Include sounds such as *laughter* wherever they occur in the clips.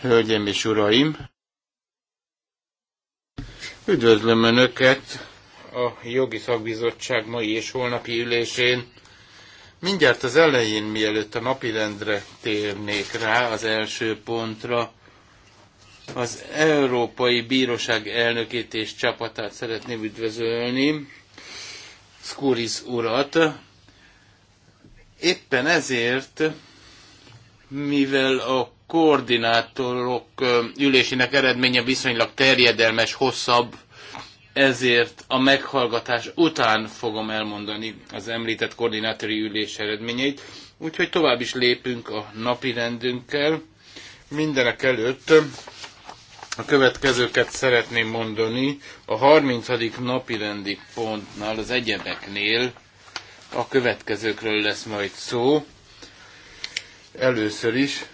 Hölgyeim és Uraim! Üdvözlöm Önöket a Jogi Szakbizottság mai és holnapi ülésén. Mindjárt az elején, mielőtt a napirendre térnék rá, az első pontra, az Európai Bíróság elnökét és csapatát szeretném üdvözölni, Skuris urat. Éppen ezért mivel a koordinátorok ülésének eredménye viszonylag terjedelmes, hosszabb, ezért a meghallgatás után fogom elmondani az említett koordinátori ülés eredményeit. Úgyhogy tovább is lépünk a napi rendünkkel. Mindenek előtt a következőket szeretném mondani. A 30. napi rendi pontnál, az egyebeknél a következőkről lesz majd szó Először is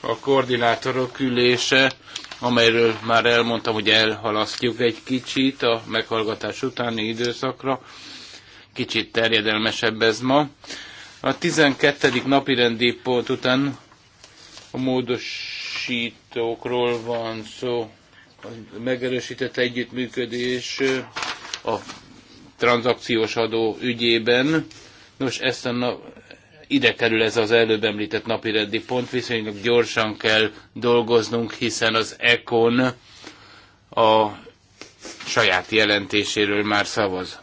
a koordinátorok ülése, amelyről már elmondtam, hogy elhalasztjuk egy kicsit a meghallgatás utáni időszakra. Kicsit terjedelmesebb ez ma. A 12. napi rendi pont után a módosítókról van szó. A megerősített együttműködés a tranzakciós adó ügyében. Nos, ezt a ide kerül ez az előbb említett napirendi pont, viszonylag gyorsan kell dolgoznunk, hiszen az ECON a saját jelentéséről már szavaz.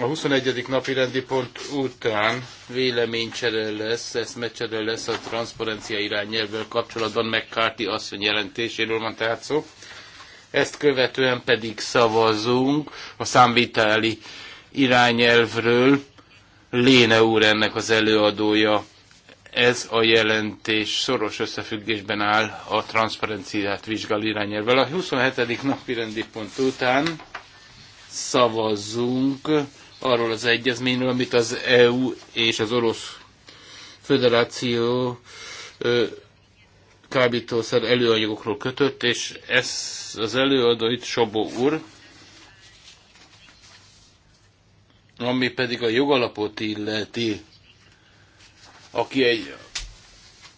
A 21. napi rendi pont után véleménycsere lesz, eszmecsere lesz a transzparencia irányelvvel kapcsolatban McCarthy asszony jelentéséről van tehát szó. Ezt követően pedig szavazunk a számviteli irányelvről, Léne úr ennek az előadója. Ez a jelentés szoros összefüggésben áll a transzparenciát vizsgáló irányelvvel. A 27. napi rendi pont után szavazzunk arról az egyezményről, amit az EU és az Orosz Föderáció kábítószer előanyagokról kötött, és ez az előadó itt Sobó úr, Ami pedig a jogalapot illeti, aki egy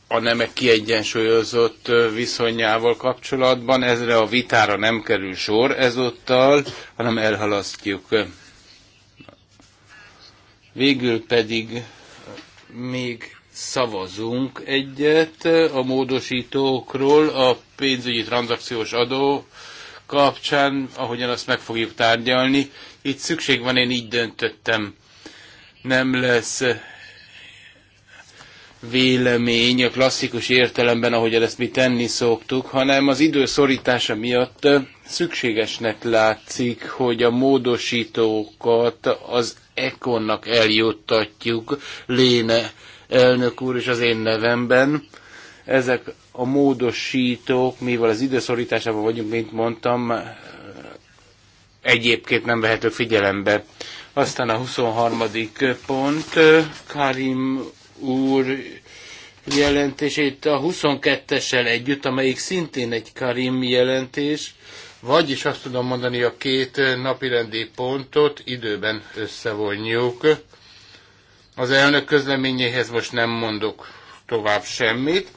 a nemek kiegyensúlyozott viszonyával kapcsolatban, ezre a vitára nem kerül sor ezúttal, hanem elhalasztjuk. Végül pedig még szavazunk egyet a módosítókról a pénzügyi tranzakciós adó kapcsán, ahogyan azt meg fogjuk tárgyalni. Itt szükség van, én így döntöttem. Nem lesz vélemény a klasszikus értelemben, ahogy ezt mi tenni szoktuk, hanem az idő szorítása miatt szükségesnek látszik, hogy a módosítókat az ekonnak eljuttatjuk, léne elnök úr és az én nevemben. Ezek a módosítók, mivel az időszorításában vagyunk, mint mondtam, egyébként nem vehető figyelembe. Aztán a 23. pont, Karim úr jelentését a 22-essel együtt, amelyik szintén egy Karim jelentés, vagyis azt tudom mondani, a két napirendi pontot időben összevonjuk. Az elnök közleményéhez most nem mondok tovább semmit,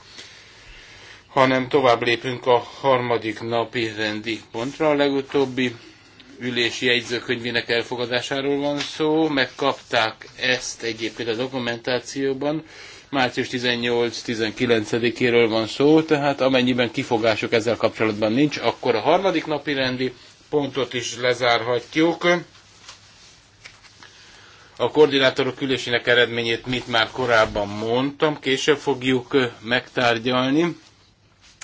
hanem tovább lépünk a harmadik napi rendi pontra. A legutóbbi ülési jegyzőkönyvének elfogadásáról van szó. Megkapták ezt egyébként a dokumentációban. Március 18-19-éről van szó, tehát amennyiben kifogások ezzel kapcsolatban nincs, akkor a harmadik napi rendi pontot is lezárhatjuk. A koordinátorok ülésének eredményét, mit már korábban mondtam, később fogjuk megtárgyalni.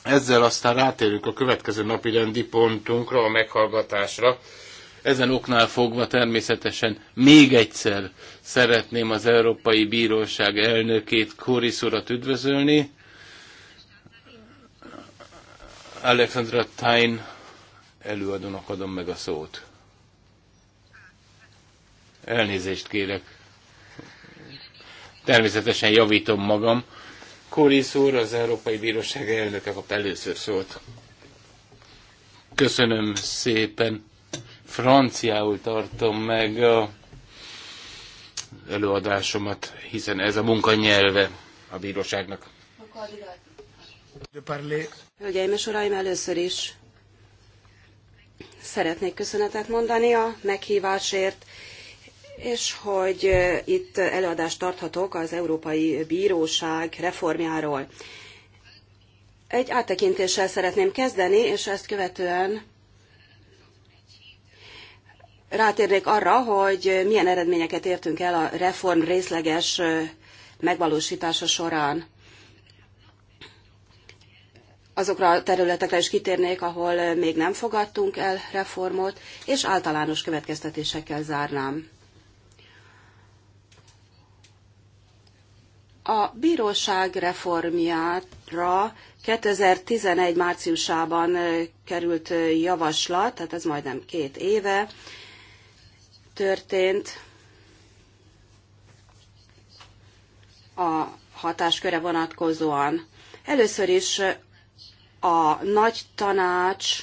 Ezzel aztán rátérünk a következő napi rendi pontunkra, a meghallgatásra, ezen oknál fogva természetesen még egyszer szeretném az Európai Bíróság elnökét, Kóris urat üdvözölni. Alexandra Tain előadónak adom meg a szót. Elnézést kérek. Természetesen javítom magam. Kóris úr, az Európai Bíróság elnöke kap először szót. Köszönöm szépen franciául tartom meg a előadásomat, hiszen ez a munka nyelve a bíróságnak. Hölgyeim és uraim, először is szeretnék köszönetet mondani a meghívásért, és hogy itt előadást tarthatok az Európai Bíróság reformjáról. Egy áttekintéssel szeretném kezdeni, és ezt követően rátérnék arra, hogy milyen eredményeket értünk el a reform részleges megvalósítása során. Azokra a területekre is kitérnék, ahol még nem fogadtunk el reformot, és általános következtetésekkel zárnám. A bíróság reformjára 2011 márciusában került javaslat, tehát ez majdnem két éve, történt a hatásköre vonatkozóan. Először is a nagy tanács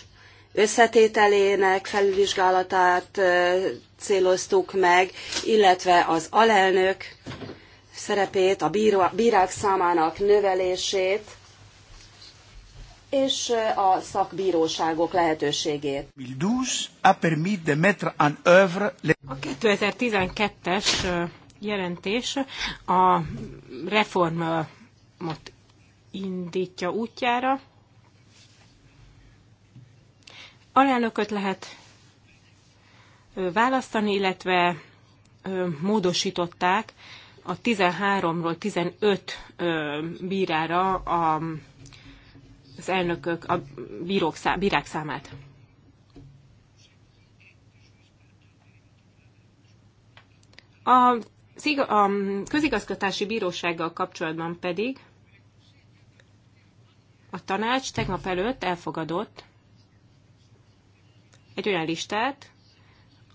összetételének felülvizsgálatát céloztuk meg, illetve az alelnök szerepét, a bírák számának növelését, és eh, a szakbíróságok lehetőségét. A 2012-es eh, jelentés a reformot indítja útjára. Alelnököt lehet választani, illetve módosították a 13-ról 15 bírára a az elnökök, a bírók szám, bírák számát. A, a közigazgatási bírósággal kapcsolatban pedig a tanács tegnap előtt elfogadott egy olyan listát,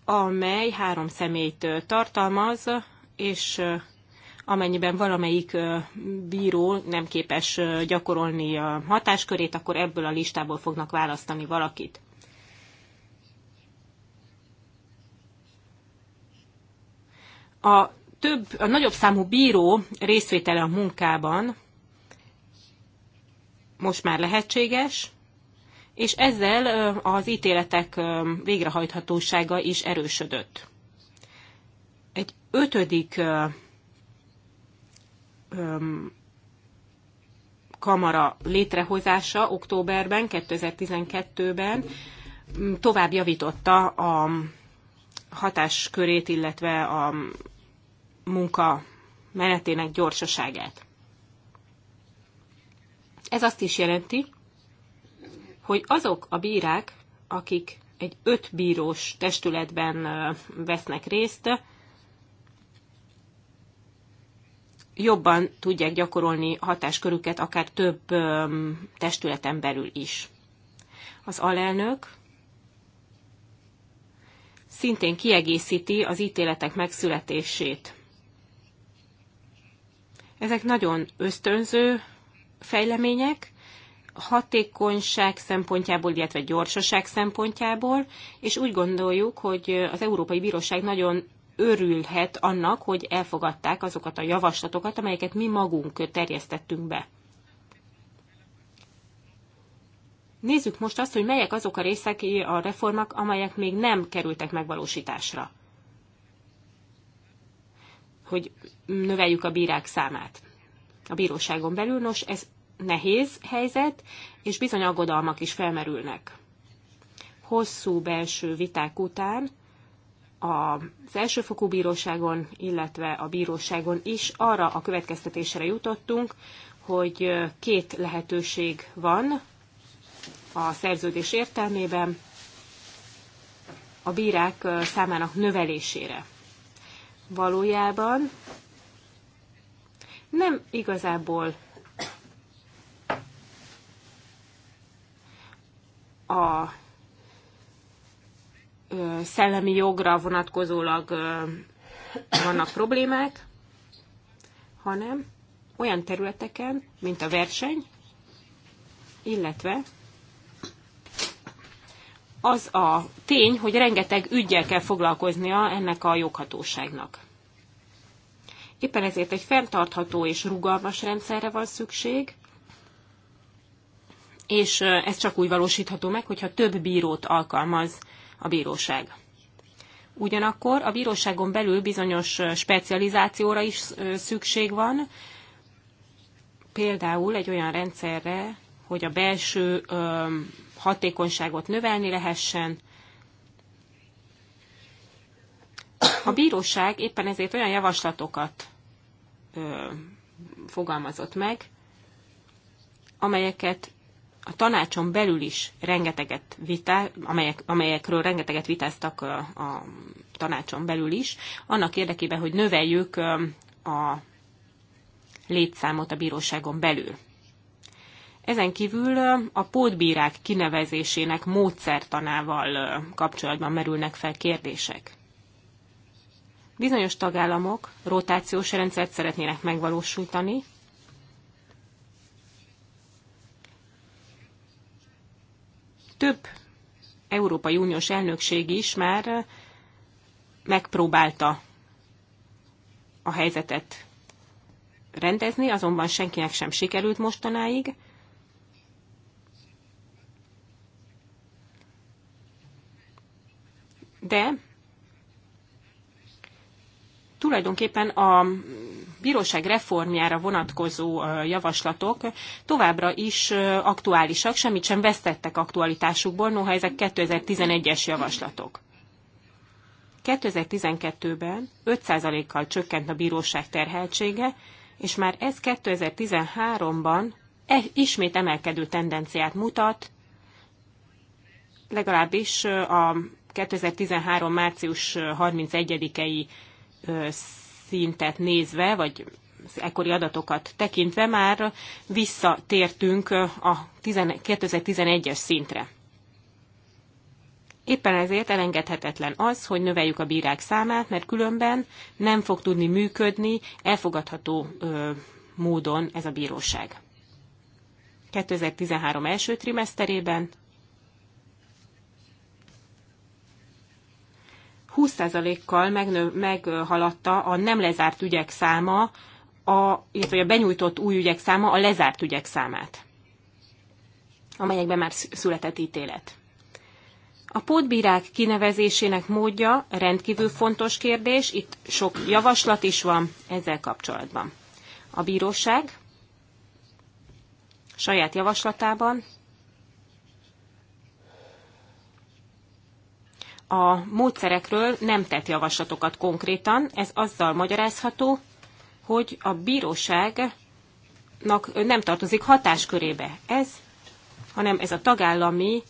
amely három személyt tartalmaz, és amennyiben valamelyik bíró nem képes gyakorolni a hatáskörét, akkor ebből a listából fognak választani valakit. A több, a nagyobb számú bíró részvétele a munkában most már lehetséges, és ezzel az ítéletek végrehajthatósága is erősödött. Egy ötödik kamara létrehozása októberben, 2012-ben tovább javította a hatáskörét, illetve a munka menetének gyorsaságát. Ez azt is jelenti, hogy azok a bírák, akik egy öt bírós testületben vesznek részt, jobban tudják gyakorolni hatáskörüket akár több testületen belül is. Az alelnök szintén kiegészíti az ítéletek megszületését. Ezek nagyon ösztönző fejlemények, hatékonyság szempontjából, illetve gyorsaság szempontjából, és úgy gondoljuk, hogy az Európai Bíróság nagyon örülhet annak, hogy elfogadták azokat a javaslatokat, amelyeket mi magunk terjesztettünk be. Nézzük most azt, hogy melyek azok a részek a reformak, amelyek még nem kerültek megvalósításra. Hogy növeljük a bírák számát. A bíróságon belül, nos, ez nehéz helyzet, és bizony aggodalmak is felmerülnek. Hosszú belső viták után az elsőfokú bíróságon, illetve a bíróságon is arra a következtetésre jutottunk, hogy két lehetőség van a szerződés értelmében a bírák számának növelésére. Valójában nem igazából a szellemi jogra vonatkozólag vannak problémák, hanem olyan területeken, mint a verseny, illetve az a tény, hogy rengeteg ügyel kell foglalkoznia ennek a joghatóságnak. Éppen ezért egy fenntartható és rugalmas rendszerre van szükség, és ez csak úgy valósítható meg, hogyha több bírót alkalmaz a bíróság. Ugyanakkor a bíróságon belül bizonyos specializációra is szükség van, például egy olyan rendszerre, hogy a belső hatékonyságot növelni lehessen. A bíróság éppen ezért olyan javaslatokat fogalmazott meg, amelyeket a tanácson belül is rengeteget vitá, amelyek, amelyekről rengeteget vitáztak a, a tanácson belül is, annak érdekében, hogy növeljük a létszámot a bíróságon belül. Ezen kívül a pótbírák kinevezésének módszertanával kapcsolatban merülnek fel kérdések. Bizonyos tagállamok rotációs rendszert szeretnének megvalósítani, több Európai Uniós elnökség is már megpróbálta a helyzetet rendezni, azonban senkinek sem sikerült mostanáig. De tulajdonképpen a bíróság reformjára vonatkozó javaslatok továbbra is aktuálisak, semmit sem vesztettek aktualitásukból, noha ezek 2011-es javaslatok. 2012-ben 5%-kal csökkent a bíróság terheltsége, és már ez 2013-ban e, ismét emelkedő tendenciát mutat, legalábbis a 2013. március 31-i szintet nézve, vagy az ekkori adatokat tekintve már visszatértünk a 2011-es szintre. Éppen ezért elengedhetetlen az, hogy növeljük a bírák számát, mert különben nem fog tudni működni elfogadható ö, módon ez a bíróság. 2013 első trimeszterében 20%-kal meghaladta a nem lezárt ügyek száma, a, illetve a benyújtott új ügyek száma a lezárt ügyek számát, amelyekben már született ítélet. A pótbírák kinevezésének módja rendkívül fontos kérdés, itt sok javaslat is van ezzel kapcsolatban. A bíróság saját javaslatában a módszerekről nem tett javaslatokat konkrétan. Ez azzal magyarázható, hogy a bíróságnak nem tartozik hatáskörébe ez, hanem ez a tagállami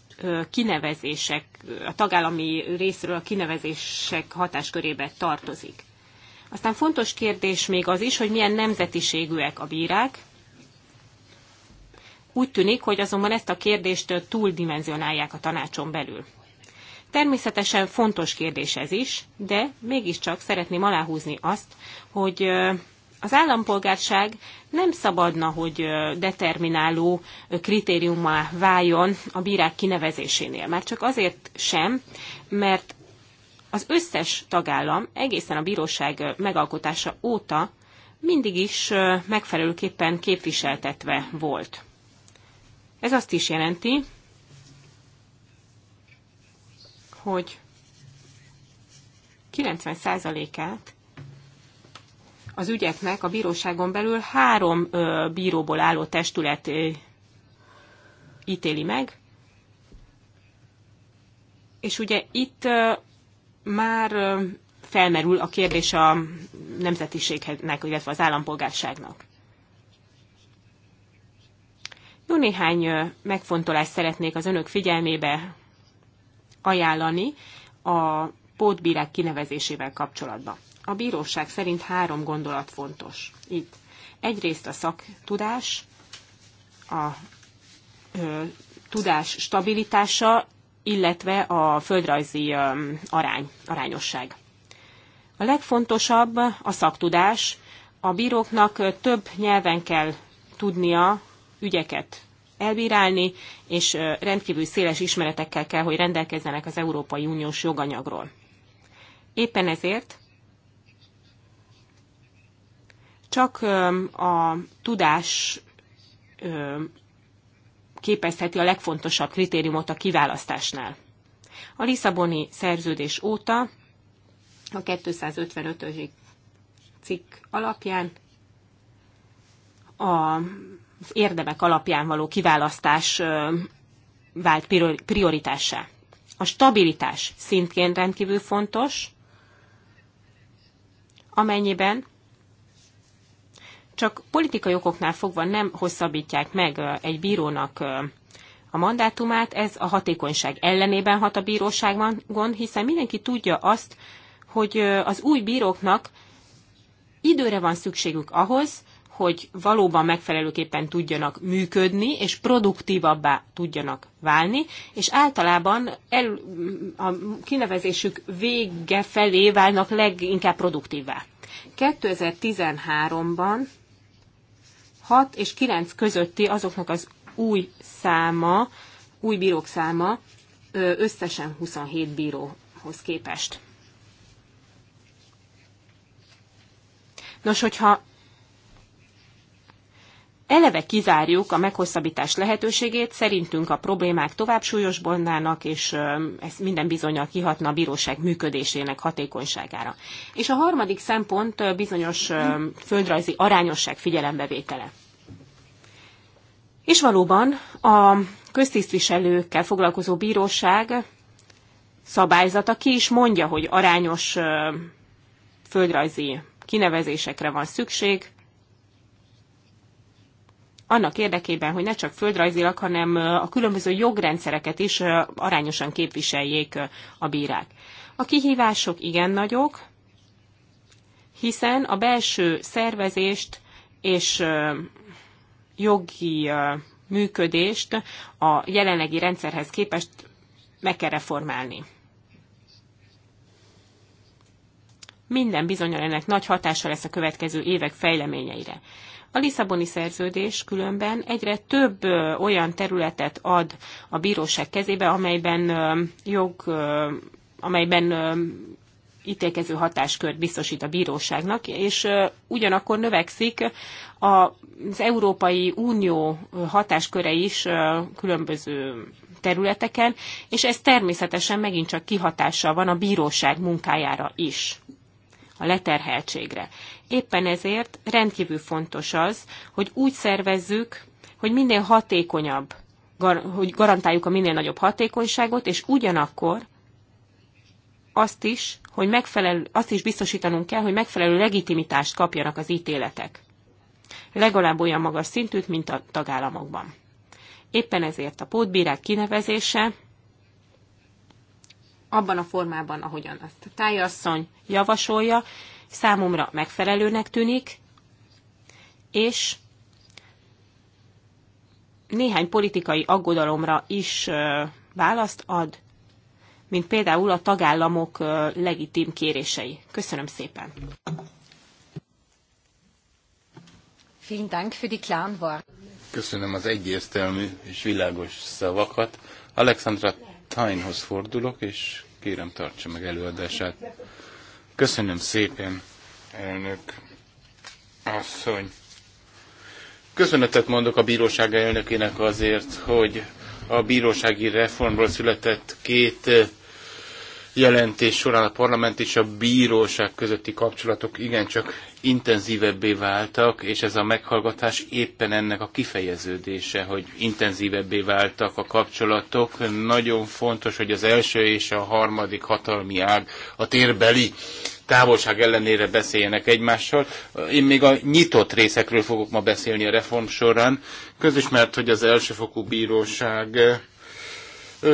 kinevezések, a tagállami részről a kinevezések hatáskörébe tartozik. Aztán fontos kérdés még az is, hogy milyen nemzetiségűek a bírák. Úgy tűnik, hogy azonban ezt a kérdést túldimenzionálják a tanácson belül. Természetesen fontos kérdés ez is, de mégiscsak szeretném aláhúzni azt, hogy az állampolgárság nem szabadna, hogy determináló kritériummá váljon a bírák kinevezésénél. Már csak azért sem, mert az összes tagállam egészen a bíróság megalkotása óta mindig is megfelelőképpen képviseltetve volt. Ez azt is jelenti, hogy 90%-át az ügyeknek a bíróságon belül három bíróból álló testület ítéli meg, és ugye itt már felmerül a kérdés a nemzetiségnek, illetve az állampolgárságnak. Jó néhány megfontolást szeretnék az önök figyelmébe ajánlani a pótbírák kinevezésével kapcsolatban. A bíróság szerint három gondolat fontos itt. Egyrészt a szaktudás, a ö, tudás stabilitása, illetve a földrajzi ö, arány, arányosság. A legfontosabb a szaktudás. A bíróknak több nyelven kell tudnia ügyeket elbírálni, és rendkívül széles ismeretekkel kell, hogy rendelkezzenek az Európai Uniós joganyagról. Éppen ezért csak a tudás képezheti a legfontosabb kritériumot a kiválasztásnál. A Lisszaboni szerződés óta a 255-ös cikk alapján a az érdemek alapján való kiválasztás vált prioritássá. A stabilitás szintén rendkívül fontos, amennyiben csak politikai okoknál fogva nem hosszabbítják meg egy bírónak a mandátumát, ez a hatékonyság ellenében hat a bíróságon, hiszen mindenki tudja azt, hogy az új bíróknak időre van szükségük ahhoz, hogy valóban megfelelőképpen tudjanak működni, és produktívabbá tudjanak válni, és általában el, a kinevezésük vége felé válnak leginkább produktívvá. 2013-ban 6 és 9 közötti azoknak az új száma, új bírók száma összesen 27 bíróhoz képest. Nos, hogyha eleve kizárjuk a meghosszabbítás lehetőségét, szerintünk a problémák tovább súlyosbodnának, és ez minden bizonyal kihatna a bíróság működésének hatékonyságára. És a harmadik szempont bizonyos földrajzi arányosság figyelembevétele. És valóban a köztisztviselőkkel foglalkozó bíróság szabályzata ki is mondja, hogy arányos földrajzi kinevezésekre van szükség, annak érdekében, hogy ne csak földrajzilag, hanem a különböző jogrendszereket is arányosan képviseljék a bírák. A kihívások igen nagyok, hiszen a belső szervezést és jogi működést a jelenlegi rendszerhez képest meg kell reformálni. minden bizonyal ennek nagy hatása lesz a következő évek fejleményeire. A Lisszaboni szerződés különben egyre több olyan területet ad a bíróság kezébe, amelyben jog, amelyben ítélkező hatáskört biztosít a bíróságnak, és ugyanakkor növekszik az Európai Unió hatásköre is különböző területeken, és ez természetesen megint csak kihatással van a bíróság munkájára is a leterheltségre. Éppen ezért rendkívül fontos az, hogy úgy szervezzük, hogy minél hatékonyabb, hogy garantáljuk a minél nagyobb hatékonyságot, és ugyanakkor azt is, hogy megfelelő, azt is biztosítanunk kell, hogy megfelelő legitimitást kapjanak az ítéletek. Legalább olyan magas szintűt, mint a tagállamokban. Éppen ezért a pótbírák kinevezése abban a formában, ahogyan azt a tájasszony javasolja, számomra megfelelőnek tűnik, és néhány politikai aggodalomra is választ ad, mint például a tagállamok legitim kérései. Köszönöm szépen! Köszönöm az egyértelmű és világos szavakat. Alexandra Tainhoz fordulok, és kérem tartsa meg előadását. Köszönöm szépen, elnök asszony. Köszönetet mondok a bíróság elnökének azért, hogy a bírósági reformról született két jelentés során a parlament és a bíróság közötti kapcsolatok igencsak intenzívebbé váltak, és ez a meghallgatás éppen ennek a kifejeződése, hogy intenzívebbé váltak a kapcsolatok. Nagyon fontos, hogy az első és a harmadik hatalmi ág a térbeli távolság ellenére beszéljenek egymással. Én még a nyitott részekről fogok ma beszélni a reform során. Közismert, hogy az elsőfokú bíróság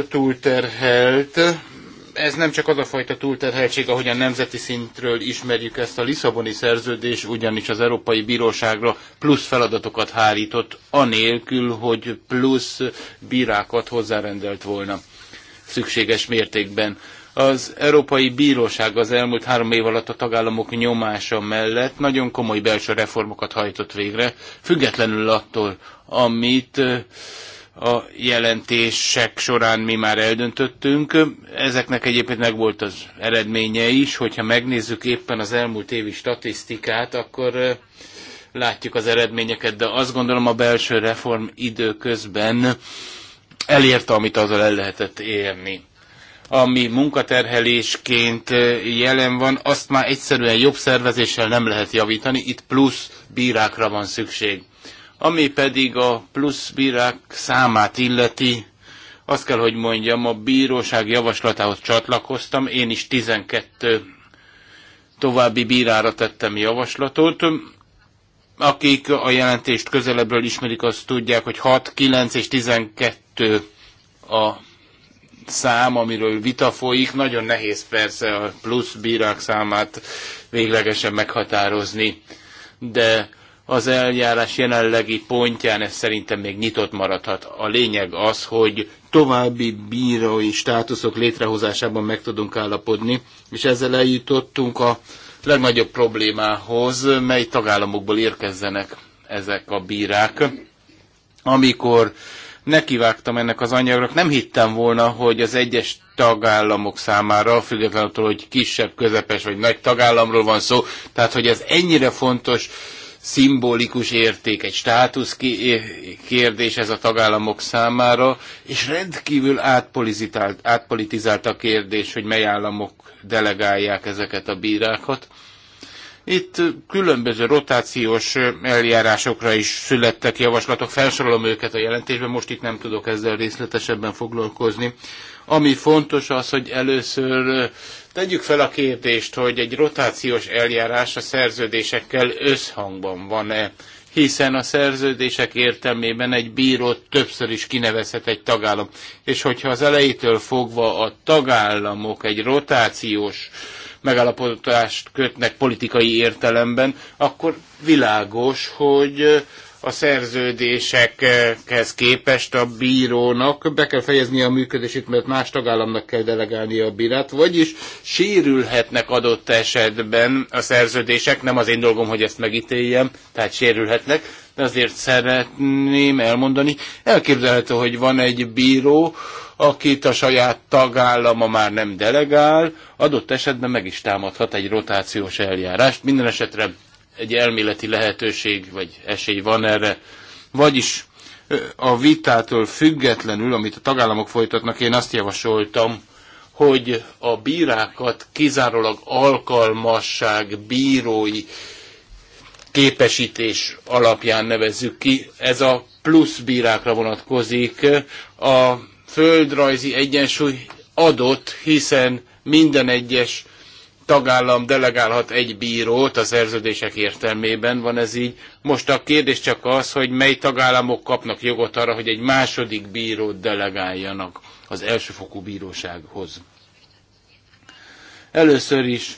túlterhelt, ez nem csak az a fajta túlterheltség, ahogy a nemzeti szintről ismerjük ezt a Lisszaboni szerződés, ugyanis az Európai Bíróságra plusz feladatokat hárított, anélkül, hogy plusz bírákat hozzárendelt volna szükséges mértékben. Az Európai Bíróság az elmúlt három év alatt a tagállamok nyomása mellett nagyon komoly belső reformokat hajtott végre, függetlenül attól, amit a jelentések során mi már eldöntöttünk. Ezeknek egyébként meg volt az eredménye is, hogyha megnézzük éppen az elmúlt évi statisztikát, akkor látjuk az eredményeket, de azt gondolom a belső reform időközben elérte, amit azzal el lehetett érni. Ami munkaterhelésként jelen van, azt már egyszerűen jobb szervezéssel nem lehet javítani, itt plusz bírákra van szükség ami pedig a plusz bírák számát illeti, azt kell, hogy mondjam, a bíróság javaslatához csatlakoztam, én is 12 további bírára tettem javaslatot. Akik a jelentést közelebbről ismerik, azt tudják, hogy 6, 9 és 12 a szám, amiről vita folyik. Nagyon nehéz persze a plusz bírák számát véglegesen meghatározni, de az eljárás jelenlegi pontján ez szerintem még nyitott maradhat. A lényeg az, hogy további bírói státuszok létrehozásában meg tudunk állapodni, és ezzel eljutottunk a legnagyobb problémához, mely tagállamokból érkezzenek ezek a bírák. Amikor nekivágtam ennek az anyagnak, nem hittem volna, hogy az egyes tagállamok számára, függetlenül attól, hogy kisebb, közepes vagy nagy tagállamról van szó, tehát hogy ez ennyire fontos szimbolikus érték, egy státusz kérdés ez a tagállamok számára, és rendkívül átpolitizált, a kérdés, hogy mely államok delegálják ezeket a bírákat. Itt különböző rotációs eljárásokra is születtek javaslatok, felsorolom őket a jelentésben, most itt nem tudok ezzel részletesebben foglalkozni. Ami fontos az, hogy először Tegyük fel a kérdést, hogy egy rotációs eljárás a szerződésekkel összhangban van-e, hiszen a szerződések értelmében egy bírót többször is kinevezhet egy tagállam. És hogyha az elejétől fogva a tagállamok egy rotációs megállapodást kötnek politikai értelemben, akkor világos, hogy a szerződésekhez képest a bírónak be kell fejezni a működését, mert más tagállamnak kell delegálni a bírát, vagyis sérülhetnek adott esetben a szerződések, nem az én dolgom, hogy ezt megítéljem, tehát sérülhetnek, de azért szeretném elmondani, elképzelhető, hogy van egy bíró, akit a saját tagállama már nem delegál, adott esetben meg is támadhat egy rotációs eljárást. Minden esetre egy elméleti lehetőség vagy esély van erre. Vagyis a vitától függetlenül, amit a tagállamok folytatnak, én azt javasoltam, hogy a bírákat kizárólag alkalmasság bírói képesítés alapján nevezzük ki. Ez a plusz bírákra vonatkozik. A földrajzi egyensúly adott, hiszen minden egyes tagállam delegálhat egy bírót a szerződések értelmében, van ez így. Most a kérdés csak az, hogy mely tagállamok kapnak jogot arra, hogy egy második bírót delegáljanak az elsőfokú bírósághoz. Először is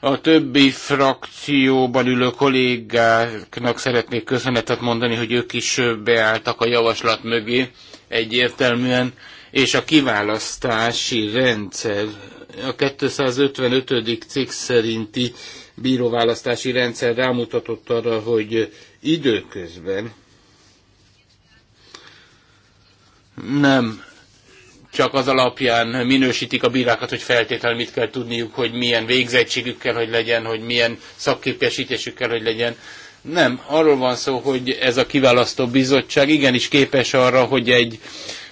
a többi frakcióban ülő kollégáknak szeretnék köszönetet mondani, hogy ők is beálltak a javaslat mögé egyértelműen, és a kiválasztási rendszer a 255. cikk szerinti bíróválasztási rendszer rámutatott arra, hogy időközben nem csak az alapján minősítik a bírákat, hogy feltétlenül mit kell tudniuk, hogy milyen végzettségük kell, hogy legyen, hogy milyen szakképesítésük kell, hogy legyen. Nem, arról van szó, hogy ez a kiválasztó bizottság igenis képes arra, hogy egy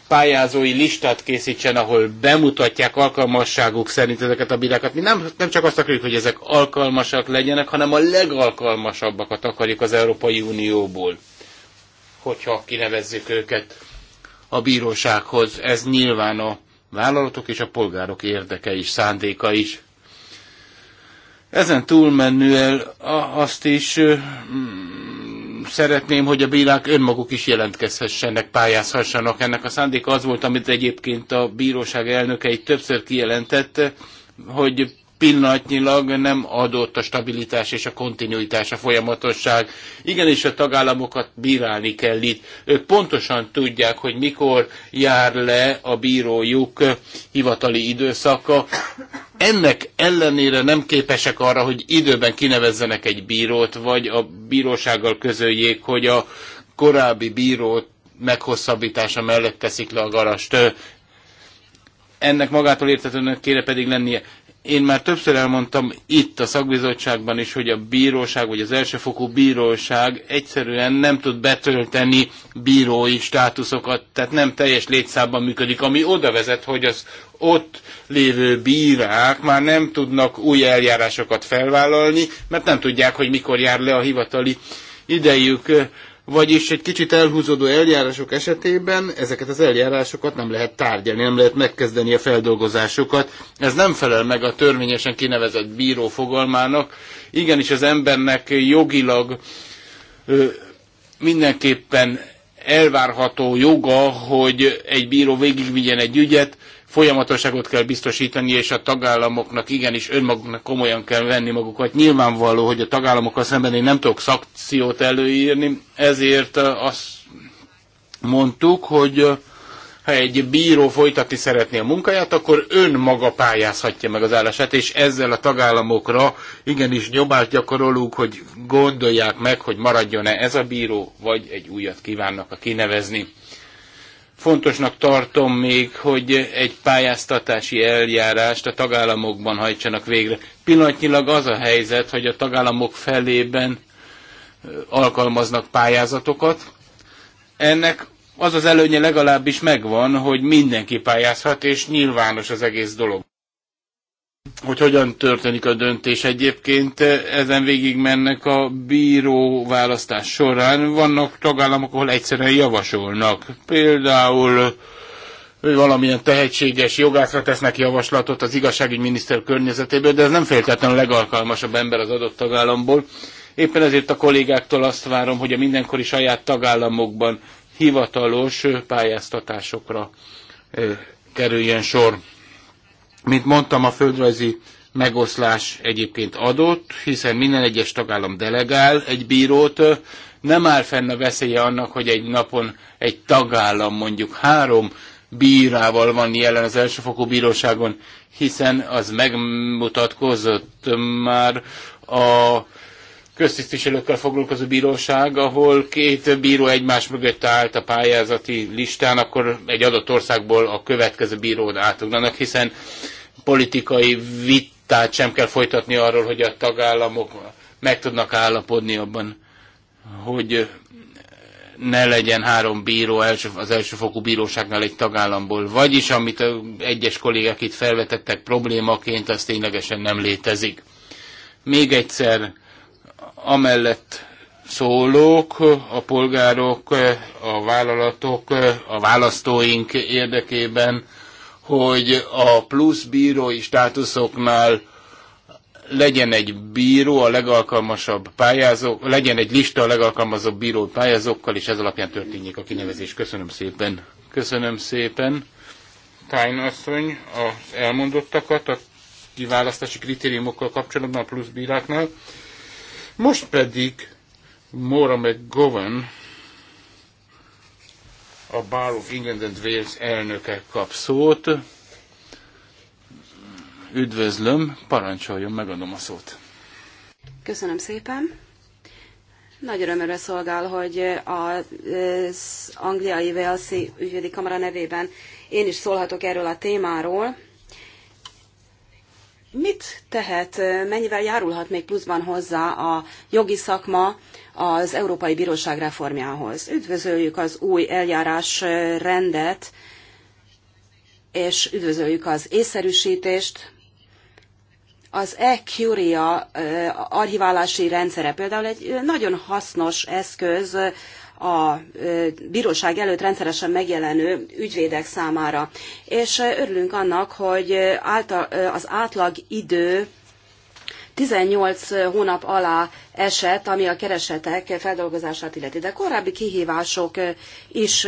pályázói listát készítsen, ahol bemutatják alkalmasságuk szerint ezeket a bírákat. Mi nem, nem csak azt akarjuk, hogy ezek alkalmasak legyenek, hanem a legalkalmasabbakat akarjuk az Európai Unióból, hogyha kinevezzük őket a bírósághoz. Ez nyilván a vállalatok és a polgárok érdeke is, szándéka is. Ezen túlmenően azt is szeretném, hogy a bírák önmaguk is jelentkezhessenek, pályázhassanak. Ennek a szándéka az volt, amit egyébként a bíróság elnöke egy többször kijelentett, hogy pillanatnyilag nem adott a stabilitás és a kontinuitás, a folyamatosság. Igenis a tagállamokat bírálni kell itt. Ők pontosan tudják, hogy mikor jár le a bírójuk hivatali időszaka. Ennek ellenére nem képesek arra, hogy időben kinevezzenek egy bírót, vagy a bírósággal közöljék, hogy a korábbi bírót meghosszabbítása mellett teszik le a garast ennek magától értetőnek kéne pedig lennie. Én már többször elmondtam itt a szakbizottságban is, hogy a bíróság, vagy az elsőfokú bíróság egyszerűen nem tud betölteni bírói státuszokat, tehát nem teljes létszámban működik, ami oda vezet, hogy az ott lévő bírák már nem tudnak új eljárásokat felvállalni, mert nem tudják, hogy mikor jár le a hivatali idejük. Vagyis egy kicsit elhúzódó eljárások esetében ezeket az eljárásokat nem lehet tárgyalni, nem lehet megkezdeni a feldolgozásukat. Ez nem felel meg a törvényesen kinevezett bíró fogalmának. Igenis az embernek jogilag mindenképpen elvárható joga, hogy egy bíró végigvigyen egy ügyet, folyamatosságot kell biztosítani, és a tagállamoknak igenis önmaguknak komolyan kell venni magukat. Nyilvánvaló, hogy a tagállamokkal szemben én nem tudok szakciót előírni, ezért azt mondtuk, hogy ha egy bíró folytatni szeretné a munkáját, akkor önmaga pályázhatja meg az állását, és ezzel a tagállamokra igenis nyomást gyakorolunk, hogy gondolják meg, hogy maradjon-e ez a bíró, vagy egy újat kívánnak a kinevezni. Fontosnak tartom még, hogy egy pályáztatási eljárást a tagállamokban hajtsanak végre. Pillanatnyilag az a helyzet, hogy a tagállamok felében alkalmaznak pályázatokat. Ennek az az előnye legalábbis megvan, hogy mindenki pályázhat, és nyilvános az egész dolog hogy hogyan történik a döntés egyébként. Ezen végig mennek a bíró választás során. Vannak tagállamok, ahol egyszerűen javasolnak. Például valamilyen tehetséges jogászra tesznek javaslatot az igazságügyminiszter környezetéből, de ez nem feltétlenül a legalkalmasabb ember az adott tagállamból. Éppen ezért a kollégáktól azt várom, hogy a mindenkori saját tagállamokban hivatalos pályáztatásokra eh, kerüljen sor. Mint mondtam, a földrajzi megoszlás egyébként adott, hiszen minden egyes tagállam delegál egy bírót, nem áll fenn a veszélye annak, hogy egy napon egy tagállam mondjuk három bírával van jelen az elsőfokú bíróságon, hiszen az megmutatkozott már a köztisztviselőkkel foglalkozó bíróság, ahol két bíró egymás mögött állt a pályázati listán, akkor egy adott országból a következő bírót átugranak, hiszen politikai vitát sem kell folytatni arról, hogy a tagállamok meg tudnak állapodni abban, hogy ne legyen három bíró első, az elsőfokú bíróságnál egy tagállamból. Vagyis, amit egyes kollégák itt felvetettek problémaként, az ténylegesen nem létezik. Még egyszer, amellett szólók, a polgárok, a vállalatok, a választóink érdekében, hogy a plusz bírói státuszoknál legyen egy bíró a legalkalmasabb pályázók legyen egy lista a legalkalmazott bíró pályázókkal, és ez alapján történjék a kinevezés. Köszönöm szépen. Köszönöm szépen. Tájn asszony az elmondottakat a kiválasztási kritériumokkal kapcsolatban a plusz bíráknál. Most pedig Mora McGovern a Bar of England and Wales elnöke kap szót. Üdvözlöm, parancsoljon, megadom a szót. Köszönöm szépen. Nagy örömre szolgál, hogy az angliai Walesi ügyvédi kamara nevében én is szólhatok erről a témáról. Mit tehet, mennyivel járulhat még pluszban hozzá a jogi szakma az Európai Bíróság reformjához? Üdvözöljük az új eljárás rendet, és üdvözöljük az észszerűsítést. Az e-Curia archiválási rendszere például egy nagyon hasznos eszköz a bíróság előtt rendszeresen megjelenő ügyvédek számára. És örülünk annak, hogy az átlag idő 18 hónap alá esett, ami a keresetek feldolgozását illeti. De korábbi kihívások is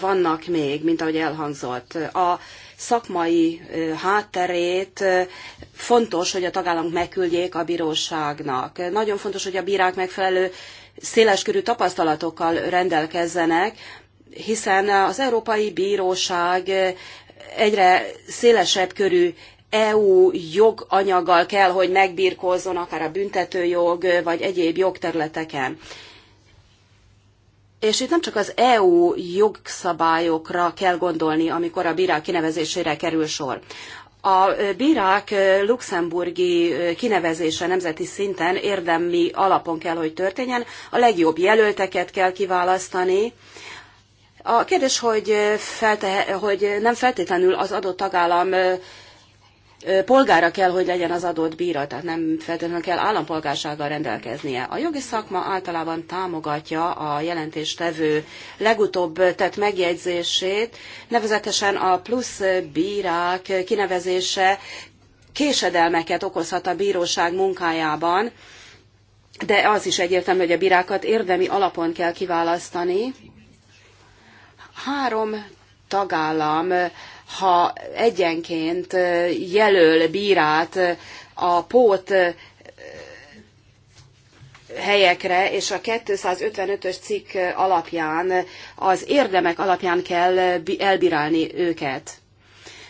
vannak még, mint ahogy elhangzott. A szakmai hátterét fontos, hogy a tagállamok megküldjék a bíróságnak. Nagyon fontos, hogy a bírák megfelelő széleskörű tapasztalatokkal rendelkezzenek, hiszen az Európai Bíróság egyre szélesebb körű EU joganyaggal kell, hogy megbírkozzon, akár a büntetőjog, vagy egyéb jogterületeken. És itt nem csak az EU jogszabályokra kell gondolni, amikor a bírák kinevezésére kerül sor. A bírák luxemburgi kinevezése nemzeti szinten érdemi alapon kell, hogy történjen. A legjobb jelölteket kell kiválasztani. A kérdés, hogy, felte, hogy nem feltétlenül az adott tagállam polgára kell, hogy legyen az adott bíra, tehát nem feltétlenül kell állampolgársággal rendelkeznie. A jogi szakma általában támogatja a jelentéstevő legutóbb tett megjegyzését, nevezetesen a plusz bírák kinevezése késedelmeket okozhat a bíróság munkájában, de az is egyértelmű, hogy a bírákat érdemi alapon kell kiválasztani. Három tagállam ha egyenként jelöl bírát a pót helyekre, és a 255-ös cikk alapján, az érdemek alapján kell elbírálni őket.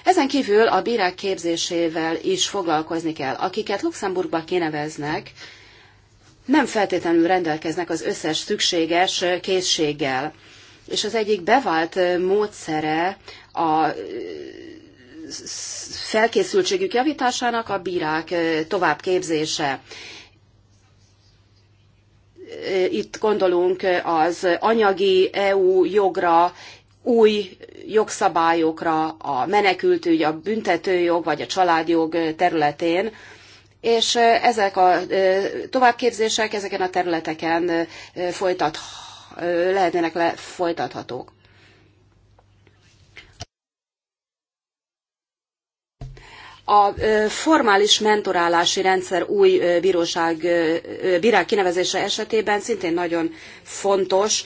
Ezen kívül a bírák képzésével is foglalkozni kell. Akiket Luxemburgba kineveznek, nem feltétlenül rendelkeznek az összes szükséges készséggel és az egyik bevált módszere a felkészültségük javításának a bírák továbbképzése. Itt gondolunk az anyagi EU jogra, új jogszabályokra, a menekültügy, a büntetőjog vagy a családjog területén, és ezek a továbbképzések ezeken a területeken folytathatók lehetnének le folytathatók. A formális mentorálási rendszer új bíróság bírák kinevezése esetében szintén nagyon fontos,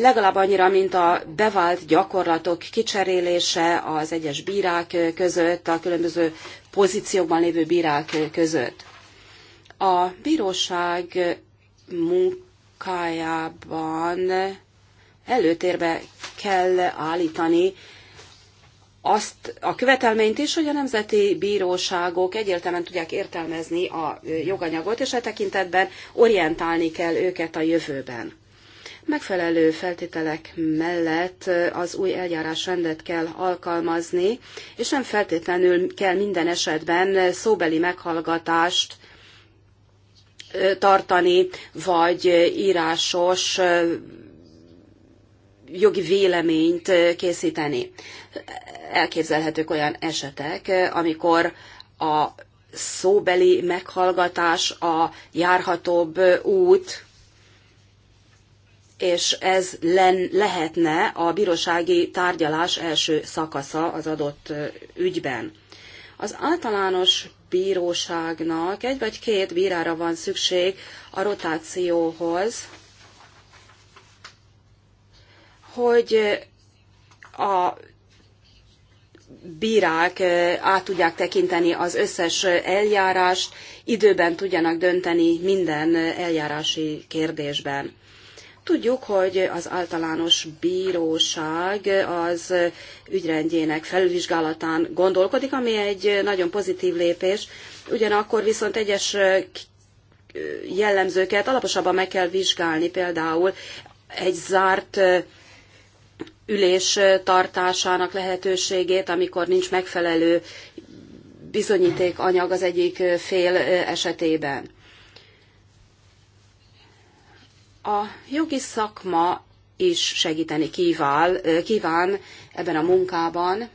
legalább annyira, mint a bevált gyakorlatok kicserélése az egyes bírák között, a különböző pozíciókban lévő bírák között. A bíróság munk munkájában előtérbe kell állítani azt a követelményt is, hogy a nemzeti bíróságok egyértelműen tudják értelmezni a joganyagot, és e tekintetben orientálni kell őket a jövőben. Megfelelő feltételek mellett az új eljárásrendet kell alkalmazni, és nem feltétlenül kell minden esetben szóbeli meghallgatást tartani, vagy írásos jogi véleményt készíteni. Elképzelhetők olyan esetek, amikor a szóbeli meghallgatás a járhatóbb út, és ez len, lehetne a bírósági tárgyalás első szakasza az adott ügyben. Az általános bíróságnak egy vagy két bírára van szükség a rotációhoz, hogy a bírák eh, át tudják tekinteni az összes eljárást, időben tudjanak dönteni minden eh, eljárási kérdésben. Tudjuk, hogy az általános bíróság az ügyrendjének felvizsgálatán gondolkodik, ami egy nagyon pozitív lépés, ugyanakkor viszont egyes jellemzőket alaposabban meg kell vizsgálni, például egy zárt ülés tartásának lehetőségét, amikor nincs megfelelő anyag az egyik fél esetében. A jogi szakma is segíteni kíván, kíván ebben a munkában,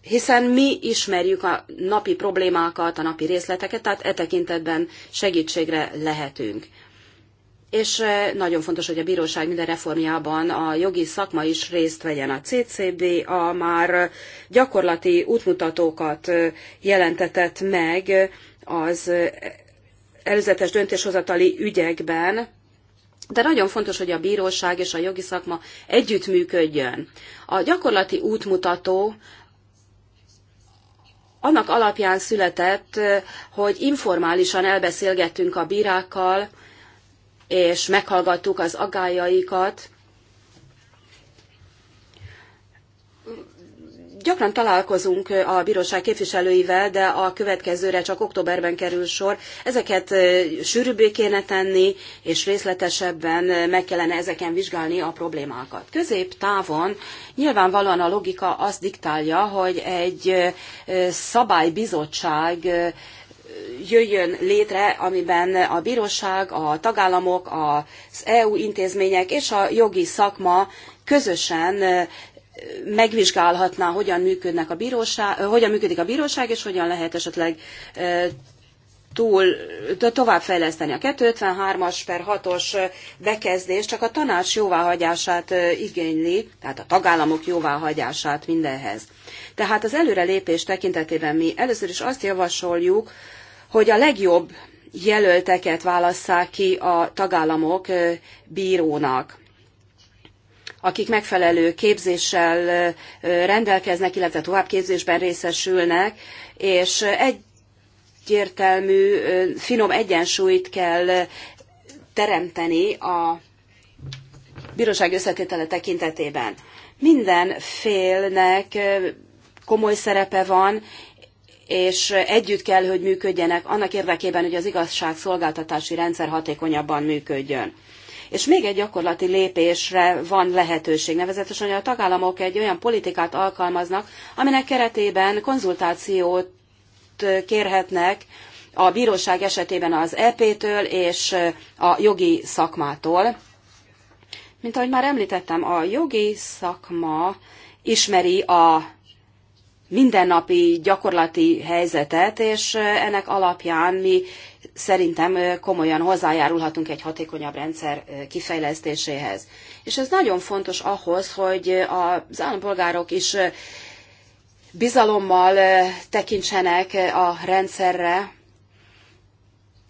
hiszen mi ismerjük a napi problémákat, a napi részleteket, tehát e tekintetben segítségre lehetünk. És e, nagyon fontos, hogy a bíróság minden reformjában a jogi szakma is részt vegyen. A CCB a már gyakorlati útmutatókat e, jelentetett meg az előzetes döntéshozatali ügyekben, de nagyon fontos, hogy a bíróság és a jogi szakma együttműködjön. A gyakorlati útmutató annak alapján született, hogy informálisan elbeszélgettünk a bírákkal, és meghallgattuk az agályaikat, Gyakran találkozunk a bíróság képviselőivel, de a következőre csak októberben kerül sor. Ezeket sűrűbbé kéne tenni, és részletesebben meg kellene ezeken vizsgálni a problémákat. Közép távon nyilvánvalóan a logika azt diktálja, hogy egy szabálybizottság jöjjön létre, amiben a bíróság, a tagállamok, az EU intézmények és a jogi szakma közösen megvizsgálhatná, hogyan, működnek a bíróság, hogyan működik a bíróság, és hogyan lehet esetleg túl, továbbfejleszteni a 253-as per 6-os bekezdés csak a tanács jóváhagyását igényli, tehát a tagállamok jóváhagyását mindenhez. Tehát az előrelépés tekintetében mi először is azt javasoljuk, hogy a legjobb jelölteket válasszák ki a tagállamok bírónak akik megfelelő képzéssel rendelkeznek, illetve továbbképzésben részesülnek, és egyértelmű, finom egyensúlyt kell teremteni a bíróság összetétele tekintetében. Minden félnek komoly szerepe van, és együtt kell, hogy működjenek annak érdekében, hogy az igazságszolgáltatási rendszer hatékonyabban működjön. És még egy gyakorlati lépésre van lehetőség, nevezetesen, hogy a tagállamok egy olyan politikát alkalmaznak, aminek keretében konzultációt kérhetnek a bíróság esetében az EP-től és a jogi szakmától. Mint ahogy már említettem, a jogi szakma ismeri a mindennapi gyakorlati helyzetet, és ennek alapján mi szerintem komolyan hozzájárulhatunk egy hatékonyabb rendszer kifejlesztéséhez. És ez nagyon fontos ahhoz, hogy az állampolgárok is bizalommal tekintsenek a rendszerre,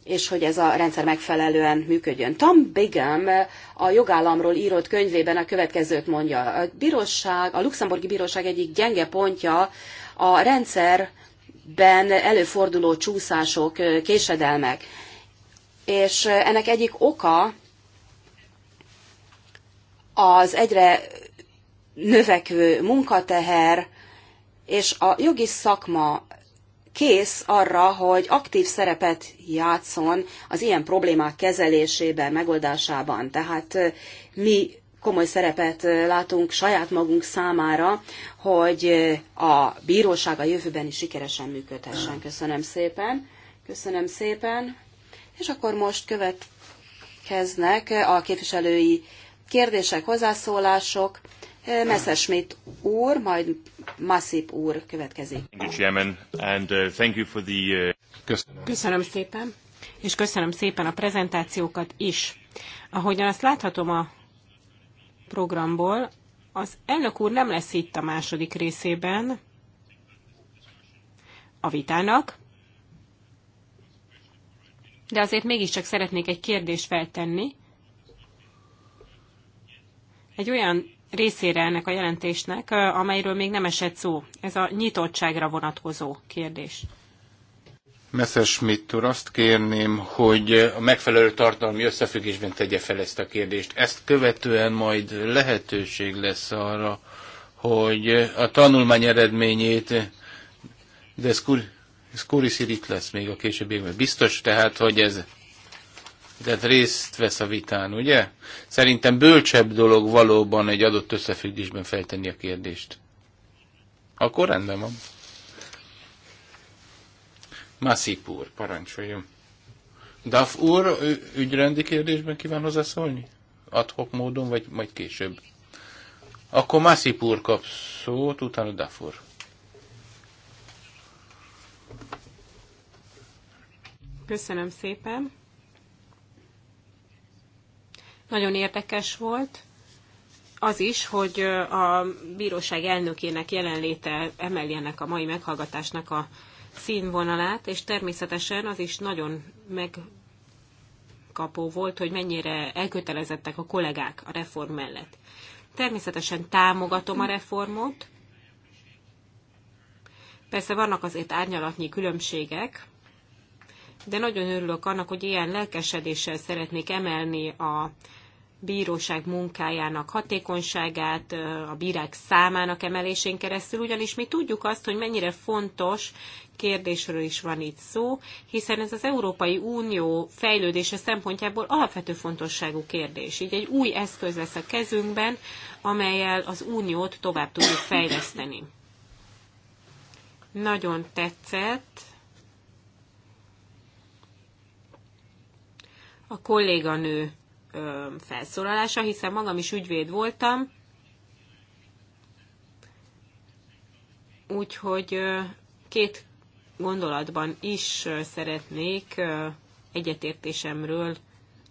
és hogy ez a rendszer megfelelően működjön. Tom Bigham a jogállamról írott könyvében a következőt mondja. A, bíróság, a luxemburgi bíróság egyik gyenge pontja a rendszer ben előforduló csúszások, késedelmek. És ennek egyik oka az egyre növekvő munkateher, és a jogi szakma kész arra, hogy aktív szerepet játszon az ilyen problémák kezelésében, megoldásában. Tehát mi komoly szerepet látunk saját magunk számára, hogy a bíróság a jövőben is sikeresen működhessen. Köszönöm szépen. Köszönöm szépen. És akkor most következnek a képviselői kérdések, hozzászólások. Messerschmidt úr, majd Masip úr következik. Köszönöm szépen, és köszönöm szépen a prezentációkat is. Ahogyan azt láthatom a programból. Az elnök úr nem lesz itt a második részében a vitának, de azért mégiscsak szeretnék egy kérdést feltenni. Egy olyan részére ennek a jelentésnek, amelyről még nem esett szó. Ez a nyitottságra vonatkozó kérdés. Messerschmitt úr, azt kérném, hogy a megfelelő tartalmi összefüggésben tegye fel ezt a kérdést. Ezt követően majd lehetőség lesz arra, hogy a tanulmány eredményét, de Skurisi itt lesz még a későbbiekben. Biztos tehát, hogy ez de részt vesz a vitán, ugye? Szerintem bölcsebb dolog valóban egy adott összefüggésben feltenni a kérdést. Akkor rendben van. Masip úr, parancsoljon. Daf úr, ügyrendi kérdésben kíván hozzászólni? Adhok módon, vagy majd később? Akkor Masip úr kap szót, utána Daf úr. Köszönöm szépen. Nagyon érdekes volt az is, hogy a bíróság elnökének jelenléte emeljenek a mai meghallgatásnak a színvonalát, és természetesen az is nagyon megkapó volt, hogy mennyire elkötelezettek a kollégák a reform mellett. Természetesen támogatom a reformot, Persze vannak azért árnyalatnyi különbségek, de nagyon örülök annak, hogy ilyen lelkesedéssel szeretnék emelni a bíróság munkájának hatékonyságát, a bírák számának emelésén keresztül, ugyanis mi tudjuk azt, hogy mennyire fontos kérdésről is van itt szó, hiszen ez az Európai Unió fejlődése szempontjából alapvető fontosságú kérdés. Így egy új eszköz lesz a kezünkben, amelyel az uniót tovább tudjuk fejleszteni. Nagyon tetszett a kolléganő felszólalása, hiszen magam is ügyvéd voltam, úgyhogy két gondolatban is szeretnék egyetértésemről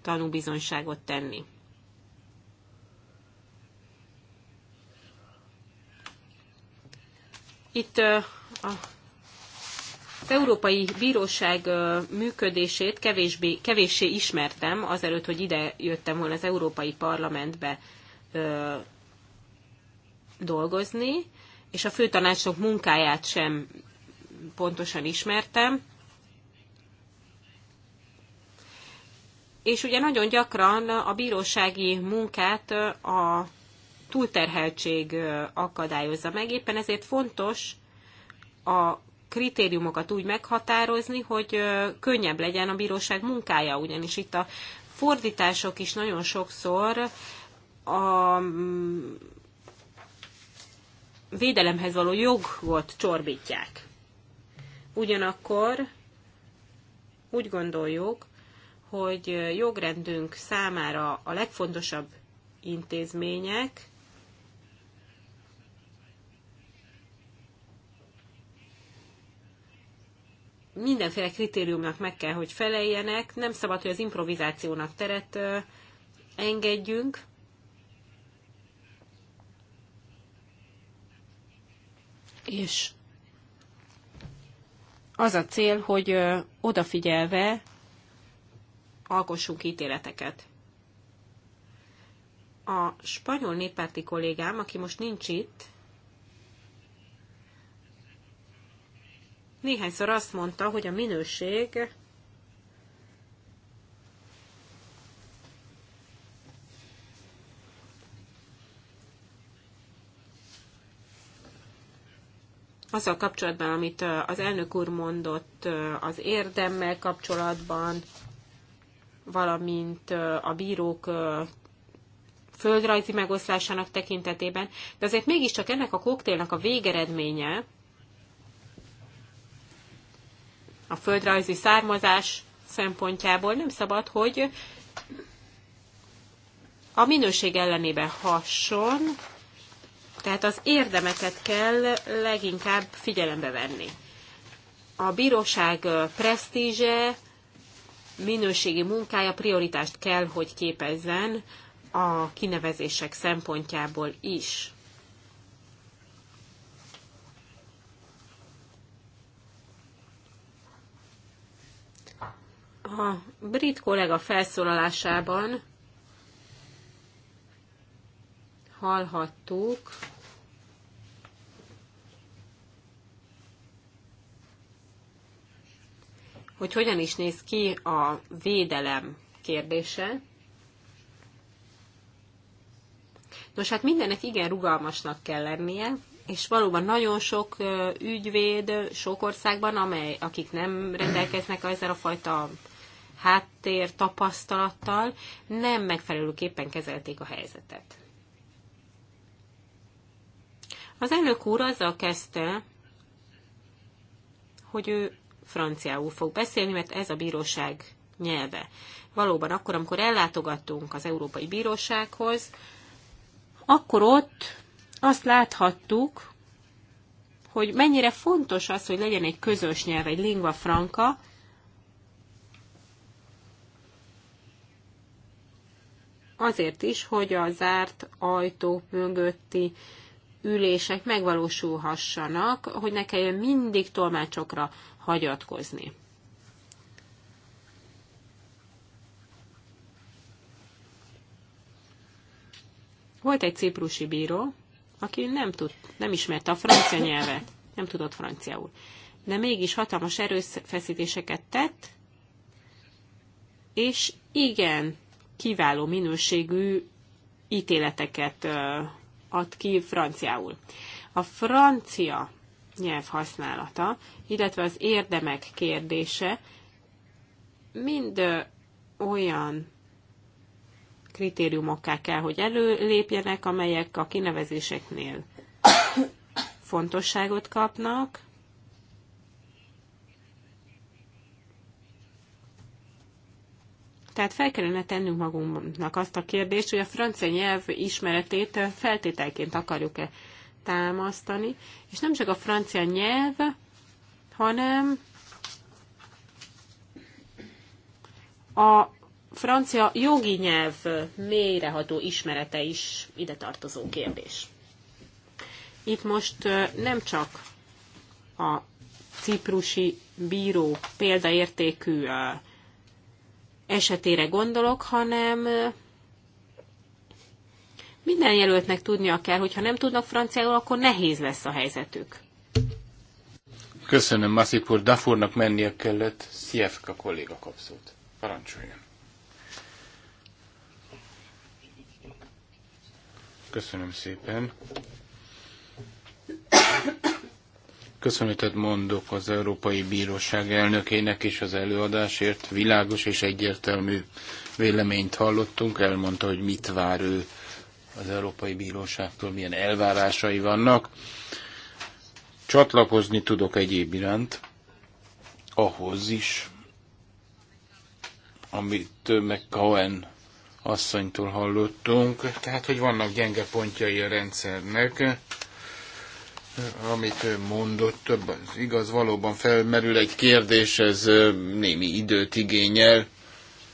tanúbizonyságot tenni. Itt a az Európai Bíróság működését kevésbé, kevéssé ismertem, azelőtt, hogy ide jöttem volna az Európai Parlamentbe ö, dolgozni, és a főtanácsok munkáját sem pontosan ismertem. És ugye nagyon gyakran a bírósági munkát a túlterheltség akadályozza meg, éppen ezért fontos a kritériumokat úgy meghatározni, hogy könnyebb legyen a bíróság munkája, ugyanis itt a fordítások is nagyon sokszor a mm, védelemhez való jogot csorbítják. Ugyanakkor úgy gondoljuk, hogy jogrendünk számára a legfontosabb intézmények, mindenféle kritériumnak meg kell, hogy feleljenek, nem szabad, hogy az improvizációnak teret engedjünk. És az a cél, hogy odafigyelve alkossunk ítéleteket. A spanyol néppárti kollégám, aki most nincs itt, néhányszor azt mondta, hogy a minőség azzal kapcsolatban, amit az elnök úr mondott az érdemmel kapcsolatban, valamint a bírók földrajzi megoszlásának tekintetében, de azért mégiscsak ennek a koktélnak a végeredménye, a földrajzi származás szempontjából nem szabad, hogy a minőség ellenébe hasson, tehát az érdemeket kell leginkább figyelembe venni. A bíróság presztízse, minőségi munkája prioritást kell, hogy képezzen a kinevezések szempontjából is. A brit kollega felszólalásában hallhattuk, hogy hogyan is néz ki a védelem kérdése. Nos, hát mindennek igen rugalmasnak kell lennie, és valóban nagyon sok ügyvéd sok országban, amely, akik nem rendelkeznek ezzel a fajta háttér tapasztalattal, nem megfelelőképpen kezelték a helyzetet. Az elnök úr azzal kezdte, hogy ő franciául fog beszélni, mert ez a bíróság nyelve. Valóban akkor, amikor ellátogattunk az Európai Bírósághoz, akkor ott azt láthattuk, hogy mennyire fontos az, hogy legyen egy közös nyelv, egy lingua franca, azért is, hogy a zárt ajtó mögötti ülések megvalósulhassanak, hogy ne kelljen mindig tolmácsokra hagyatkozni. Volt egy ciprusi bíró, aki nem, tud, nem ismerte a francia nyelvet, nem tudott franciául, de mégis hatalmas erőfeszítéseket tett, és igen, kiváló minőségű ítéleteket ad ki franciául. A francia nyelv használata, illetve az érdemek kérdése mind olyan kritériumokká kell, hogy előlépjenek, amelyek a kinevezéseknél fontosságot kapnak, Tehát fel kellene tennünk magunknak azt a kérdést, hogy a francia nyelv ismeretét feltételként akarjuk-e támasztani, és nem csak a francia nyelv, hanem a francia jogi nyelv mélyreható ismerete is ide tartozó kérdés. Itt most nem csak a ciprusi bíró példaértékű esetére gondolok, hanem minden jelöltnek tudnia kell, hogyha nem tudnak franciául, akkor nehéz lesz a helyzetük. Köszönöm, Masipur. Dafurnak mennie kellett. Sziefka kolléga kapszót. Parancsoljon. Köszönöm szépen. Köszönetet mondok az Európai Bíróság elnökének és az előadásért. Világos és egyértelmű véleményt hallottunk, elmondta, hogy mit vár ő az Európai Bíróságtól milyen elvárásai vannak. Csatlakozni tudok egyéb iránt ahhoz is, amit meg Cohen asszonytól hallottunk, tehát hogy vannak gyenge pontjai a rendszernek, amit ő mondott, az igaz, valóban felmerül egy kérdés, ez némi időt igényel,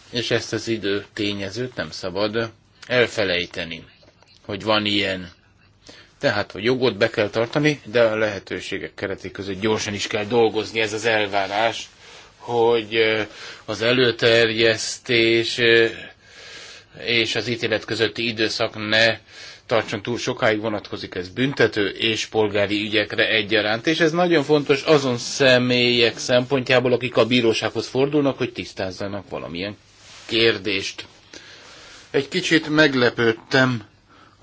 és ezt az idő tényezőt nem szabad elfelejteni hogy van ilyen. Tehát a jogot be kell tartani, de a lehetőségek keretei között gyorsan is kell dolgozni, ez az elvárás, hogy az előterjesztés és az ítélet közötti időszak ne tartson túl sokáig, vonatkozik ez büntető és polgári ügyekre egyaránt. És ez nagyon fontos azon személyek szempontjából, akik a bírósághoz fordulnak, hogy tisztázzanak valamilyen kérdést. Egy kicsit meglepődtem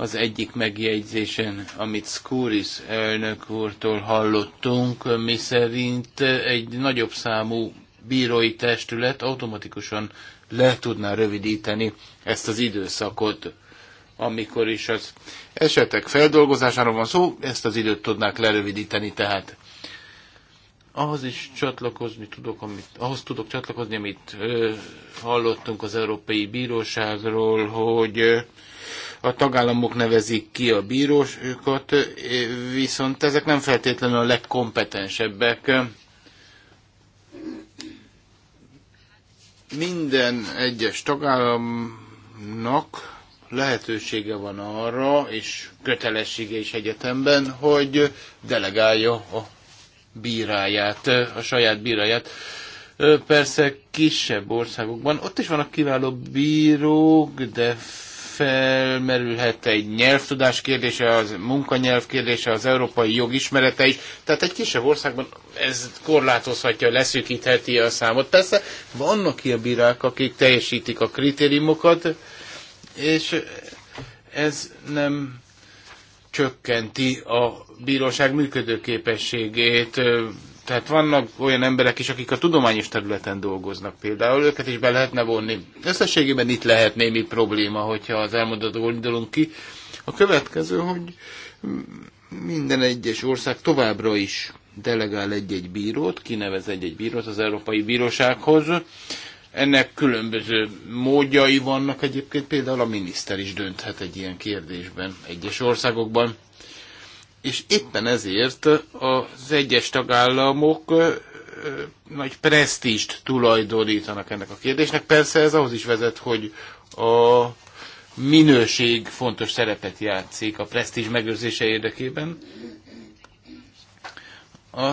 az egyik megjegyzésen, amit Skouris elnök úrtól hallottunk, mi szerint egy nagyobb számú bírói testület automatikusan le tudná rövidíteni ezt az időszakot, amikor is az esetek feldolgozásáról van szó, ezt az időt tudnák lerövidíteni, tehát ahhoz is csatlakozni tudok, amit, ahhoz tudok csatlakozni, amit ö, hallottunk az Európai Bíróságról, hogy ö, a tagállamok nevezik ki a bírósokat, viszont ezek nem feltétlenül a legkompetensebbek. Minden egyes tagállamnak lehetősége van arra, és kötelessége is egyetemben, hogy delegálja a bíráját, a saját bíráját. Persze kisebb országokban, ott is vannak kiváló bírók, de felmerülhet egy nyelvtudás kérdése, az munkanyelv kérdése, az európai jog ismerete is. Tehát egy kisebb országban ez korlátozhatja, leszűkítheti a számot. Persze vannak ilyen bírák, akik teljesítik a kritériumokat, és ez nem csökkenti a bíróság működőképességét. Tehát vannak olyan emberek is, akik a tudományos területen dolgoznak például, őket is be lehetne vonni. Összességében itt lehet némi probléma, hogyha az elmondatból indulunk ki. A következő, hogy minden egyes ország továbbra is delegál egy-egy bírót, kinevez egy-egy bírót az Európai Bírósághoz. Ennek különböző módjai vannak egyébként, például a miniszter is dönthet egy ilyen kérdésben egyes országokban. És éppen ezért az egyes tagállamok nagy presztíst tulajdonítanak ennek a kérdésnek. Persze ez ahhoz is vezet, hogy a minőség fontos szerepet játszik a presztízs megőrzése érdekében. A,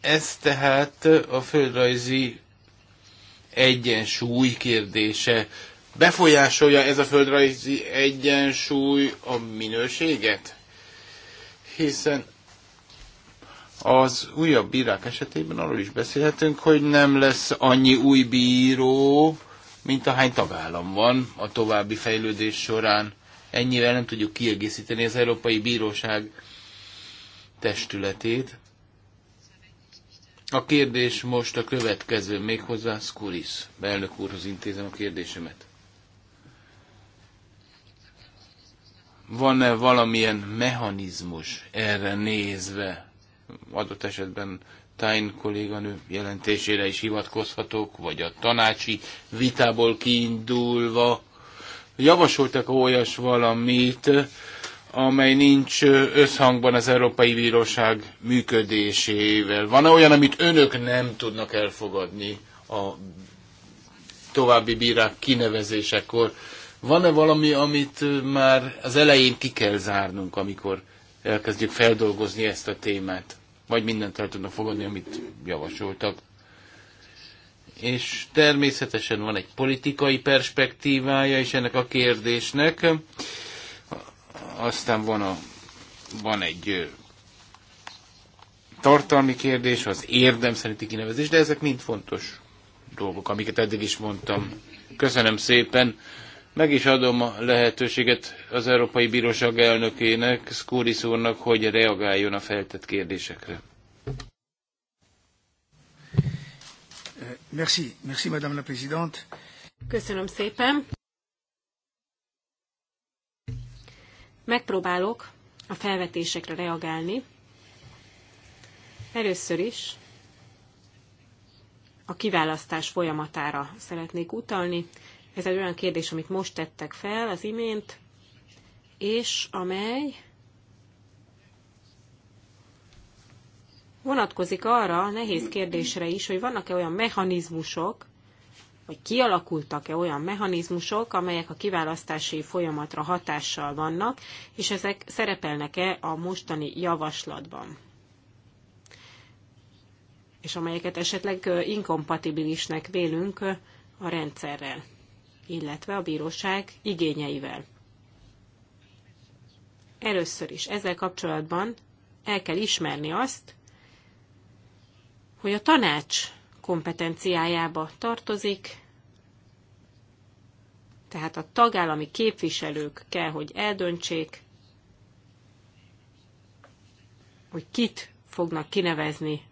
ez tehát a földrajzi egyensúly kérdése. Befolyásolja ez a földrajzi egyensúly a minőséget? hiszen az újabb bírák esetében arról is beszélhetünk, hogy nem lesz annyi új bíró, mint ahány tagállam van a további fejlődés során. Ennyivel nem tudjuk kiegészíteni az Európai Bíróság testületét. A kérdés most a következő, méghozzá Skuris. Belnök úrhoz intézem a kérdésemet. van-e valamilyen mechanizmus erre nézve, adott esetben Tain kolléganő jelentésére is hivatkozhatok, vagy a tanácsi vitából kiindulva javasoltak olyas valamit, amely nincs összhangban az Európai Bíróság működésével. Van -e olyan, amit önök nem tudnak elfogadni a további bírák kinevezésekor? Van-e valami, amit már az elején ki kell zárnunk, amikor elkezdjük feldolgozni ezt a témát? Vagy mindent el tudnak fogadni, amit javasoltak? És természetesen van egy politikai perspektívája is ennek a kérdésnek. Aztán van, a, van egy tartalmi kérdés, az érdem szerinti kinevezés, de ezek mind fontos dolgok, amiket eddig is mondtam. Köszönöm szépen. Meg is adom a lehetőséget az Európai Bíróság elnökének, Skóris úrnak, hogy reagáljon a feltett kérdésekre. Merci, merci, Madame la Présidente. Köszönöm szépen. Megpróbálok a felvetésekre reagálni. Először is a kiválasztás folyamatára szeretnék utalni. Ez egy olyan kérdés, amit most tettek fel az imént, és amely vonatkozik arra a nehéz kérdésre is, hogy vannak-e olyan mechanizmusok, vagy kialakultak-e olyan mechanizmusok, amelyek a kiválasztási folyamatra hatással vannak, és ezek szerepelnek-e a mostani javaslatban? És amelyeket esetleg inkompatibilisnek vélünk a rendszerrel illetve a bíróság igényeivel. Először is ezzel kapcsolatban el kell ismerni azt, hogy a tanács kompetenciájába tartozik, tehát a tagállami képviselők kell, hogy eldöntsék, hogy kit fognak kinevezni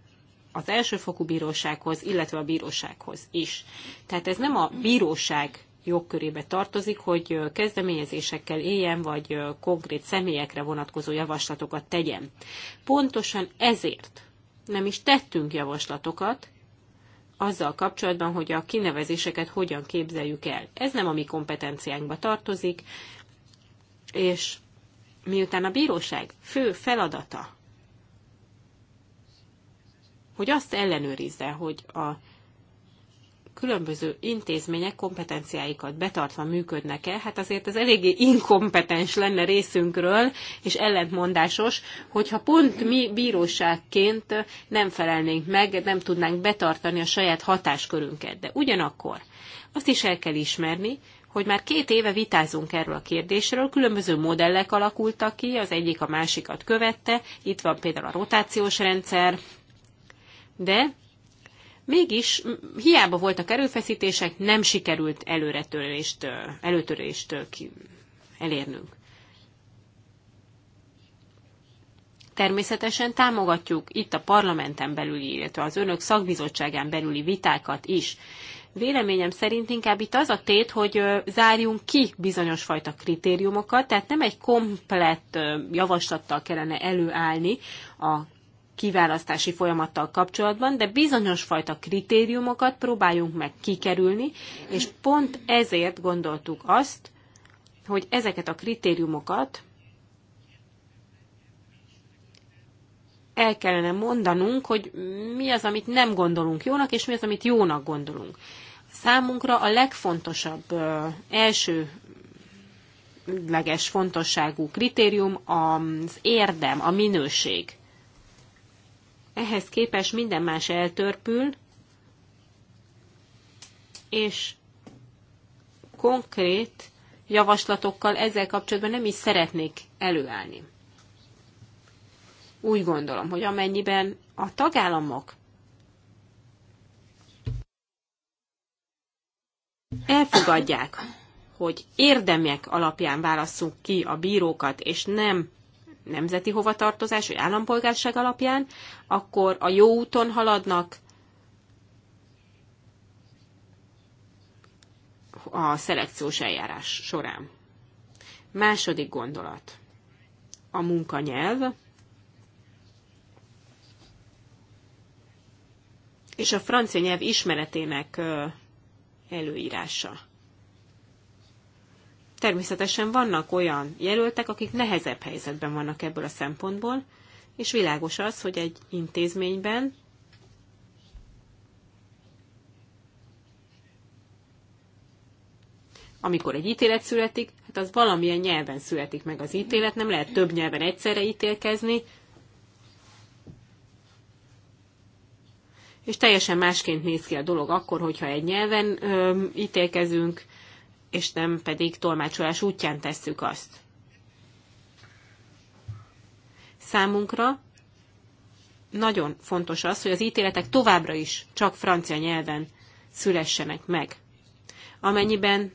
az elsőfokú bírósághoz, illetve a bírósághoz is. Tehát ez nem a bíróság jogkörébe tartozik, hogy kezdeményezésekkel éljen, vagy konkrét személyekre vonatkozó javaslatokat tegyen. Pontosan ezért nem is tettünk javaslatokat azzal kapcsolatban, hogy a kinevezéseket hogyan képzeljük el. Ez nem a mi kompetenciánkba tartozik, és miután a bíróság fő feladata, hogy azt ellenőrizze, hogy a különböző intézmények kompetenciáikat betartva működnek-e, hát azért ez eléggé inkompetens lenne részünkről, és ellentmondásos, hogyha pont mi bíróságként nem felelnénk meg, nem tudnánk betartani a saját hatáskörünket. De ugyanakkor azt is el kell ismerni, hogy már két éve vitázunk erről a kérdésről, különböző modellek alakultak ki, az egyik a másikat követte, itt van például a rotációs rendszer, de Mégis hiába voltak erőfeszítések, nem sikerült előretörést, előtörést elérnünk. Természetesen támogatjuk itt a parlamenten belüli, illetve az önök szakbizottságán belüli vitákat is. Véleményem szerint inkább itt az a tét, hogy zárjunk ki bizonyos fajta kritériumokat, tehát nem egy komplett javaslattal kellene előállni a kiválasztási folyamattal kapcsolatban, de bizonyos fajta kritériumokat próbáljunk meg kikerülni, és pont ezért gondoltuk azt, hogy ezeket a kritériumokat el kellene mondanunk, hogy mi az, amit nem gondolunk jónak, és mi az, amit jónak gondolunk. Számunkra a legfontosabb első leges fontosságú kritérium az érdem, a minőség. Ehhez képest minden más eltörpül, és konkrét javaslatokkal ezzel kapcsolatban nem is szeretnék előállni. Úgy gondolom, hogy amennyiben a tagállamok elfogadják, hogy érdemek alapján válasszunk ki a bírókat, és nem nemzeti hovatartozás vagy állampolgárság alapján, akkor a jó úton haladnak, a szelekciós eljárás során. Második gondolat. A munkanyelv és a francia nyelv ismeretének előírása. Természetesen vannak olyan jelöltek, akik nehezebb helyzetben vannak ebből a szempontból, és világos az, hogy egy intézményben amikor egy ítélet születik, hát az valamilyen nyelven születik meg az ítélet, nem lehet több nyelven egyszerre ítélkezni, és teljesen másként néz ki a dolog akkor, hogyha egy nyelven ö, ítélkezünk, és nem pedig tolmácsolás útján tesszük azt. Számunkra nagyon fontos az, hogy az ítéletek továbbra is csak francia nyelven szülessenek meg. Amennyiben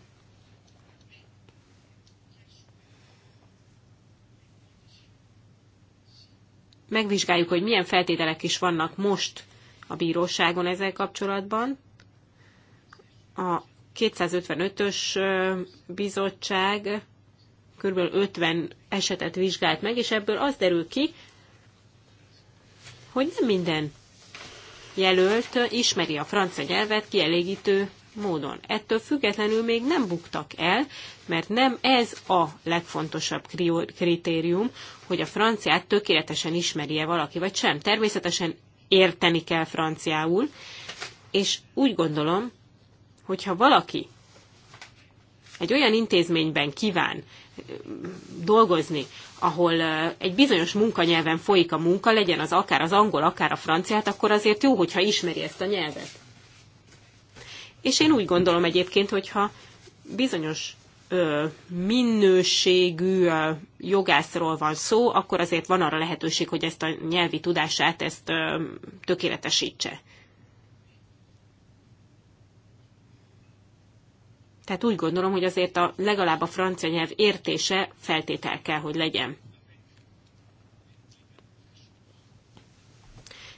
megvizsgáljuk, hogy milyen feltételek is vannak most a bíróságon ezzel kapcsolatban, a 255-ös bizottság kb. 50 esetet vizsgált meg, és ebből az derül ki, hogy nem minden jelölt ismeri a francia nyelvet kielégítő módon. Ettől függetlenül még nem buktak el, mert nem ez a legfontosabb kritérium, hogy a franciát tökéletesen ismerje valaki, vagy sem. Természetesen érteni kell franciául, és úgy gondolom, hogyha valaki egy olyan intézményben kíván dolgozni, ahol egy bizonyos munkanyelven folyik a munka, legyen az akár az angol, akár a franciát, akkor azért jó, hogyha ismeri ezt a nyelvet. És én úgy gondolom egyébként, hogyha bizonyos ö, minőségű ö, jogászról van szó, akkor azért van arra lehetőség, hogy ezt a nyelvi tudását ezt ö, tökéletesítse. Tehát úgy gondolom, hogy azért a, legalább a francia nyelv értése feltétel kell, hogy legyen.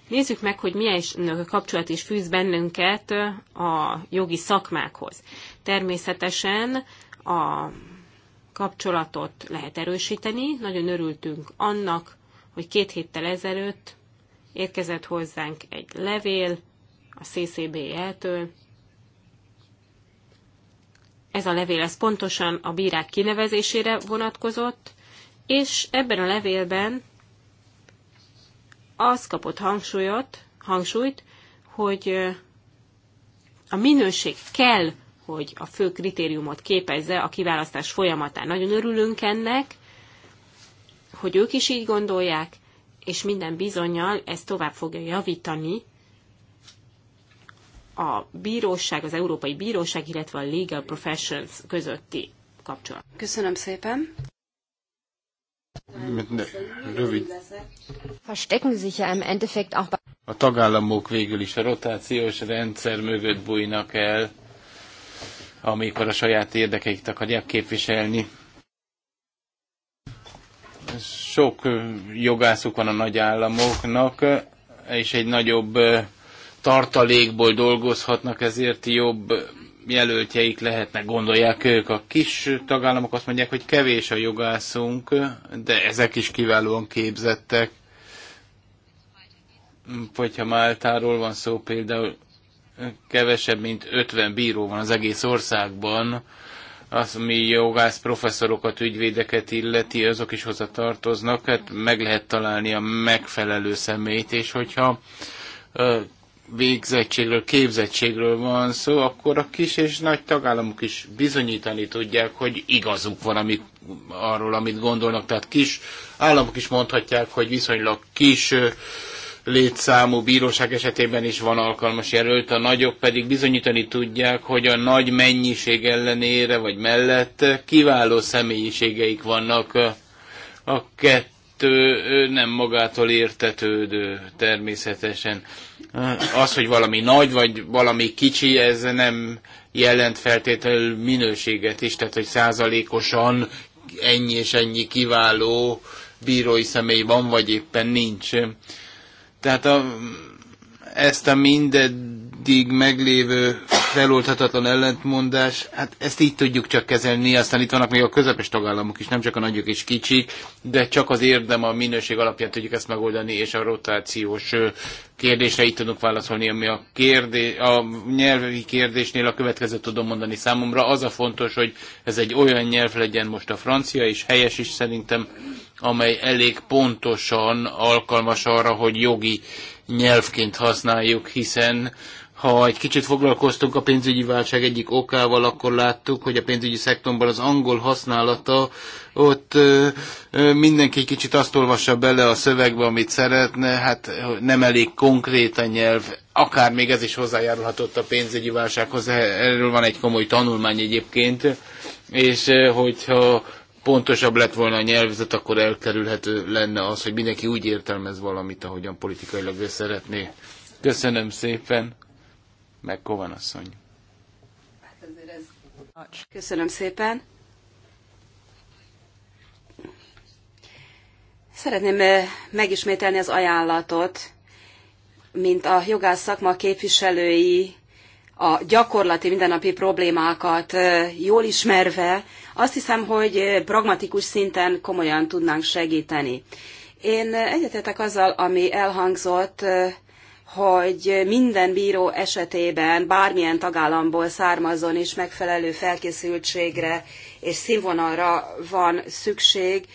Nézzük meg, hogy milyen is kapcsolat is fűz bennünket a jogi szakmákhoz. Természetesen a kapcsolatot lehet erősíteni. Nagyon örültünk annak, hogy két héttel ezelőtt érkezett hozzánk egy levél a CCBE-től, ez a levél ez pontosan a bírák kinevezésére vonatkozott, és ebben a levélben az kapott hangsúlyot, hangsúlyt, hogy a minőség kell, hogy a fő kritériumot képezze a kiválasztás folyamatán. Nagyon örülünk ennek, hogy ők is így gondolják, és minden bizonyal ez tovább fogja javítani a bíróság, az Európai Bíróság, illetve a Legal Professions közötti kapcsolat. Köszönöm szépen. Rövid. Verstecken sich ja im Endeffekt auch a tagállamok végül is a rotációs rendszer mögött bújnak el, amikor a saját érdekeiket akarják képviselni. Sok jogászuk van a nagy államoknak, és egy nagyobb tartalékból dolgozhatnak, ezért jobb jelöltjeik lehetnek, gondolják ők. A kis tagállamok azt mondják, hogy kevés a jogászunk, de ezek is kiválóan képzettek. Hogyha Máltáról van szó például, kevesebb, mint 50 bíró van az egész országban, az, ami jogász professzorokat, ügyvédeket illeti, azok is hozzá tartoznak, hát meg lehet találni a megfelelő személyt, és hogyha végzettségről, képzettségről van szó, akkor a kis és nagy tagállamok is bizonyítani tudják, hogy igazuk van amit, arról, amit gondolnak. Tehát kis államok is mondhatják, hogy viszonylag kis létszámú bíróság esetében is van alkalmas jelölt, a nagyok pedig bizonyítani tudják, hogy a nagy mennyiség ellenére vagy mellett kiváló személyiségeik vannak a kettő kettő nem magától értetődő természetesen. Az, hogy valami nagy vagy valami kicsi, ez nem jelent feltétlenül minőséget is, tehát hogy százalékosan ennyi és ennyi kiváló bírói személy van, vagy éppen nincs. Tehát a, ezt a mindeddig meglévő feloldhatatlan ellentmondás, hát ezt így tudjuk csak kezelni, aztán itt vannak még a közepes tagállamok is, nem csak a nagyok és kicsik, de csak az érdem, a minőség alapján tudjuk ezt megoldani, és a rotációs kérdésre így tudunk válaszolni, ami a, kérdé, a nyelvi kérdésnél a következőt tudom mondani számomra. Az a fontos, hogy ez egy olyan nyelv legyen most a francia, és helyes is szerintem, amely elég pontosan alkalmas arra, hogy jogi nyelvként használjuk, hiszen ha egy kicsit foglalkoztunk a pénzügyi válság egyik okával, akkor láttuk, hogy a pénzügyi szektorban az angol használata, ott ö, ö, mindenki egy kicsit azt olvassa bele a szövegbe, amit szeretne, hát nem elég konkrét a nyelv, akár még ez is hozzájárulhatott a pénzügyi válsághoz, erről van egy komoly tanulmány egyébként, és hogyha pontosabb lett volna a nyelvezet, akkor elkerülhető lenne az, hogy mindenki úgy értelmez valamit, ahogyan politikailag ő szeretné. Köszönöm szépen meg Kovan asszony. Hát Köszönöm szépen. Szeretném eh, megismételni az ajánlatot, mint a jogász szakma képviselői a gyakorlati mindennapi problémákat eh, jól ismerve, azt hiszem, hogy eh, pragmatikus szinten komolyan tudnánk segíteni. Én egyetetek azzal, ami elhangzott hogy minden bíró esetében bármilyen tagállamból származzon is megfelelő felkészültségre és színvonalra van szükség,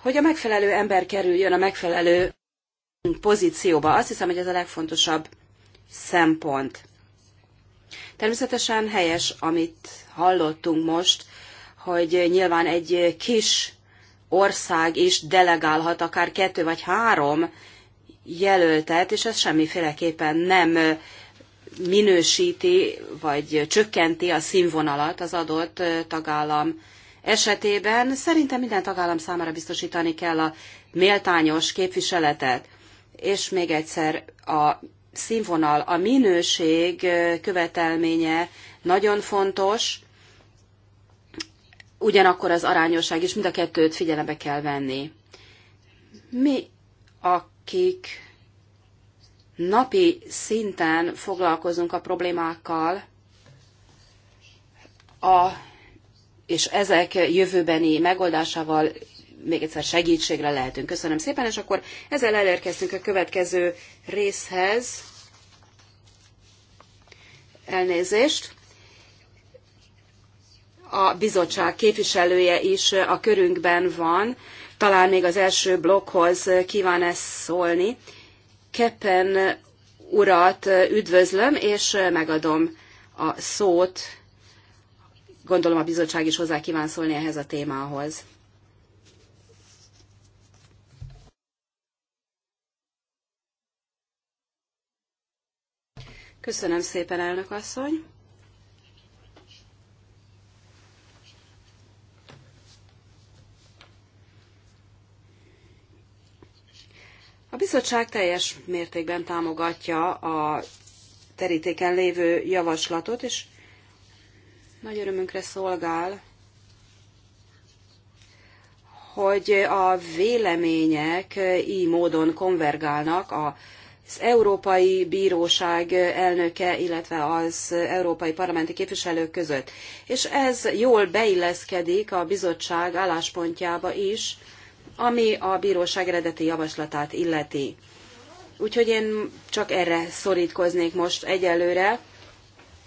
hogy a megfelelő ember kerüljön a megfelelő pozícióba. Azt hiszem, hogy ez a legfontosabb szempont. Természetesen helyes, amit hallottunk most, hogy nyilván egy kis ország is delegálhat akár kettő vagy három jelöltet, és ez semmiféleképpen nem minősíti vagy csökkenti a színvonalat az adott tagállam esetében. Szerintem minden tagállam számára biztosítani kell a méltányos képviseletet. És még egyszer a színvonal, a minőség követelménye nagyon fontos, ugyanakkor az arányosság is mind a kettőt figyelembe kell venni. Mi a akik napi szinten foglalkozunk a problémákkal, a, és ezek jövőbeni megoldásával még egyszer segítségre lehetünk. Köszönöm szépen, és akkor ezzel elérkeztünk a következő részhez. Elnézést. A bizottság képviselője is a körünkben van talán még az első blokkhoz kíván ezt szólni. Keppen urat üdvözlöm, és megadom a szót. Gondolom a bizottság is hozzá kíván szólni ehhez a témához. Köszönöm szépen, elnök asszony! bizottság teljes mértékben támogatja a terítéken lévő javaslatot, és nagy örömünkre szolgál, hogy a vélemények így módon konvergálnak az Európai Bíróság elnöke, illetve az Európai Parlamenti képviselők között. És ez jól beilleszkedik a bizottság álláspontjába is, ami a bíróság eredeti javaslatát illeti. Úgyhogy én csak erre szorítkoznék most egyelőre.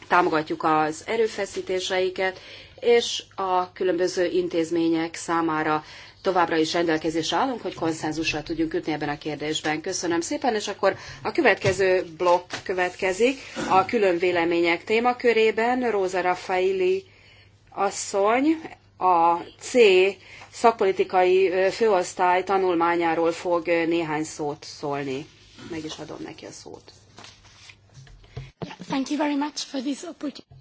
Támogatjuk az erőfeszítéseiket, és a különböző intézmények számára továbbra is rendelkezésre állunk, hogy konszenzusra tudjunk kötni ebben a kérdésben. Köszönöm szépen, és akkor a következő blokk következik a külön vélemények témakörében. Róza Raffaili asszony a C szakpolitikai főosztály tanulmányáról fog néhány szót szólni. Meg is adom neki a szót. Thank you very much for this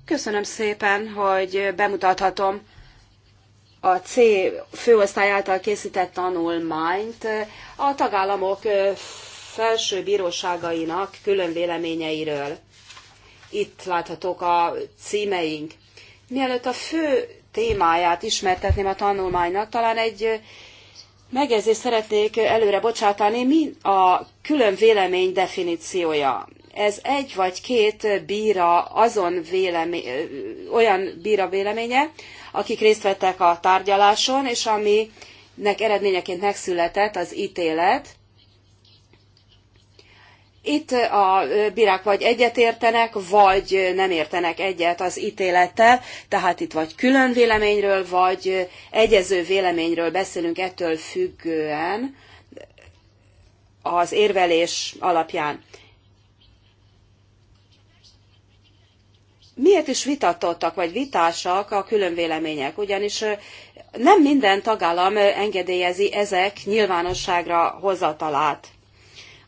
Köszönöm szépen, hogy bemutathatom a C főosztály által készített tanulmányt a tagállamok felső bíróságainak külön véleményeiről. Itt láthatók a címeink. Mielőtt a fő témáját ismertetném a tanulmánynak. Talán egy megjegyzést szeretnék előre bocsátani, mi a külön vélemény definíciója. Ez egy vagy két bíra azon vélemény, olyan bíra véleménye, akik részt vettek a tárgyaláson, és aminek eredményeként megszületett az ítélet, itt a bírák vagy egyetértenek, vagy nem értenek egyet az ítélettel, tehát itt vagy külön véleményről, vagy egyező véleményről beszélünk ettől függően az érvelés alapján. Miért is vitatottak, vagy vitásak a külön vélemények? Ugyanis nem minden tagállam engedélyezi ezek nyilvánosságra hozatalát.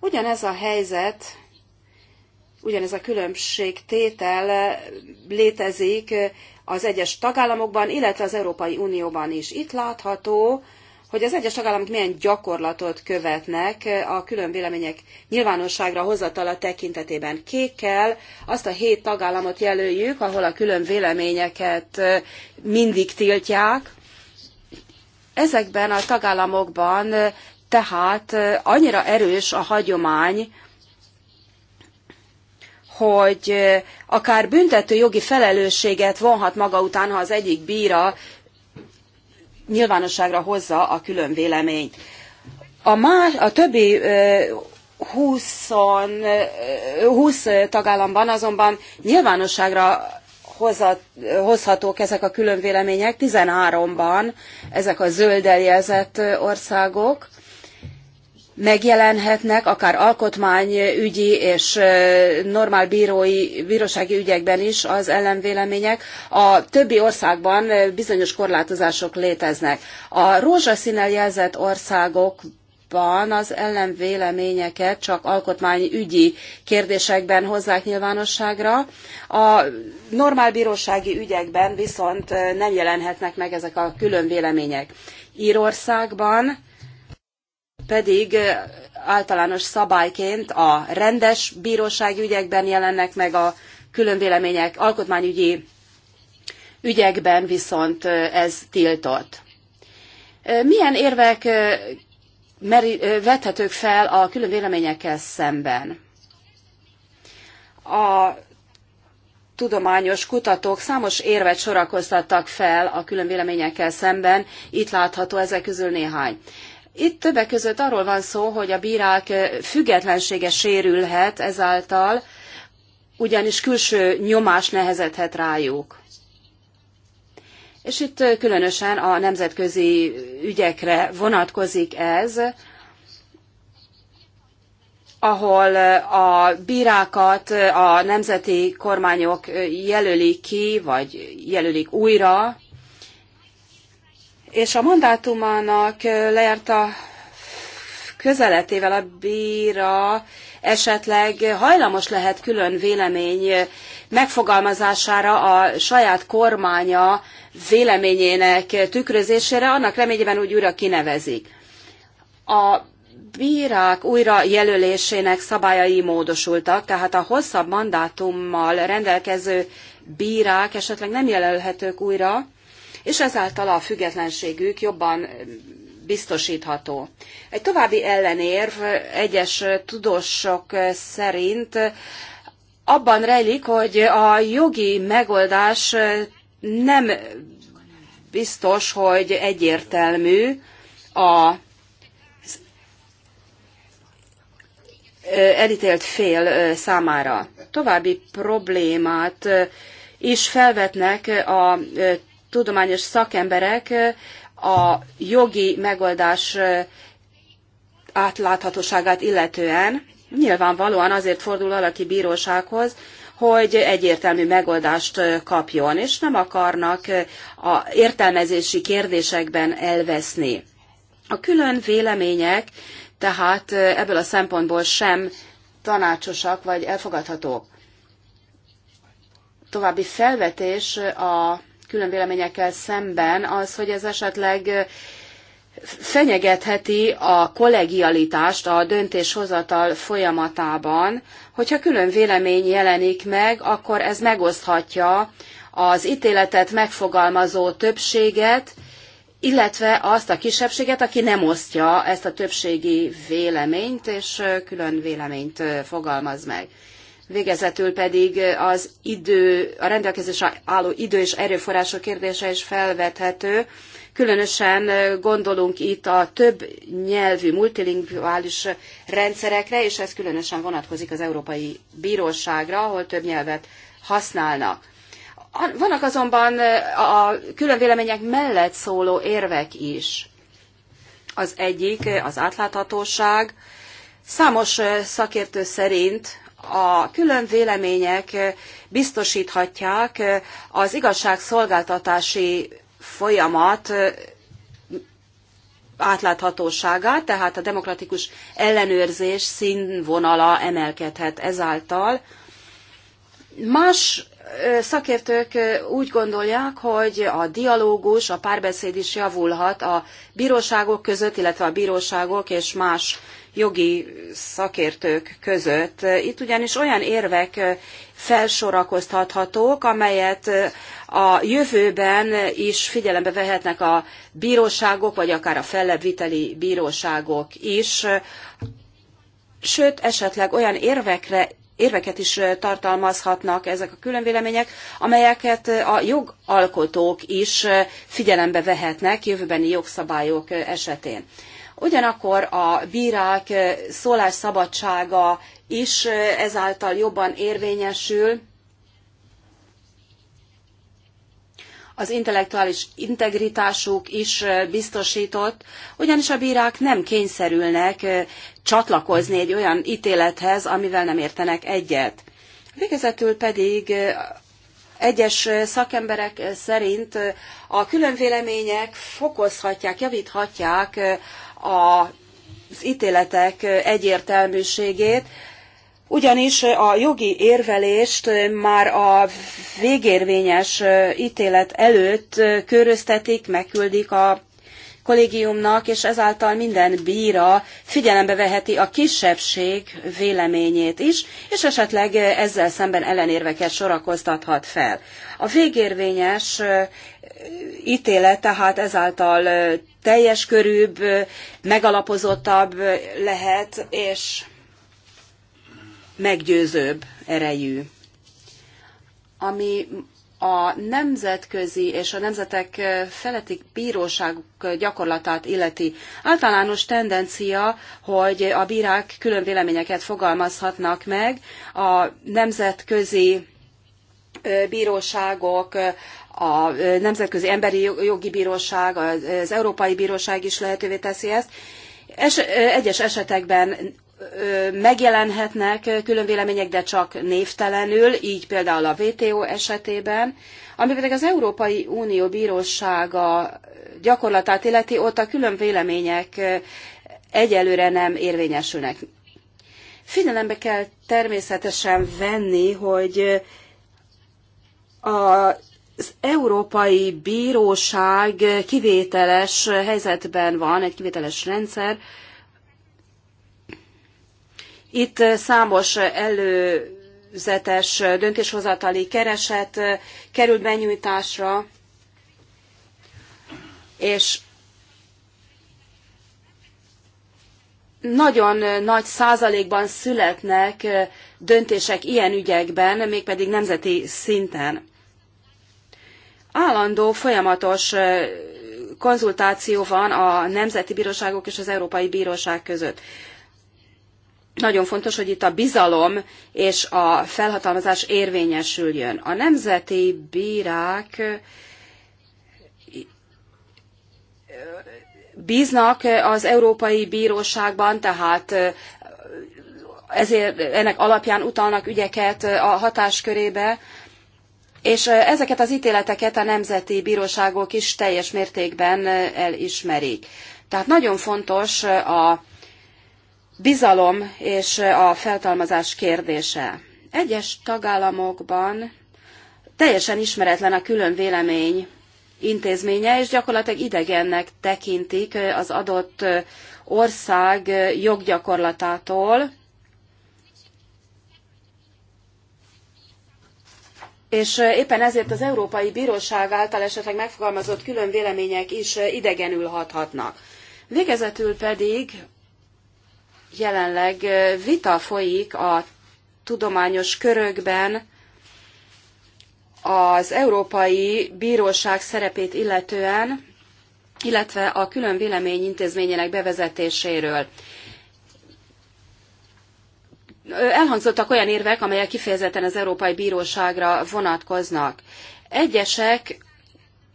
Ugyanez a helyzet, ugyanez a különbség tétel eh, létezik eh, az egyes tagállamokban, illetve az Európai Unióban is. Itt látható, hogy az egyes tagállamok milyen gyakorlatot követnek eh, a külön vélemények nyilvánosságra hozatala tekintetében. Kékkel azt a hét tagállamot jelöljük, ahol a külön véleményeket mindig tiltják. Ezekben a tagállamokban tehát annyira erős a hagyomány, hogy akár büntető jogi felelősséget vonhat maga után, ha az egyik bíra nyilvánosságra hozza a külön véleményt. A, más, a többi 20, 20 tagállamban azonban nyilvánosságra hozat, hozhatók ezek a különvélemények, 13-ban ezek a zöld eljelzett országok, megjelenhetnek, akár alkotmányügyi és normál bírói, bírósági ügyekben is az ellenvélemények. A többi országban bizonyos korlátozások léteznek. A rózsaszínnel jelzett országokban az ellenvéleményeket csak alkotmányügyi kérdésekben hozzák nyilvánosságra. A normál bírósági ügyekben viszont nem jelenhetnek meg ezek a külön vélemények. Írországban pedig általános szabályként a rendes bírósági ügyekben jelennek meg a különvélemények, alkotmányügyi ügyekben viszont ez tiltott. Milyen érvek vethetők fel a külön véleményekkel szemben? A tudományos kutatók számos érvet sorakoztattak fel a külön véleményekkel szemben, itt látható ezek közül néhány. Itt többek között arról van szó, hogy a bírák függetlensége sérülhet ezáltal, ugyanis külső nyomás nehezedhet rájuk. És itt különösen a nemzetközi ügyekre vonatkozik ez, ahol a bírákat a nemzeti kormányok jelölik ki, vagy jelölik újra, és a mandátumának lejárt a közeletével a bíra esetleg hajlamos lehet külön vélemény megfogalmazására a saját kormánya véleményének tükrözésére, annak reményében úgy újra kinevezik. A bírák újra jelölésének szabályai módosultak, tehát a hosszabb mandátummal rendelkező bírák esetleg nem jelölhetők újra, és ezáltal a függetlenségük jobban biztosítható. Egy további ellenérv egyes tudósok szerint abban rejlik, hogy a jogi megoldás nem biztos, hogy egyértelmű a elítélt fél számára. További problémát is felvetnek a tudományos szakemberek a jogi megoldás átláthatóságát illetően nyilvánvalóan azért fordul valaki bírósághoz, hogy egyértelmű megoldást kapjon, és nem akarnak a értelmezési kérdésekben elveszni. A külön vélemények tehát ebből a szempontból sem tanácsosak vagy elfogadhatók. További felvetés a külön véleményekkel szemben az, hogy ez esetleg fenyegetheti a kollegialitást a döntéshozatal folyamatában, hogyha külön vélemény jelenik meg, akkor ez megoszthatja az ítéletet megfogalmazó többséget, illetve azt a kisebbséget, aki nem osztja ezt a többségi véleményt, és külön véleményt fogalmaz meg végezetül pedig az idő, a rendelkezésre álló idő és erőforrások kérdése is felvethető. Különösen gondolunk itt a több nyelvű multilinguális rendszerekre, és ez különösen vonatkozik az Európai Bíróságra, ahol több nyelvet használnak. Vannak azonban a külön vélemények mellett szóló érvek is. Az egyik az átláthatóság. Számos szakértő szerint a külön vélemények biztosíthatják az igazságszolgáltatási folyamat átláthatóságát, tehát a demokratikus ellenőrzés színvonala emelkedhet ezáltal. Más szakértők úgy gondolják, hogy a dialógus, a párbeszéd is javulhat a bíróságok között, illetve a bíróságok és más jogi szakértők között. Itt ugyanis olyan érvek felsorakoztathatók, amelyet a jövőben is figyelembe vehetnek a bíróságok, vagy akár a fellebbviteli bíróságok is, sőt, esetleg olyan érvekre érveket is tartalmazhatnak ezek a különvélemények, amelyeket a jogalkotók is figyelembe vehetnek jövőbeni jogszabályok esetén. Ugyanakkor a bírák szólásszabadsága is ezáltal jobban érvényesül, az intellektuális integritásuk is biztosított, ugyanis a bírák nem kényszerülnek csatlakozni egy olyan ítélethez, amivel nem értenek egyet. Végezetül pedig egyes szakemberek szerint a különvélemények fokozhatják, javíthatják az ítéletek egyértelműségét, ugyanis a jogi érvelést már a végérvényes ítélet előtt köröztetik, megküldik a kollégiumnak, és ezáltal minden bíra figyelembe veheti a kisebbség véleményét is, és esetleg ezzel szemben ellenérveket sorakoztathat fel. A végérvényes ítélet tehát ezáltal teljes körűbb, megalapozottabb lehet, és meggyőzőbb erejű. Ami a nemzetközi és a nemzetek feletti bíróság gyakorlatát illeti. Általános tendencia, hogy a bírák külön véleményeket fogalmazhatnak meg. A nemzetközi bíróságok a Nemzetközi Emberi Jogi Bíróság, az Európai Bíróság is lehetővé teszi ezt. Es, egyes esetekben megjelenhetnek külön vélemények, de csak névtelenül, így például a WTO esetében, ami pedig az Európai Unió Bírósága gyakorlatát illeti, ott a külön vélemények egyelőre nem érvényesülnek. Figyelembe kell természetesen venni, hogy a az Európai Bíróság kivételes helyzetben van, egy kivételes rendszer. Itt számos előzetes döntéshozatali kereset került benyújtásra, és nagyon nagy százalékban születnek döntések ilyen ügyekben, mégpedig nemzeti szinten állandó, folyamatos konzultáció van a nemzeti bíróságok és az Európai Bíróság között. Nagyon fontos, hogy itt a bizalom és a felhatalmazás érvényesüljön. A nemzeti bírák bíznak az Európai Bíróságban, tehát ezért ennek alapján utalnak ügyeket a hatáskörébe, és ezeket az ítéleteket a nemzeti bíróságok is teljes mértékben elismerik. Tehát nagyon fontos a bizalom és a feltalmazás kérdése. Egyes tagállamokban teljesen ismeretlen a külön vélemény intézménye, és gyakorlatilag idegennek tekintik az adott ország joggyakorlatától, és éppen ezért az Európai Bíróság által esetleg megfogalmazott külön vélemények is idegenül hathatnak. Végezetül pedig jelenleg vita folyik a tudományos körökben az Európai Bíróság szerepét illetően, illetve a külön vélemény intézményének bevezetéséről elhangzottak olyan érvek, amelyek kifejezetten az Európai Bíróságra vonatkoznak. Egyesek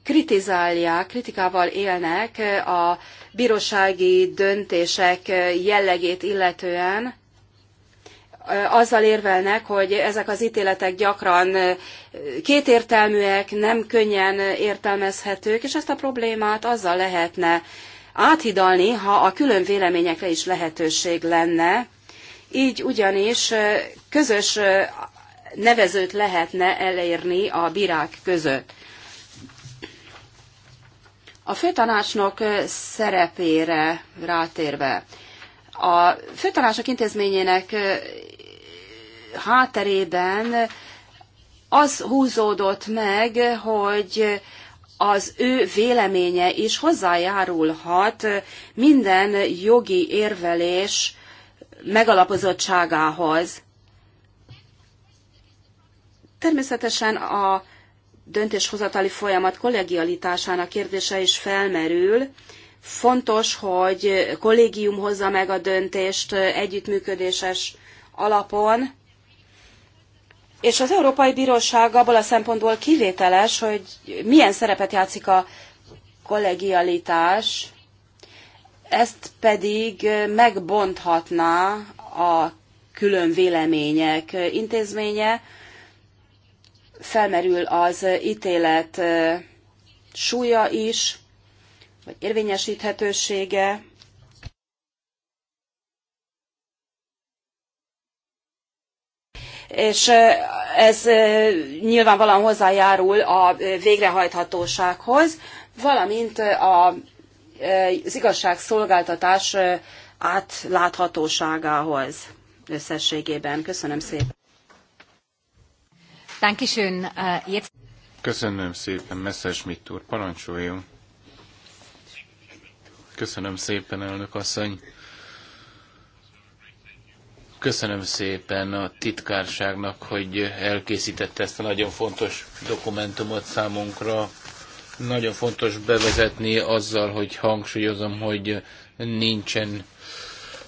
kritizálják, kritikával élnek a bírósági döntések jellegét illetően, azzal érvelnek, hogy ezek az ítéletek gyakran kétértelműek, nem könnyen értelmezhetők, és ezt a problémát azzal lehetne áthidalni, ha a külön véleményekre is lehetőség lenne, így ugyanis közös nevezőt lehetne elérni a bírák között. A főtanácsnok szerepére rátérve. A főtanácsok intézményének hátterében az húzódott meg, hogy az ő véleménye is hozzájárulhat minden jogi érvelés megalapozottságához. Természetesen a döntéshozatali folyamat kollegialitásának kérdése is felmerül. Fontos, hogy kollégium hozza meg a döntést együttműködéses alapon, és az Európai Bíróság abból a szempontból kivételes, hogy milyen szerepet játszik a kollegialitás, ezt pedig megbonthatná a külön vélemények intézménye, felmerül az ítélet súlya is, vagy érvényesíthetősége, és ez nyilvánvalóan hozzájárul a végrehajthatósághoz, valamint a az igazságszolgáltatás átláthatóságához összességében. Köszönöm szépen. Köszönöm szépen, Messerschmitt úr, parancsoljon. Köszönöm szépen, elnök asszony. Köszönöm szépen a titkárságnak, hogy elkészítette ezt a nagyon fontos dokumentumot számunkra. Nagyon fontos bevezetni azzal, hogy hangsúlyozom, hogy nincsen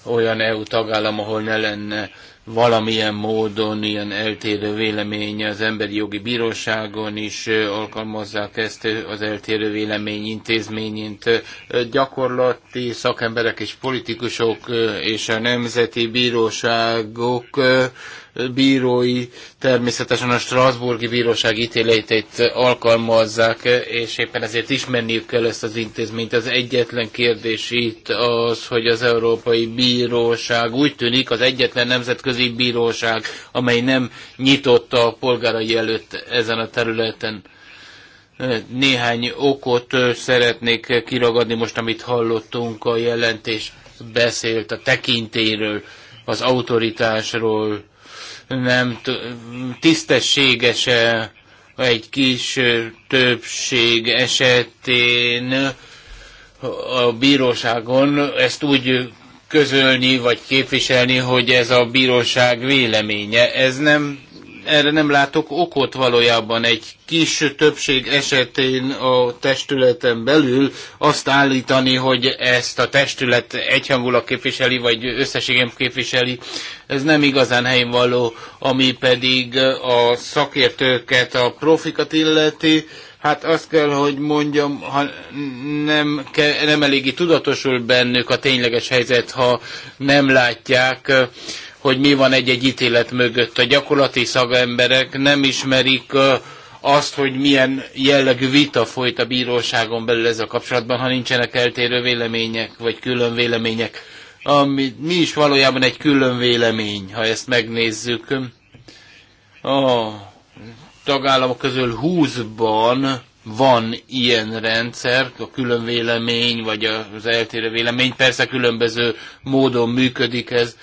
olyan EU tagállam, ahol ne lenne valamilyen módon ilyen eltérő véleménye az emberi jogi bíróságon is alkalmazzák ezt az eltérő vélemény intézményint. Gyakorlati szakemberek és politikusok és a nemzeti bíróságok bírói természetesen a Strasburgi Bíróság ítéletét alkalmazzák, és éppen ezért ismerniük kell ezt az intézményt. Az egyetlen kérdés itt az, hogy az Európai Bíróság úgy tűnik az egyetlen nemzetközi bíróság, amely nem nyitotta a polgárai előtt ezen a területen. Néhány okot szeretnék kiragadni most, amit hallottunk, a jelentés beszélt a tekintéről, az autoritásról, nem tisztességes -e egy kis eh, többség esetén a bíróságon ezt úgy közölni vagy képviselni, hogy ez a bíróság véleménye. Ez nem erre nem látok okot valójában. Egy kis többség esetén a testületen belül azt állítani, hogy ezt a testület egyhangulag képviseli, vagy összességem képviseli, ez nem igazán helyén való, ami pedig a szakértőket, a profikat illeti, hát azt kell, hogy mondjam, ha nem, nem eléggé tudatosul bennük a tényleges helyzet, ha nem látják hogy mi van egy-egy ítélet mögött. A gyakorlati szagemberek nem ismerik azt, hogy milyen jellegű vita folyt a bíróságon belül a kapcsolatban, ha nincsenek eltérő vélemények, vagy külön vélemények. Ami, mi is valójában egy külön vélemény, ha ezt megnézzük. A tagállamok közül 20-ban van ilyen rendszer, a külön vélemény, vagy az eltérő vélemény, persze különböző módon működik ez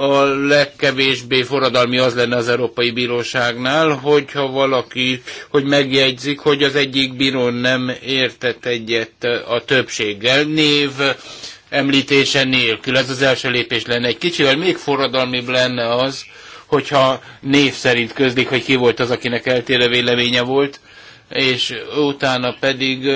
a legkevésbé forradalmi az lenne az Európai Bíróságnál, hogyha valaki, hogy megjegyzik, hogy az egyik bíró nem értett egyet a többséggel. Név említése nélkül, ez az első lépés lenne. Egy kicsivel még forradalmibb lenne az, hogyha név szerint közlik, hogy ki volt az, akinek eltérő véleménye volt, és utána pedig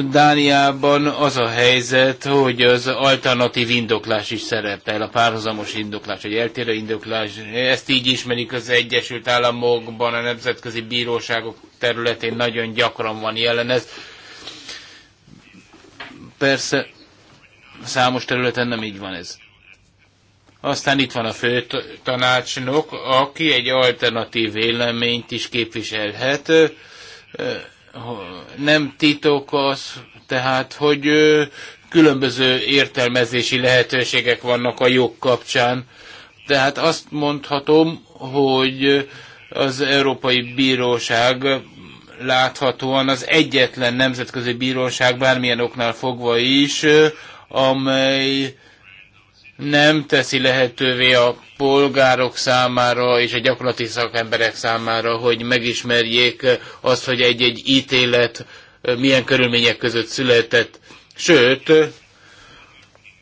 Dániában az a helyzet, hogy az alternatív indoklás is szerepel, a párhuzamos indoklás, vagy eltérő indoklás. Ezt így ismerik az Egyesült Államokban, a nemzetközi bíróságok területén nagyon gyakran van jelen ez. Persze számos területen nem így van ez. Aztán itt van a fő tanácsnok, aki egy alternatív véleményt is képviselhet nem titok az, tehát, hogy különböző értelmezési lehetőségek vannak a jog kapcsán. Tehát azt mondhatom, hogy az Európai Bíróság láthatóan az egyetlen nemzetközi bíróság bármilyen oknál fogva is, amely nem teszi lehetővé a polgárok számára és a gyakorlati szakemberek számára, hogy megismerjék azt, hogy egy-egy ítélet milyen körülmények között született. Sőt,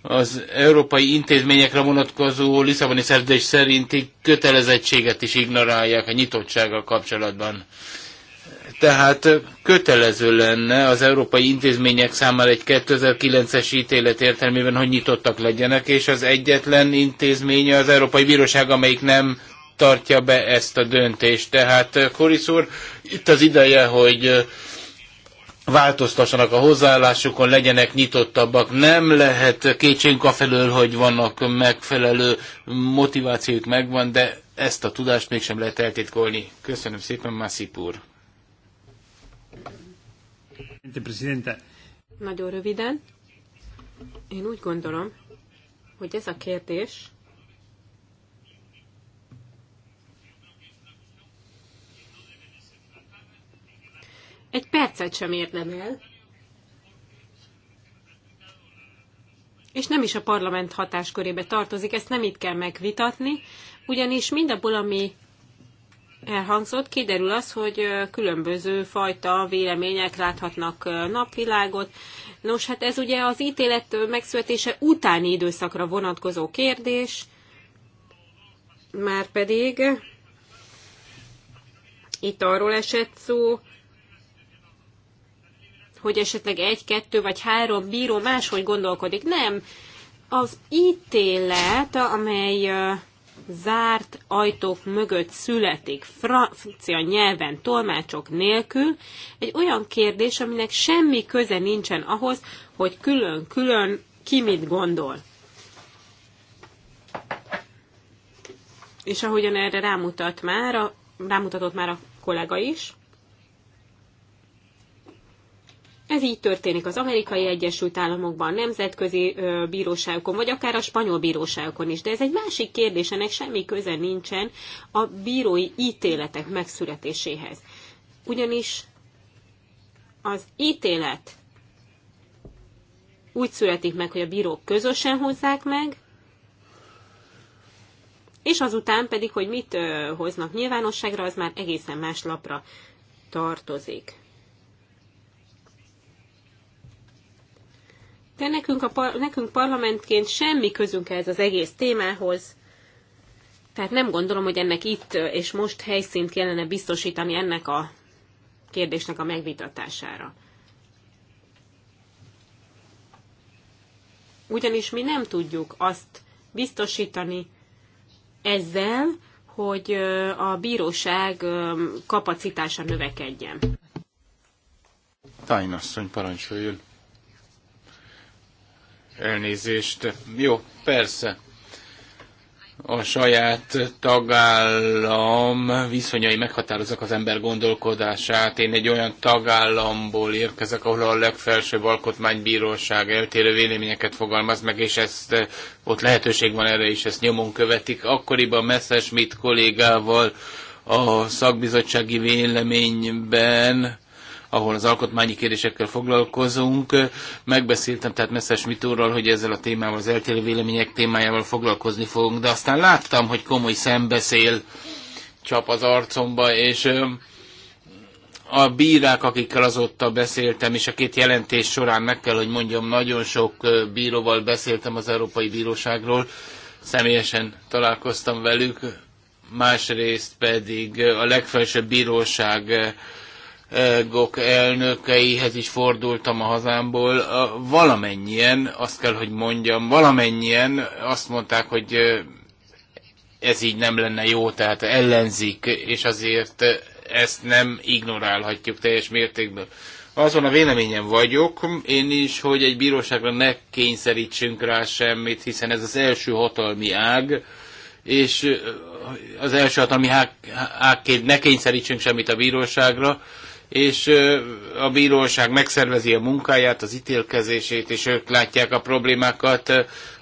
az európai intézményekre vonatkozó Lisszaboni szerződés szerinti kötelezettséget is ignorálják a nyitottsággal kapcsolatban. Tehát kötelező lenne az európai intézmények számára egy 2009-es ítélet értelmében, hogy nyitottak legyenek, és az egyetlen intézménye az Európai Bíróság, amelyik nem tartja be ezt a döntést. Tehát Koris eh, úr, itt az ideje, hogy eh, változtassanak a hozzáállásukon, legyenek nyitottabbak. Nem lehet kétségünk afelől, hogy vannak megfelelő motivációk megvan, de ezt a tudást mégsem lehet eltitkolni. Köszönöm szépen, Massip úr. Nagyon röviden. Én úgy gondolom, hogy ez a kérdés egy percet sem érdemel, és nem is a parlament hatáskörébe tartozik, ezt nem itt kell megvitatni, ugyanis mindabból, ami elhangzott, kiderül az, hogy különböző fajta vélemények láthatnak napvilágot. Nos, hát ez ugye az ítélet megszületése utáni időszakra vonatkozó kérdés, már pedig itt arról esett szó, hogy esetleg egy, kettő vagy három bíró máshogy gondolkodik. Nem, az ítélet, amely zárt ajtók mögött születik francia nyelven tolmácsok nélkül, egy olyan kérdés, aminek semmi köze nincsen ahhoz, hogy külön-külön ki mit gondol. És ahogyan erre rámutat már a, rámutatott már a kollega is, Ez így történik az amerikai Egyesült Államokban, nemzetközi bíróságokon, vagy akár a spanyol bíróságokon is. De ez egy másik kérdés, ennek semmi köze nincsen a bírói ítéletek megszületéséhez. Ugyanis az ítélet úgy születik meg, hogy a bírók közösen hozzák meg, és azután pedig, hogy mit hoznak nyilvánosságra, az már egészen más lapra tartozik. De nekünk, a par- nekünk parlamentként semmi közünk ez az egész témához. Tehát nem gondolom, hogy ennek itt és most helyszínt kellene biztosítani ennek a kérdésnek a megvitatására. Ugyanis mi nem tudjuk azt biztosítani ezzel, hogy a bíróság kapacitása növekedjen. Tájnasszony parancsoljon. Elnézést. Jó, persze. A saját tagállam viszonyai meghatároznak az ember gondolkodását. Én egy olyan tagállamból érkezek, ahol a legfelsőbb alkotmánybíróság eltérő véleményeket fogalmaz meg, és ezt eh, ott lehetőség van erre is, ezt nyomon követik. Akkoriban Messerschmidt kollégával a szakbizottsági véleményben ahol az alkotmányi kérdésekkel foglalkozunk. Megbeszéltem tehát Messzes Mitúrral, hogy ezzel a témával, az eltérő vélemények témájával foglalkozni fogunk, de aztán láttam, hogy komoly szembeszél csap az arcomba, és a bírák, akikkel azóta beszéltem, és a két jelentés során meg kell, hogy mondjam, nagyon sok bíróval beszéltem az Európai Bíróságról, személyesen találkoztam velük, másrészt pedig a legfelsőbb bíróság gok elnökeihez is fordultam a hazámból, valamennyien, azt kell, hogy mondjam, valamennyien azt mondták, hogy ez így nem lenne jó, tehát ellenzik, és azért ezt nem ignorálhatjuk teljes mértékben. Azon a véleményem vagyok, én is, hogy egy bíróságra ne kényszerítsünk rá semmit, hiszen ez az első hatalmi ág, és az első hatalmi ágként ne kényszerítsünk semmit a bíróságra, és a bíróság megszervezi a munkáját, az ítélkezését, és ők látják a problémákat.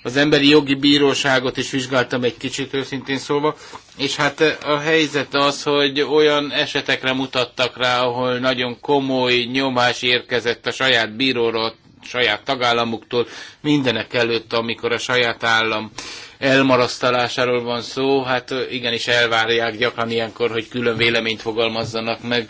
Az emberi jogi bíróságot is vizsgáltam egy kicsit őszintén szólva, és hát a helyzet az, hogy olyan esetekre mutattak rá, ahol nagyon komoly nyomás érkezett a saját bíróról, saját tagállamuktól, mindenek előtt, amikor a saját állam elmarasztalásáról van szó, hát igenis elvárják gyakran ilyenkor, hogy külön véleményt fogalmazzanak meg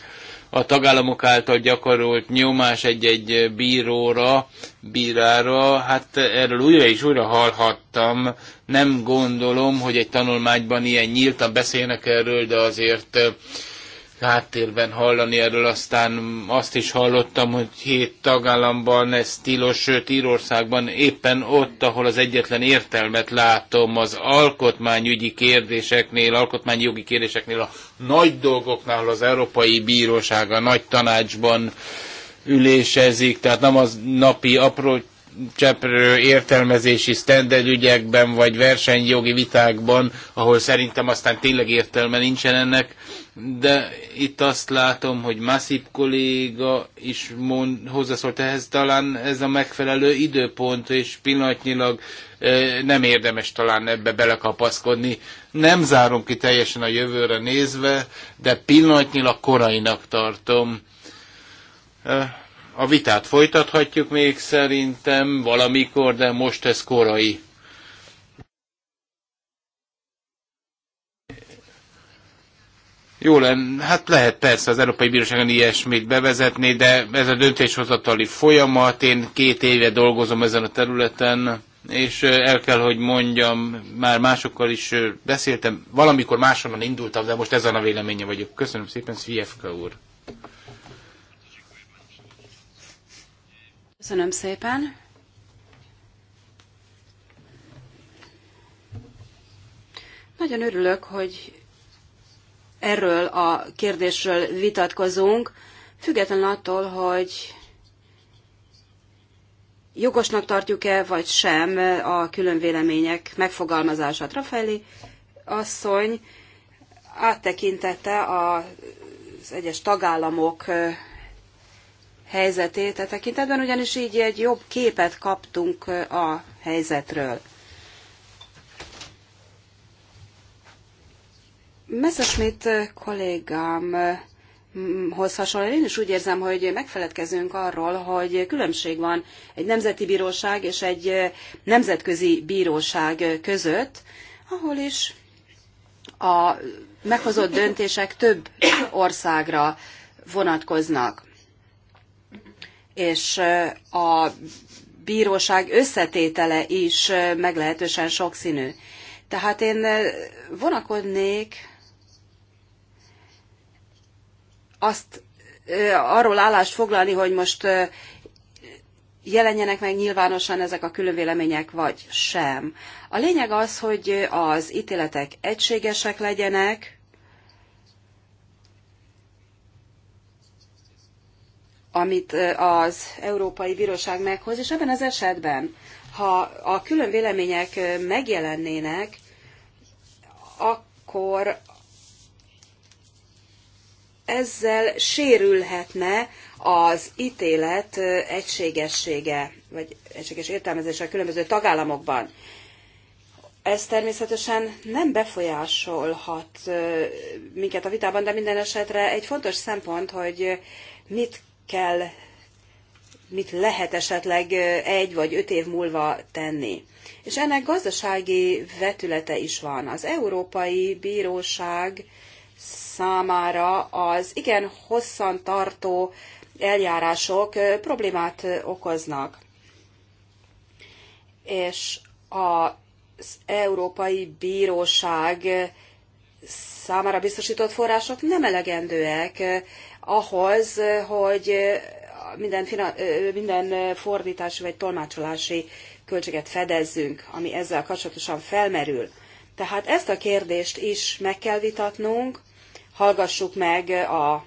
a tagállamok által gyakorolt nyomás egy-egy bíróra, bírára, hát erről újra és újra hallhattam. Nem gondolom, hogy egy tanulmányban ilyen nyíltan beszélnek erről, de azért háttérben hallani erről, aztán azt is hallottam, hogy hét tagállamban ez tilos, sőt Írországban éppen ott, ahol az egyetlen értelmet látom az alkotmányügyi kérdéseknél, alkotmányjogi kérdéseknél, a nagy dolgoknál az Európai Bíróság a nagy tanácsban ülésezik, tehát nem az napi apró cseprő értelmezési standard ügyekben, vagy versenyjogi vitákban, ahol szerintem aztán tényleg értelme nincsen ennek, de itt azt látom, hogy Massip kolléga is mond, hozzászólt ehhez, talán ez a megfelelő időpont, és pillanatnyilag nem érdemes talán ebbe belekapaszkodni. Nem zárom ki teljesen a jövőre nézve, de pillanatnyilag korainak tartom a vitát folytathatjuk még szerintem valamikor, de most ez korai. Jó lenne, hát lehet persze az Európai Bíróságon ilyesmit bevezetni, de ez a döntéshozatali folyamat, én két éve dolgozom ezen a területen, és el kell, hogy mondjam, már másokkal is beszéltem, valamikor másonnan indultam, de most ezen a véleménye vagyok. Köszönöm szépen, Szvijevka úr! Köszönöm szépen. Nagyon örülök, hogy erről a kérdésről vitatkozunk, független attól, hogy jogosnak tartjuk-e vagy sem a külön vélemények megfogalmazását. Rafaeli asszony áttekintette az egyes tagállamok helyzetét e tekintetben, ugyanis így egy jobb képet kaptunk a helyzetről. Messerschmidt kollégámhoz hasonlóan én is úgy érzem, hogy megfeledkezünk arról, hogy különbség van egy nemzeti bíróság és egy nemzetközi bíróság között, ahol is a meghozott döntések több országra vonatkoznak és a bíróság összetétele is meglehetősen sokszínű. Tehát én vonakodnék azt arról állást foglalni, hogy most jelenjenek meg nyilvánosan ezek a különvélemények, vagy sem. A lényeg az, hogy az ítéletek egységesek legyenek, amit az Európai Bíróság meghoz, és ebben az esetben, ha a külön vélemények megjelennének, akkor ezzel sérülhetne az ítélet egységessége, vagy egységes értelmezése a különböző tagállamokban. Ez természetesen nem befolyásolhat minket a vitában, de minden esetre egy fontos szempont, hogy mit kell, mit lehet esetleg egy vagy öt év múlva tenni. És ennek gazdasági vetülete is van. Az Európai Bíróság számára az igen hosszan tartó eljárások problémát okoznak. És az Európai Bíróság számára biztosított források nem elegendőek ahhoz, hogy minden, minden fordítási vagy tolmácsolási költséget fedezzünk, ami ezzel kapcsolatosan felmerül. Tehát ezt a kérdést is meg kell vitatnunk, hallgassuk meg a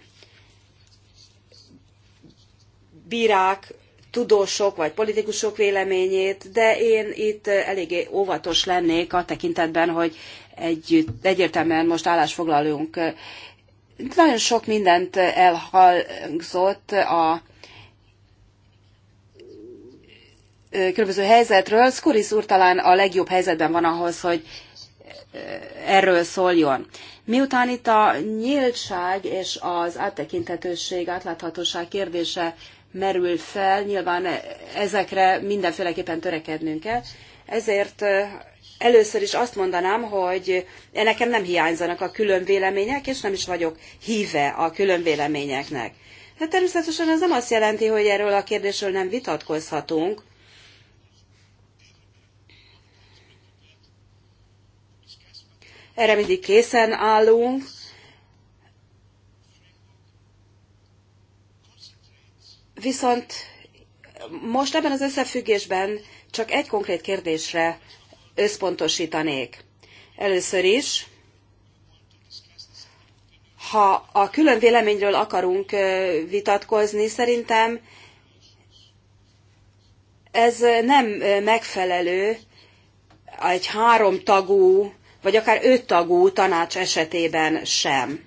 bírák, tudósok vagy politikusok véleményét, de én itt eléggé óvatos lennék a tekintetben, hogy együtt, egyértelműen most állásfoglalunk. Nagyon sok mindent elhangzott a különböző helyzetről. Skuris úr talán a legjobb helyzetben van ahhoz, hogy erről szóljon. Miután itt a nyíltság és az áttekintetőség, átláthatóság kérdése merül fel, nyilván ezekre mindenféleképpen törekednünk kell, ezért Először is azt mondanám, hogy nekem nem hiányzanak a külön vélemények, és nem is vagyok híve a külön véleményeknek. De természetesen ez nem azt jelenti, hogy erről a kérdésről nem vitatkozhatunk. Erre mindig készen állunk, Viszont most ebben az összefüggésben csak egy konkrét kérdésre összpontosítanék. Először is, ha a külön véleményről akarunk vitatkozni, szerintem ez nem megfelelő egy háromtagú, vagy akár öttagú tanács esetében sem.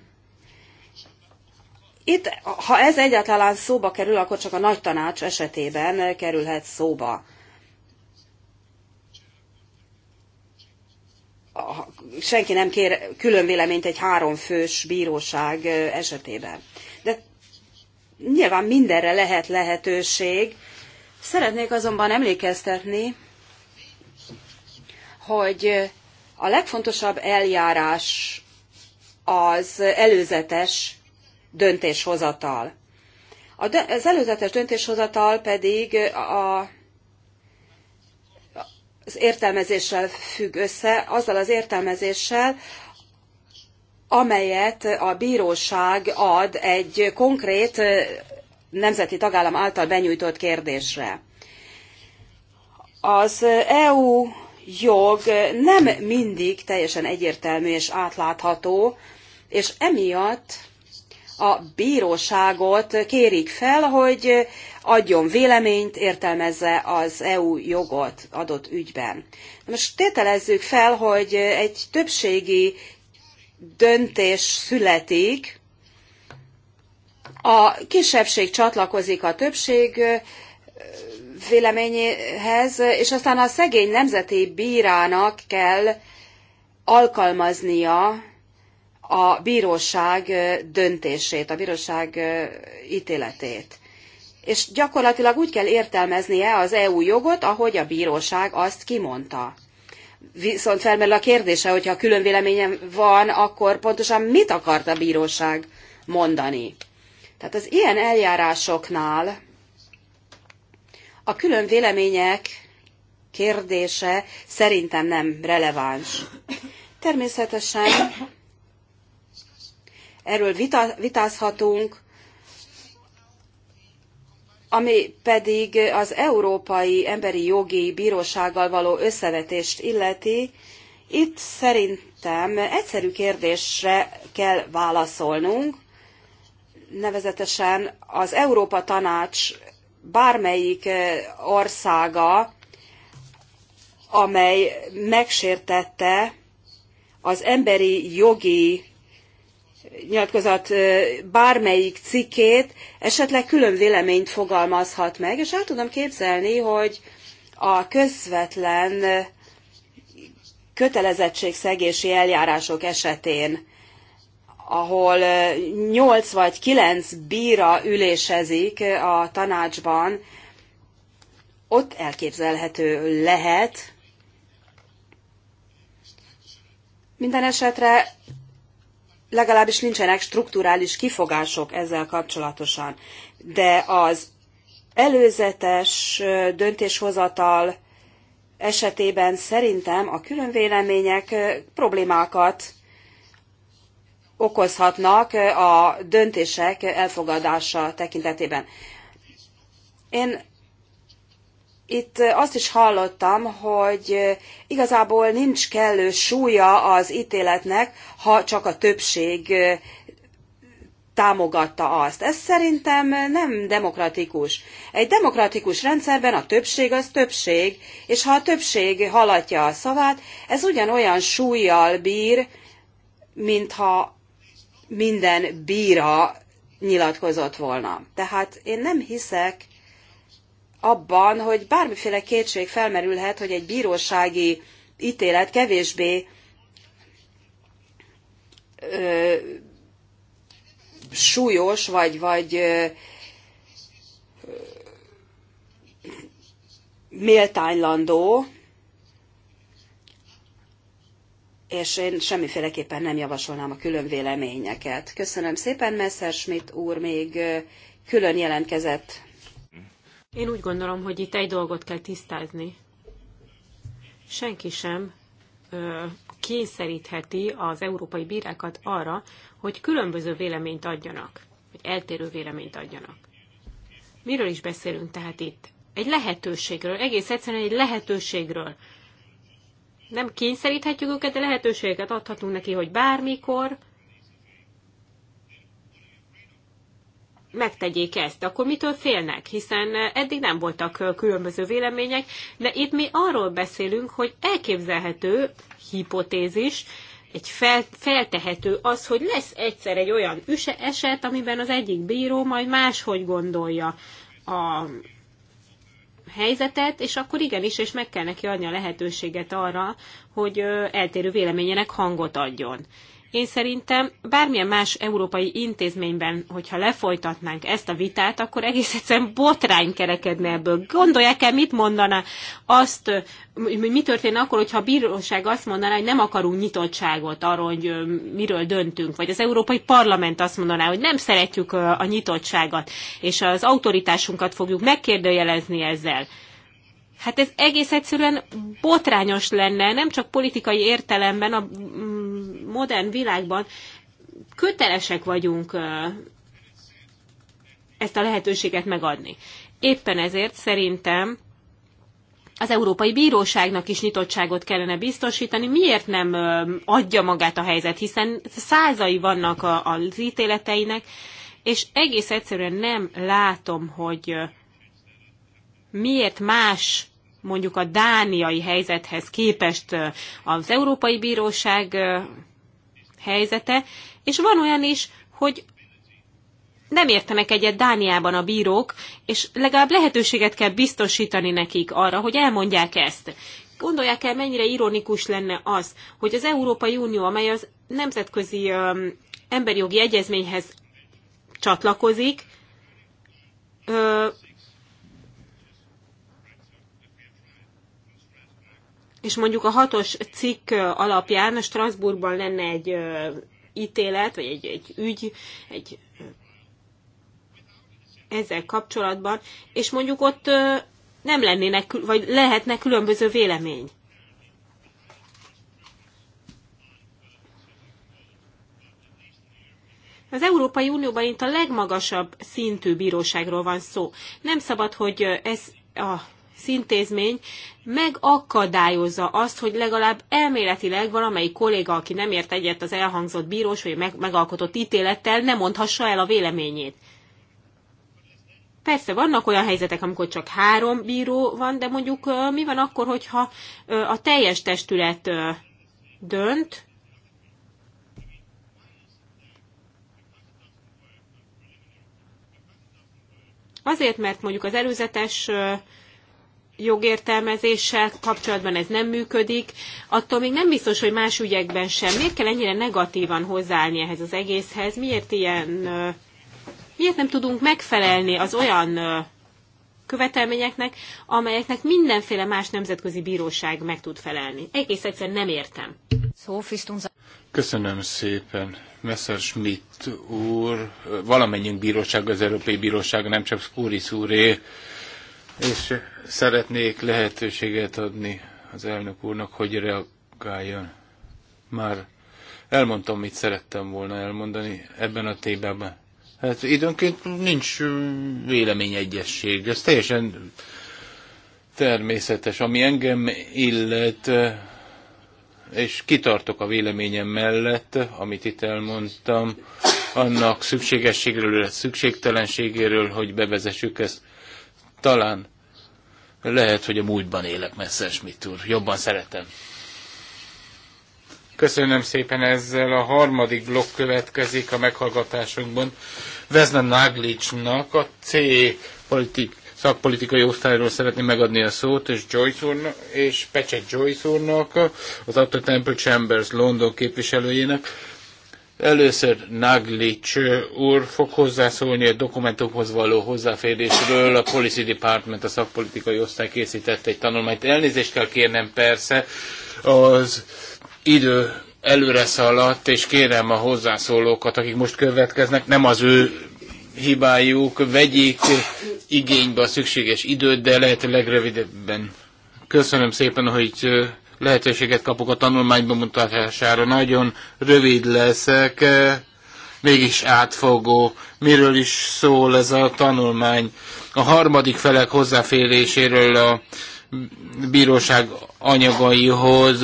Itt, ha ez egyáltalán szóba kerül, akkor csak a nagy tanács esetében kerülhet szóba. senki nem kér külön véleményt egy háromfős bíróság esetében. De nyilván mindenre lehet lehetőség. Szeretnék azonban emlékeztetni, hogy a legfontosabb eljárás az előzetes döntéshozatal. Az előzetes döntéshozatal pedig a az értelmezéssel függ össze, azzal az értelmezéssel, amelyet a bíróság ad egy konkrét nemzeti tagállam által benyújtott kérdésre. Az EU jog nem mindig teljesen egyértelmű és átlátható, és emiatt a bíróságot kérik fel, hogy adjon véleményt, értelmezze az EU jogot adott ügyben. Most tételezzük fel, hogy egy többségi döntés születik, a kisebbség csatlakozik a többség véleményéhez, és aztán a szegény nemzeti bírának kell alkalmaznia a bíróság döntését, a bíróság ítéletét. És gyakorlatilag úgy kell értelmeznie az EU jogot, ahogy a bíróság azt kimondta. Viszont felmerül a kérdése, hogyha külön véleményem van, akkor pontosan mit akart a bíróság mondani? Tehát az ilyen eljárásoknál a külön vélemények kérdése szerintem nem releváns. Természetesen erről vita, vitázhatunk, ami pedig az Európai Emberi Jogi Bírósággal való összevetést illeti, itt szerintem egyszerű kérdésre kell válaszolnunk, nevezetesen az Európa Tanács bármelyik eh, országa, amely megsértette az emberi jogi nyilatkozat bármelyik cikkét esetleg külön véleményt fogalmazhat meg, és el tudom képzelni, hogy a közvetlen kötelezettségszegési eljárások esetén, ahol 8 vagy 9 bíra ülésezik a tanácsban, ott elképzelhető lehet. Minden esetre legalábbis nincsenek strukturális kifogások ezzel kapcsolatosan. De az előzetes döntéshozatal esetében szerintem a különvélemények problémákat okozhatnak a döntések elfogadása tekintetében. Én itt azt is hallottam, hogy igazából nincs kellő súlya az ítéletnek, ha csak a többség támogatta azt. Ez szerintem nem demokratikus. Egy demokratikus rendszerben a többség az többség, és ha a többség halatja a szavát, ez ugyanolyan súlyjal bír, mintha minden bíra nyilatkozott volna. Tehát én nem hiszek abban, hogy bármiféle kétség felmerülhet, hogy egy bírósági ítélet kevésbé ö, súlyos, vagy, vagy ö, méltánylandó, és én semmiféleképpen nem javasolnám a külön véleményeket. Köszönöm szépen, Messerschmidt úr még külön jelentkezett én úgy gondolom, hogy itt egy dolgot kell tisztázni. Senki sem ö, kényszerítheti az európai bírákat arra, hogy különböző véleményt adjanak, vagy eltérő véleményt adjanak. Miről is beszélünk tehát itt? Egy lehetőségről, egész egyszerűen egy lehetőségről. Nem kényszeríthetjük őket, de lehetőséget adhatunk neki, hogy bármikor, megtegyék ezt, akkor mitől félnek? Hiszen eh, eddig nem voltak eh, különböző vélemények, de itt mi arról beszélünk, hogy elképzelhető hipotézis, egy fel, feltehető az, hogy lesz egyszer egy olyan üse eset, amiben az egyik bíró majd máshogy gondolja a helyzetet, és akkor igenis, és meg kell neki adni a lehetőséget arra, hogy eh, eltérő véleményének hangot adjon. Én szerintem bármilyen más európai intézményben, hogyha lefolytatnánk ezt a vitát, akkor egész egyszerűen botrány kerekedne ebből. Gondolják el, mit mondana azt, mi történne akkor, hogyha a bíróság azt mondaná, hogy nem akarunk nyitottságot arról, hogy miről döntünk, vagy az Európai Parlament azt mondaná, hogy nem szeretjük a nyitottságot, és az autoritásunkat fogjuk megkérdőjelezni ezzel. Hát ez egész egyszerűen botrányos lenne, nem csak politikai értelemben a modern világban kötelesek vagyunk ezt a lehetőséget megadni. Éppen ezért szerintem az Európai Bíróságnak is nyitottságot kellene biztosítani. Miért nem adja magát a helyzet, hiszen százai vannak az ítéleteinek, és egész egyszerűen nem látom, hogy miért más mondjuk a dániai helyzethez képest az Európai Bíróság helyzete, és van olyan is, hogy nem értenek egyet Dániában a bírók, és legalább lehetőséget kell biztosítani nekik arra, hogy elmondják ezt. Gondolják el, mennyire ironikus lenne az, hogy az Európai Unió, amely az nemzetközi um, emberi jogi egyezményhez csatlakozik, és mondjuk a hatos cikk alapján Strasbourgban lenne egy ítélet, vagy egy, egy ügy, egy ezzel kapcsolatban, és mondjuk ott nem lennének, vagy lehetne különböző vélemény. Az Európai Unióban itt a legmagasabb szintű bíróságról van szó. Nem szabad, hogy ez a szintézmény megakadályozza azt, hogy legalább elméletileg valamelyik kolléga, aki nem ért egyet az elhangzott bírós vagy meg, megalkotott ítélettel, nem mondhassa el a véleményét. Persze vannak olyan helyzetek, amikor csak három bíró van, de mondjuk mi van akkor, hogyha a teljes testület dönt, Azért, mert mondjuk az előzetes jogértelmezéssel kapcsolatban ez nem működik, attól még nem biztos, hogy más ügyekben sem. Miért kell ennyire negatívan hozzáállni ehhez az egészhez? Miért ilyen, miért nem tudunk megfelelni az olyan követelményeknek, amelyeknek mindenféle más nemzetközi bíróság meg tud felelni. Egész egyszerűen nem értem. Köszönöm szépen, Schmidt úr. Valamennyünk bíróság az Európai Bíróság, nem csak Skóris úré. És szeretnék lehetőséget adni az elnök úrnak, hogy reagáljon. Már elmondtam, mit szerettem volna elmondani ebben a témában. Hát időnként nincs véleményegyesség, ez teljesen természetes. Ami engem illet, és kitartok a véleményem mellett, amit itt elmondtam, annak szükségességről, szükségtelenségéről, hogy bevezessük ezt. Talán lehet, hogy a múltban élek messzes, mit úr. Jobban szeretem. Köszönöm szépen ezzel. A harmadik blokk következik a meghallgatásunkban. Vezna Naglicsnak a C politik, szakpolitikai osztályról szeretné megadni a szót, és Joyce úrnak, és Pecset Joyce úrnak, az Atta Temple Chambers London képviselőjének Először Naglic úr fog hozzászólni a dokumentumhoz való hozzáférésről. A Policy Department, a szakpolitikai osztály készített egy tanulmányt. Elnézést kell kérnem persze, az idő előre szaladt, és kérem a hozzászólókat, akik most következnek, nem az ő hibájuk, vegyék igénybe a szükséges időt, de lehető legrövidebben. Köszönöm szépen, hogy lehetőséget kapok a tanulmány bemutatására. Nagyon rövid leszek, eh, mégis átfogó. Miről is szól ez a tanulmány? A harmadik felek hozzáféréséről a bíróság anyagaihoz.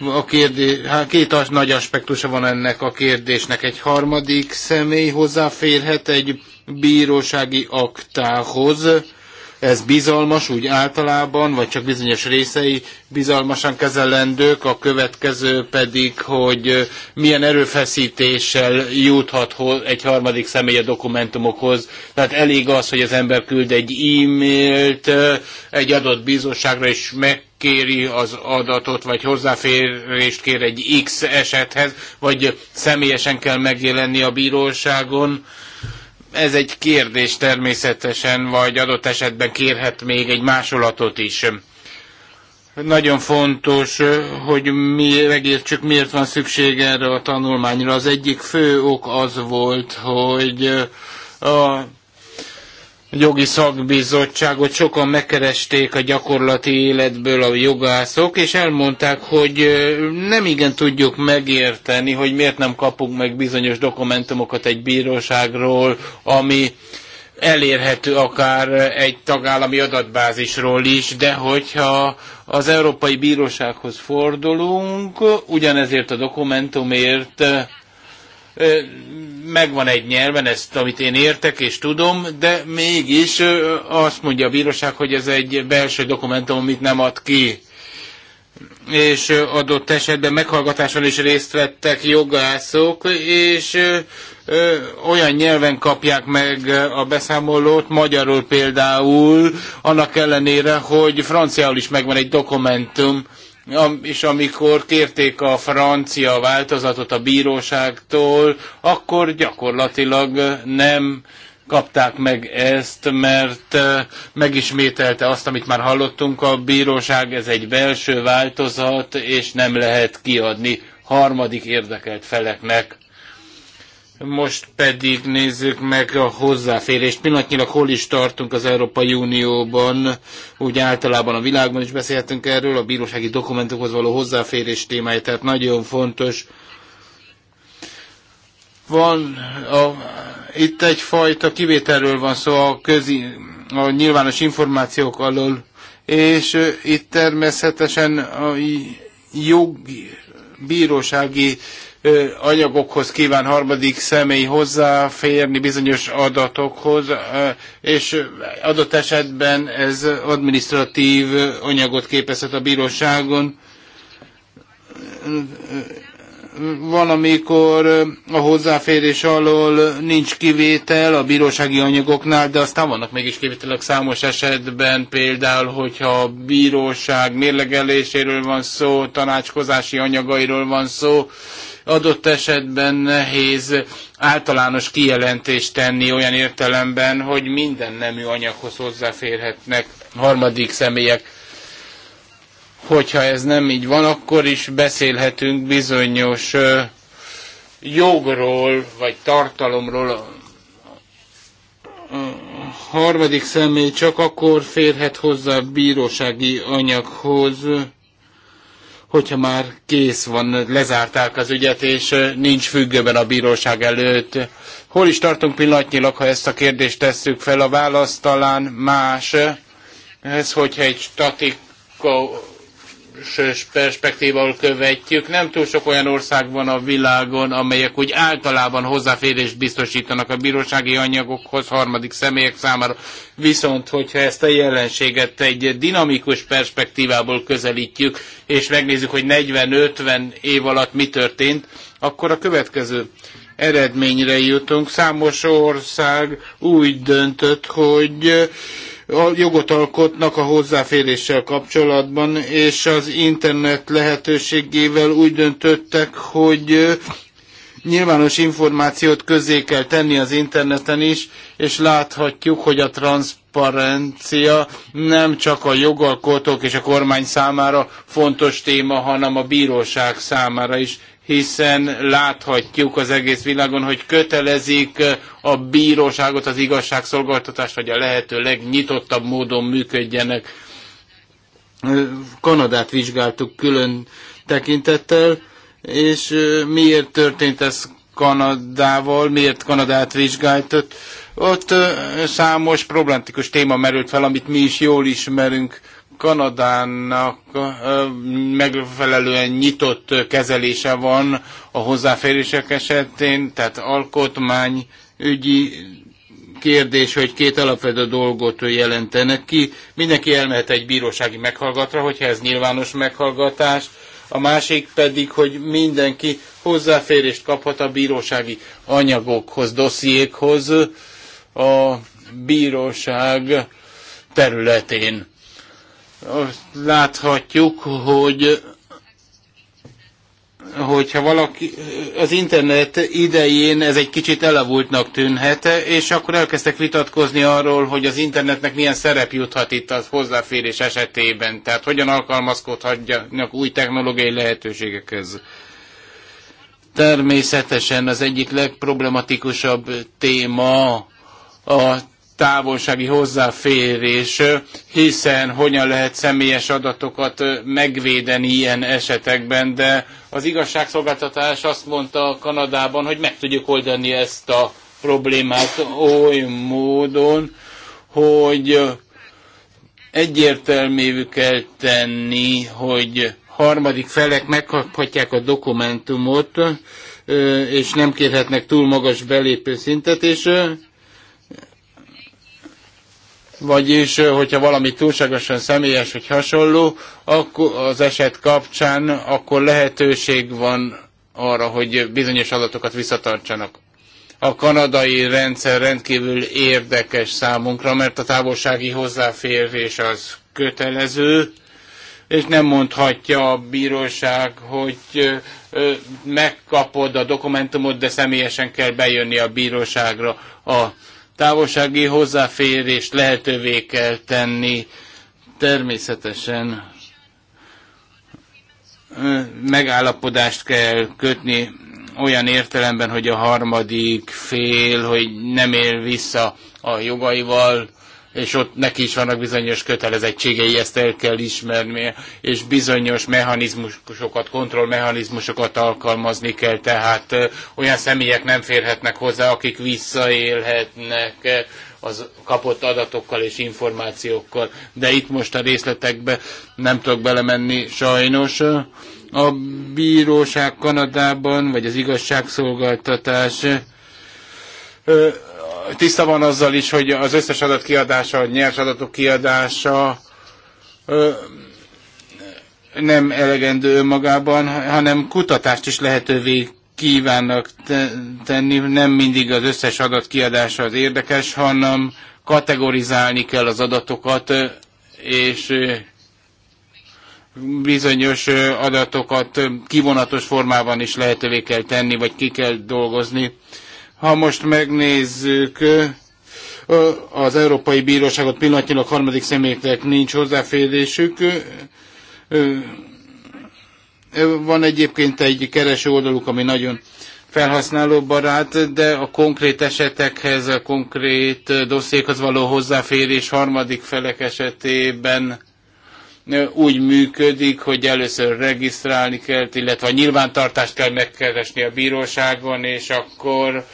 A kérdés, hát két nagy aspektusa van ennek a kérdésnek. Egy harmadik személy hozzáférhet egy bírósági aktához, ez bizalmas úgy általában, vagy csak bizonyos részei bizalmasan kezelendők, a következő pedig, hogy milyen erőfeszítéssel juthat egy harmadik személy a dokumentumokhoz. Tehát elég az, hogy az ember küld egy e-mailt egy adott bizottságra, és meg kéri az adatot, vagy hozzáférést kér egy X esethez, vagy személyesen kell megjelenni a bíróságon ez egy kérdés természetesen, vagy adott esetben kérhet még egy másolatot is. Nagyon fontos, hogy mi megértsük, miért van szükség erre a tanulmányra. Az egyik fő ok az volt, hogy a jogi szakbizottságot sokan megkeresték a gyakorlati életből a jogászok, és elmondták, hogy nem igen tudjuk megérteni, hogy miért nem kapunk meg bizonyos dokumentumokat egy bíróságról, ami elérhető akár egy tagállami adatbázisról is, de hogyha az Európai Bírósághoz fordulunk, ugyanezért a dokumentumért megvan egy nyelven, ezt amit én értek és tudom, de mégis azt mondja a bíróság, hogy ez egy belső dokumentum, amit nem ad ki. És adott esetben meghallgatáson is részt vettek jogászok, és olyan nyelven kapják meg a beszámolót, magyarul például, annak ellenére, hogy franciául is megvan egy dokumentum, és amikor kérték a francia változatot a bíróságtól, akkor gyakorlatilag nem kapták meg ezt, mert megismételte azt, amit már hallottunk, a bíróság ez egy belső változat, és nem lehet kiadni harmadik érdekelt feleknek. Most pedig nézzük meg a hozzáférést. Pillanatnyilag hol is tartunk az Európai Unióban, úgy általában a világban is beszélhetünk erről, a bírósági dokumentumhoz való hozzáférés témája, tehát nagyon fontos. Van, a, itt egyfajta kivételről van szó a, közi, a nyilvános információk alól, és itt természetesen a jogi bírósági anyagokhoz kíván harmadik személy hozzáférni bizonyos adatokhoz, és adott esetben ez administratív anyagot képezhet a bíróságon. Valamikor a hozzáférés alól nincs kivétel a bírósági anyagoknál, de aztán vannak mégis kivételek számos esetben, például, hogyha a bíróság mérlegeléséről van szó, tanácskozási anyagairól van szó, adott esetben nehéz általános kijelentést tenni olyan értelemben, hogy minden nemű anyaghoz hozzáférhetnek harmadik személyek. Hogyha ez nem így van, akkor is beszélhetünk bizonyos jogról, vagy tartalomról, harmadik személy csak akkor férhet hozzá bírósági anyaghoz, hogyha már kész van, lezárták az ügyet, és nincs függőben a bíróság előtt. Hol is tartunk pillanatnyilag, ha ezt a kérdést tesszük fel? A válasz talán más. Ez, hogyha egy statik külsős perspektívával követjük. Nem túl sok olyan ország van a világon, amelyek úgy általában hozzáférést biztosítanak a bírósági anyagokhoz harmadik személyek számára. Viszont, hogyha ezt a jelenséget egy dinamikus perspektívából közelítjük, és megnézzük, hogy 40-50 év alatt mi történt, akkor a következő eredményre jutunk. Számos ország úgy döntött, hogy a jogot alkotnak a hozzáféréssel kapcsolatban, és az internet lehetőségével úgy döntöttek, hogy nyilvános információt közé kell tenni az interneten is, és láthatjuk, hogy a transzparencia nem csak a jogalkotók és a kormány számára fontos téma, hanem a bíróság számára is hiszen láthatjuk az egész világon, hogy kötelezik eh, a bíróságot, az igazságszolgáltatást, hogy a lehető legnyitottabb módon működjenek. Eh, Kanadát vizsgáltuk külön tekintettel, és eh, miért történt ez Kanadával, miért Kanadát vizsgáltott? Ott számos problematikus téma merült fel, amit mi is jól ismerünk Kanadának megfelelően nyitott kezelése van a hozzáférések esetén, tehát alkotmányügyi kérdés, hogy két alapvető dolgot jelentenek ki. Mindenki elmehet egy bírósági meghallgatra, hogyha ez nyilvános meghallgatás, a másik pedig, hogy mindenki hozzáférést kaphat a bírósági anyagokhoz, dossziékhoz a bíróság területén láthatjuk, hogy hogyha valaki az internet idején ez egy kicsit elavultnak tűnhet, és akkor elkezdtek vitatkozni arról, hogy az internetnek milyen szerep juthat itt az hozzáférés esetében, tehát hogyan alkalmazkodhatjanak új technológiai lehetőségekhez. Természetesen az egyik legproblematikusabb téma a távolsági hozzáférés, hiszen hogyan lehet személyes adatokat megvédeni ilyen esetekben, de az igazságszolgáltatás azt mondta Kanadában, hogy meg tudjuk oldani ezt a problémát oly módon, hogy egyértelművé kell tenni, hogy harmadik felek megkaphatják a dokumentumot, és nem kérhetnek túl magas szintet és vagyis, hogyha valami túlságosan személyes vagy hasonló, akkor az eset kapcsán akkor lehetőség van arra, hogy bizonyos adatokat visszatartsanak. A kanadai rendszer rendkívül érdekes számunkra, mert a távolsági hozzáférés az kötelező, és nem mondhatja a bíróság, hogy megkapod a dokumentumot, de személyesen kell bejönni a bíróságra a távolsági hozzáférést lehetővé kell tenni. Természetesen megállapodást kell kötni olyan értelemben, hogy a harmadik fél, hogy nem él vissza a jogaival, és ott neki is vannak bizonyos kötelezettségei, ezt el kell ismerni, és bizonyos mechanizmusokat, kontrollmechanizmusokat alkalmazni kell, tehát olyan személyek nem férhetnek hozzá, akik visszaélhetnek az kapott adatokkal és információkkal. De itt most a részletekbe nem tudok belemenni sajnos. A bíróság Kanadában, vagy az igazságszolgáltatás tiszta van azzal is, hogy az összes adat kiadása, a nyers adatok kiadása nem elegendő önmagában, hanem kutatást is lehetővé kívánnak tenni. Nem mindig az összes adat kiadása az érdekes, hanem kategorizálni kell az adatokat, és bizonyos adatokat kivonatos formában is lehetővé kell tenni, vagy ki kell dolgozni ha most megnézzük, az Európai Bíróságot pillanatnyilag harmadik személyeknek nincs hozzáférésük. Van egyébként egy kereső oldaluk, ami nagyon felhasználóbarát, de a konkrét esetekhez, a konkrét dossziékhoz való hozzáférés harmadik felek esetében úgy működik, hogy először regisztrálni kell, illetve a nyilvántartást kell megkeresni a bíróságon, és akkor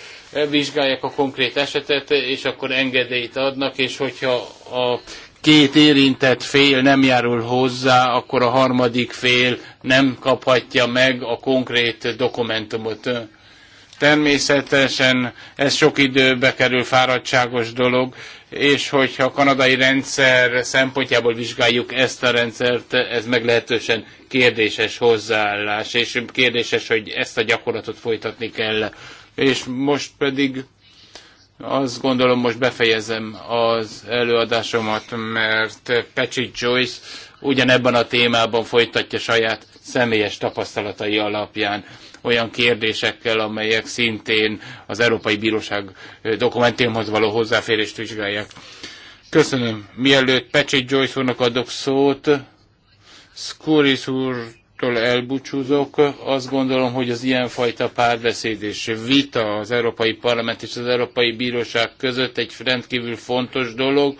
vizsgálják a konkrét esetet, és akkor engedélyt adnak, és hogyha a két érintett fél nem járul hozzá, akkor a harmadik fél nem kaphatja meg a konkrét dokumentumot. Természetesen ez sok időbe kerül, fáradtságos dolog, és hogyha a kanadai rendszer szempontjából vizsgáljuk ezt a rendszert, ez meglehetősen kérdéses hozzáállás, és kérdéses, hogy ezt a gyakorlatot folytatni kell. És most pedig azt gondolom, most befejezem az előadásomat, mert Patrick Joyce ugyanebben a témában folytatja saját személyes tapasztalatai alapján olyan kérdésekkel, amelyek szintén az Európai Bíróság dokumentumhoz való hozzáférést vizsgálják. Köszönöm. Mielőtt Patrick Joyce onak adok szót, Skuris úr önöktől elbúcsúzok. Azt gondolom, hogy az ilyenfajta párbeszéd és vita az Európai Parlament és az Európai Bíróság között egy rendkívül fontos dolog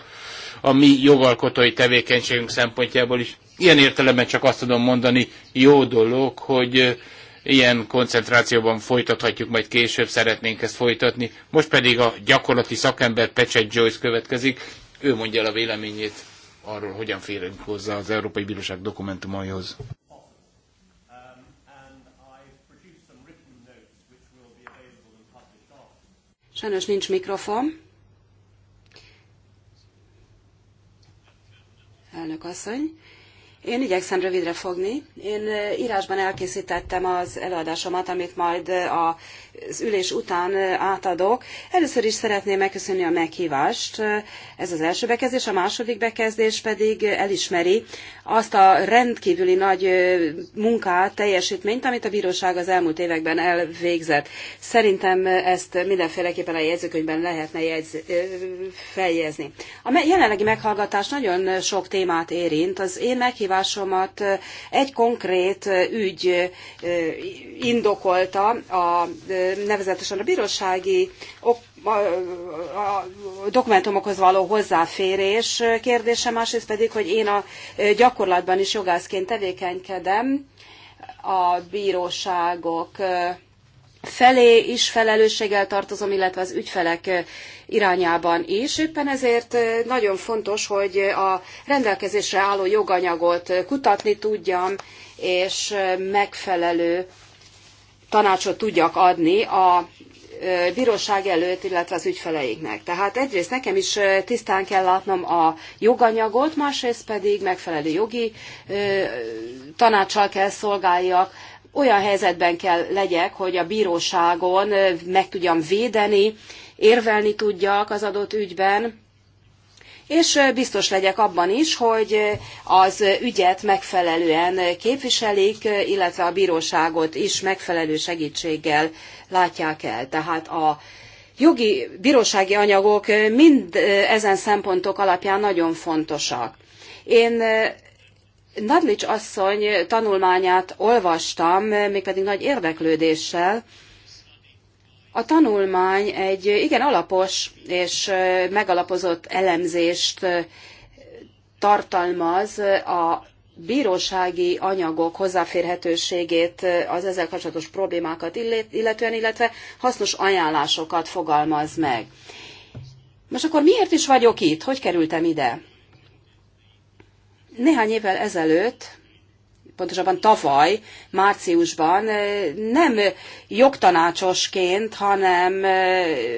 a mi jogalkotói tevékenységünk szempontjából is. Ilyen értelemben csak azt tudom mondani, jó dolog, hogy ilyen koncentrációban folytathatjuk, majd később szeretnénk ezt folytatni. Most pedig a gyakorlati szakember Pecset Joyce következik, ő mondja el a véleményét arról, hogyan férünk hozzá az Európai Bíróság dokumentumaihoz. Sajnos nincs mikrofon. Elnök asszony. Én igyekszem rövidre fogni. Én eh, írásban elkészítettem az előadásomat, amit majd eh, a az ülés után átadok. Először is szeretném megköszönni a meghívást. Ez az első bekezdés, a második bekezdés pedig elismeri azt a rendkívüli nagy munkát, teljesítményt, amit a bíróság az elmúlt években elvégzett. Szerintem ezt mindenféleképpen a jegyzőkönyvben lehetne jegyz, feljezni. A jelenlegi meghallgatás nagyon sok témát érint. Az én meghívásomat egy konkrét ügy indokolta a nevezetesen a bírósági dokumentumokhoz való hozzáférés kérdése, másrészt pedig, hogy én a gyakorlatban is jogászként tevékenykedem, a bíróságok felé is felelősséggel tartozom, illetve az ügyfelek irányában is. Éppen ezért nagyon fontos, hogy a rendelkezésre álló joganyagot kutatni tudjam, és megfelelő tanácsot tudjak adni a bíróság előtt, illetve az ügyfeleiknek. Tehát egyrészt nekem is tisztán kell látnom a joganyagot, másrészt pedig megfelelő jogi tanácsal kell szolgáljak, olyan helyzetben kell legyek, hogy a bíróságon meg tudjam védeni, érvelni tudjak az adott ügyben, és biztos legyek abban is, hogy az ügyet megfelelően képviselik, illetve a bíróságot is megfelelő segítséggel látják el. Tehát a jogi bírósági anyagok mind ezen szempontok alapján nagyon fontosak. Én Nadlics asszony tanulmányát olvastam, mégpedig nagy érdeklődéssel, a tanulmány egy igen alapos és megalapozott elemzést tartalmaz a bírósági anyagok hozzáférhetőségét, az ezzel kapcsolatos problémákat illetően, illetve hasznos ajánlásokat fogalmaz meg. Most akkor miért is vagyok itt? Hogy kerültem ide? Néhány évvel ezelőtt pontosabban tavaly, márciusban nem jogtanácsosként, hanem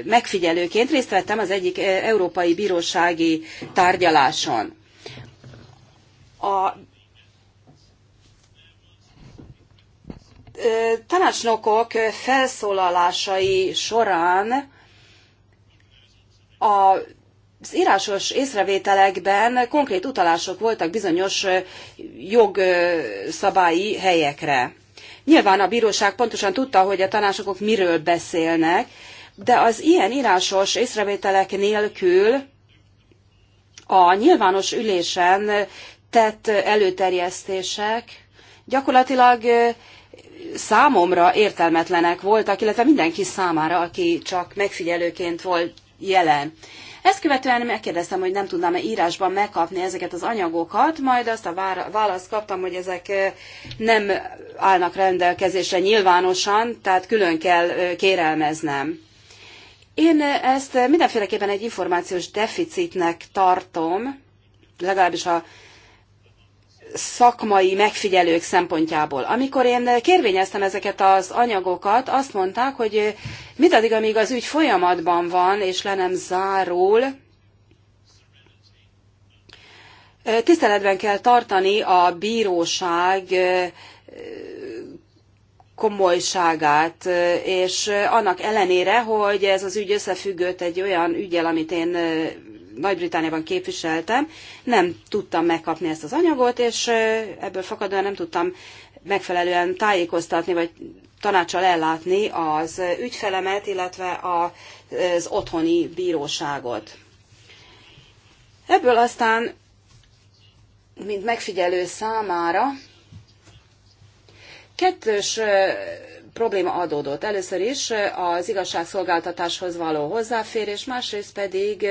megfigyelőként részt vettem az egyik európai bírósági tárgyaláson. A tanácsnokok felszólalásai során a az írásos észrevételekben konkrét utalások voltak bizonyos jogszabályi helyekre. Nyilván a bíróság pontosan tudta, hogy a tanácsokok miről beszélnek, de az ilyen írásos észrevételek nélkül a nyilvános ülésen tett előterjesztések gyakorlatilag számomra értelmetlenek voltak, illetve mindenki számára, aki csak megfigyelőként volt jelen. Ezt követően megkérdeztem, hogy nem tudnám-e írásban megkapni ezeket az anyagokat, majd azt a választ kaptam, hogy ezek nem állnak rendelkezésre nyilvánosan, tehát külön kell kérelmeznem. Én ezt mindenféleképpen egy információs deficitnek tartom, legalábbis a szakmai megfigyelők szempontjából. Amikor én kérvényeztem ezeket az anyagokat, azt mondták, hogy eh, mindaddig, amíg az ügy folyamatban van, és le nem zárul, eh, tiszteletben kell tartani a bíróság eh, komolyságát, és annak ellenére, hogy ez az ügy összefüggött egy olyan ügyel, amit én nagy-Britániában képviseltem, nem tudtam megkapni ezt az anyagot, és ebből fakadóan nem tudtam megfelelően tájékoztatni, vagy tanácsal ellátni az ügyfelemet, illetve az otthoni bíróságot. Ebből aztán, mint megfigyelő számára, kettős probléma adódott. Először is az igazságszolgáltatáshoz való hozzáférés, másrészt pedig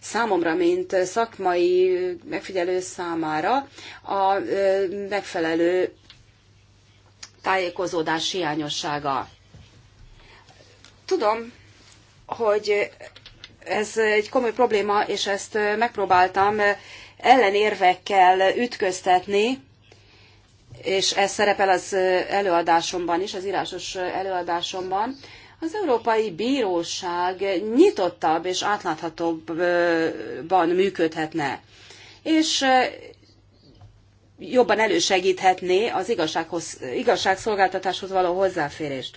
számomra, mint szakmai megfigyelő számára a megfelelő tájékozódás hiányossága. Tudom, hogy ez egy komoly probléma, és ezt megpróbáltam ellenérvekkel ütköztetni, és ez szerepel az előadásomban is, az írásos előadásomban, az Európai Bíróság nyitottabb és átláthatóbban működhetne, és jobban elősegíthetné az igazsághoz, igazságszolgáltatáshoz való hozzáférést.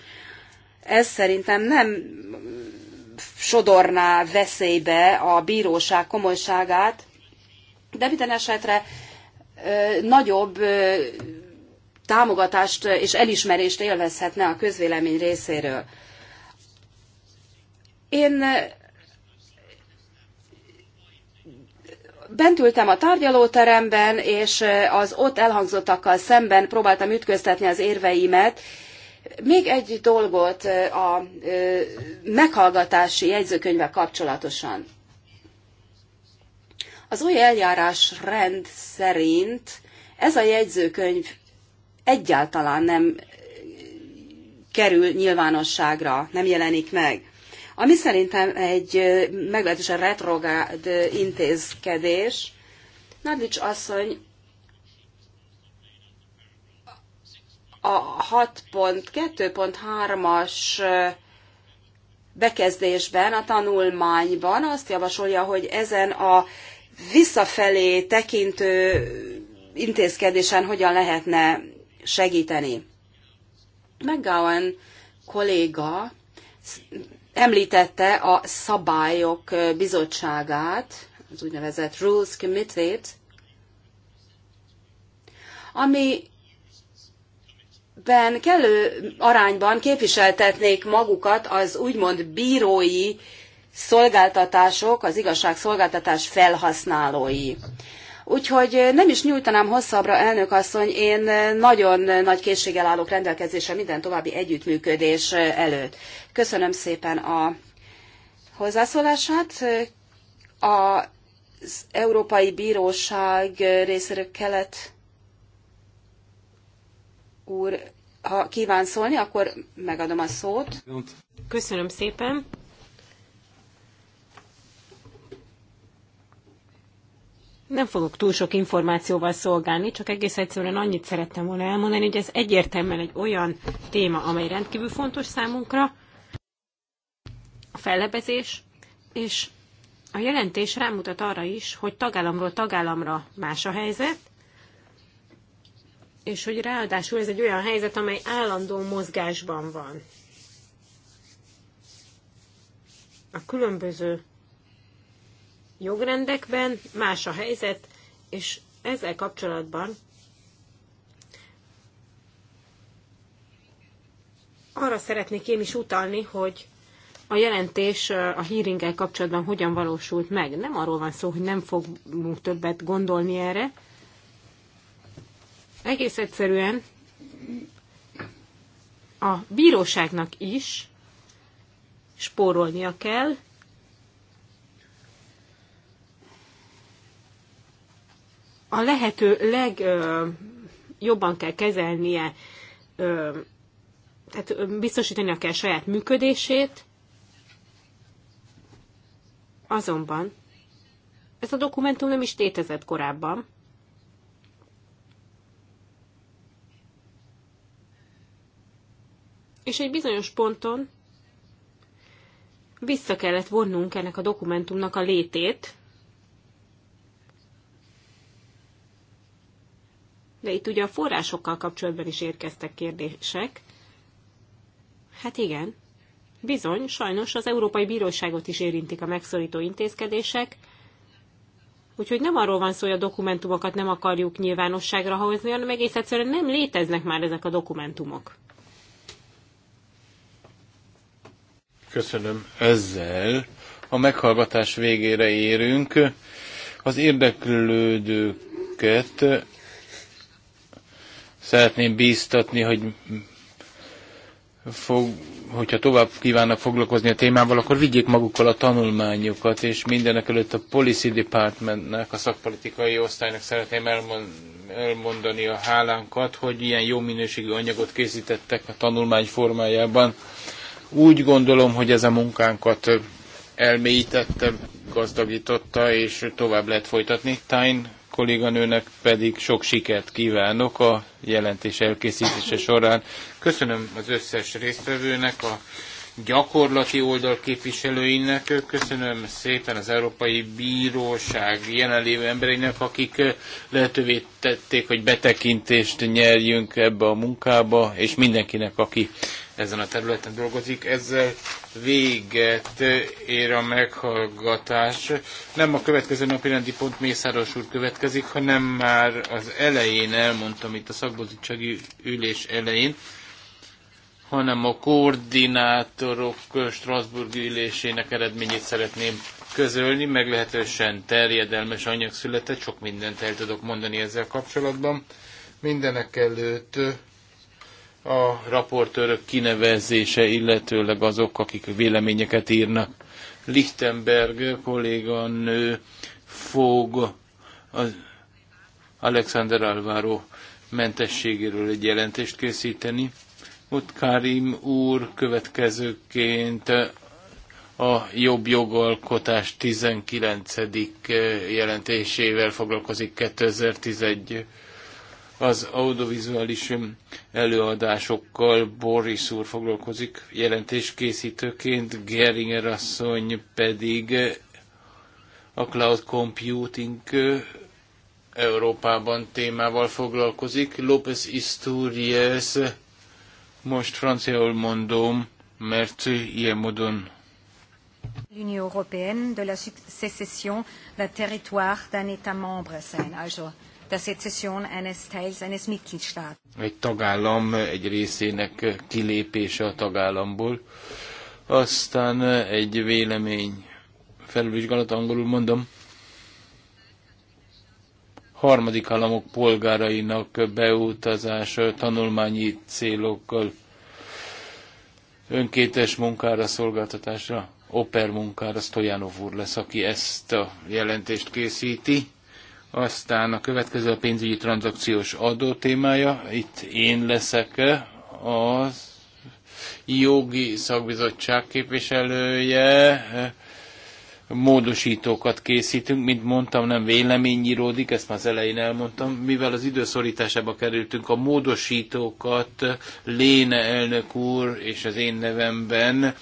Ez szerintem nem sodorná veszélybe a bíróság komolyságát, de minden esetre nagyobb támogatást és elismerést élvezhetne a közvélemény részéről. Én eh, bent ültem a tárgyalóteremben, és eh, az ott elhangzottakkal szemben próbáltam ütköztetni az érveimet. Még egy dolgot eh, a meghallgatási jegyzőkönyvvel kapcsolatosan. Az új eljárás rend szerint ez a jegyzőkönyv egyáltalán nem kerül nyilvánosságra, nem jelenik meg ami szerintem egy meglehetősen retrográd intézkedés. Nadics asszony a 6.2.3-as bekezdésben, a tanulmányban azt javasolja, hogy ezen a visszafelé tekintő intézkedésen hogyan lehetne segíteni. McGowan kolléga említette a szabályok bizottságát, az úgynevezett Rules Committee-t, ami ben kellő arányban képviseltetnék magukat az úgymond bírói szolgáltatások, az igazságszolgáltatás felhasználói. Úgyhogy eh, nem is nyújtanám hosszabbra, elnök asszony, én eh, nagyon eh, nagy készséggel állok rendelkezésre minden további együttműködés előtt. Köszönöm szépen a hozzászólását. Az Európai Bíróság részéről kelet úr, ha kíván szólni, akkor megadom a szót. Köszönöm szépen. nem fogok túl sok információval szolgálni, csak egész egyszerűen annyit szerettem volna elmondani, hogy ez egyértelműen egy olyan téma, amely rendkívül fontos számunkra, a fellebezés, és a jelentés rámutat arra is, hogy tagállamról tagállamra más a helyzet, és hogy ráadásul ez egy olyan helyzet, amely állandó mozgásban van. A különböző jogrendekben más a helyzet, és ezzel kapcsolatban arra szeretnék én is utalni, hogy a jelentés a hearinggel kapcsolatban hogyan valósult meg. Nem arról van szó, hogy nem fogunk többet gondolni erre. Egész egyszerűen a bíróságnak is spórolnia kell, a lehető legjobban kell kezelnie, ö, tehát biztosítania kell saját működését, azonban ez a dokumentum nem is létezett korábban. És egy bizonyos ponton vissza kellett vonnunk ennek a dokumentumnak a létét, De itt ugye a forrásokkal kapcsolatban is érkeztek kérdések. Hát igen, bizony, sajnos az Európai Bíróságot is érintik a megszorító intézkedések, Úgyhogy nem arról van szó, hogy a dokumentumokat nem akarjuk nyilvánosságra hozni, hanem egész egyszerűen nem léteznek már ezek a dokumentumok. Köszönöm. Ezzel a meghallgatás végére érünk. Az érdeklődőket szeretném bíztatni, hogy fog, hogyha tovább kívánnak foglalkozni a témával, akkor vigyék magukkal a tanulmányokat, és mindenek előtt a Policy Departmentnek, a szakpolitikai osztálynak szeretném elmondani a hálánkat, hogy ilyen jó minőségű anyagot készítettek a tanulmány formájában. Úgy gondolom, hogy ez a munkánkat elmélyítette, gazdagította, és tovább lehet folytatni. Tain kolléganőnek pedig sok sikert kívánok a jelentés elkészítése során. Köszönöm az összes résztvevőnek, a gyakorlati oldal képviselőinek, köszönöm szépen az Európai Bíróság jelenlévő embereinek, akik lehetővé tették, hogy betekintést nyerjünk ebbe a munkába, és mindenkinek, aki ezen a területen dolgozik. Ezzel véget ér a meghallgatás. Nem a következő napi rendi pont Mészáros úr következik, hanem már az elején elmondtam itt a szakbozítsági ülés elején, hanem a koordinátorok Strasburgi ülésének eredményét szeretném közölni, meglehetősen terjedelmes anyag született, sok mindent el tudok mondani ezzel kapcsolatban. Mindenek előtt a raportőrök kinevezése, illetőleg azok, akik véleményeket írnak. Lichtenberg kolléganő fog az Alexander Alvaro mentességéről egy jelentést készíteni. Ott Karim úr következőként a jobb jogalkotás 19. jelentésével foglalkozik 2011 az audiovizuális előadásokkal Boris úr foglalkozik jelentéskészítőként, Geringer asszony pedig a cloud computing Európában témával foglalkozik. López Isturiez, most franciául mondom, mert ilyen módon l'Union européenne de la sécession d'un territoire d'un État membre un Also eines Teils eines Egy tagállam egy részének kilépése a tagállamból, aztán egy vélemény felvizsgálat, angolul mondom, harmadik államok polgárainak beutazása tanulmányi célokkal, önkétes munkára, szolgáltatásra, oper munkára, Stojanov úr lesz, aki ezt a jelentést készíti. Aztán a következő a pénzügyi tranzakciós adó témája. Itt én leszek az jogi szakbizottság képviselője. Módosítókat készítünk, mint mondtam, nem véleményíródik, ezt már az elején elmondtam, mivel az időszorításába kerültünk, a módosítókat Léne elnök úr és az én nevemben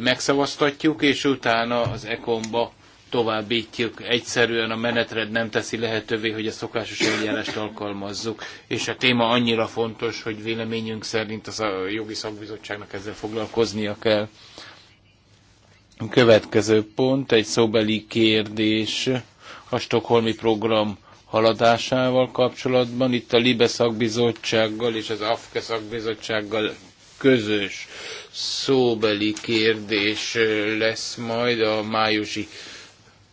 megszavaztatjuk, és utána az ECOM-ba továbbítjuk. Egyszerűen a menetrend nem teszi lehetővé, hogy a szokásos eljárást alkalmazzuk, és a téma annyira fontos, hogy véleményünk szerint az a jogi szakbizottságnak ezzel foglalkoznia kell. A következő pont egy szóbeli kérdés a Stockholmi program haladásával kapcsolatban. Itt a Libe szakbizottsággal és az AFKE szakbizottsággal közös szóbeli kérdés lesz majd a májusi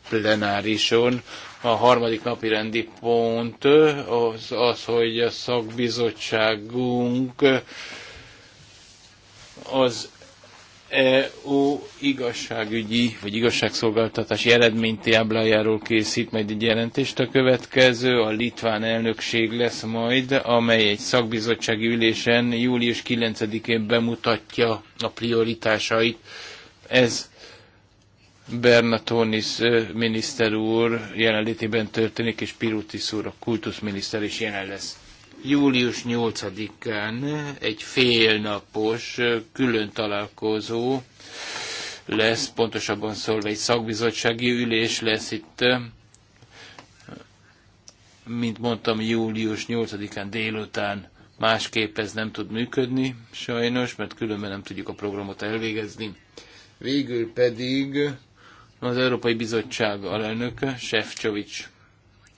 plenárison. A harmadik napi rendi pont az, az hogy a szakbizottságunk az EU igazságügyi vagy igazságszolgáltatási eredménytáblájáról készít majd egy jelentést. A következő a litván elnökség lesz majd, amely egy szakbizottsági ülésen július 9-én bemutatja a prioritásait. Ez Bernatonis miniszter úr jelenlétében történik, és Pirutis úr, a kultuszminiszter is jelen lesz. Július 8-án egy félnapos külön találkozó lesz, pontosabban szólva egy szakbizottsági ülés lesz itt, mint mondtam, július 8-án délután másképp ez nem tud működni, sajnos, mert különben nem tudjuk a programot elvégezni. Végül pedig az Európai Bizottság alelnöke, Sefcsovics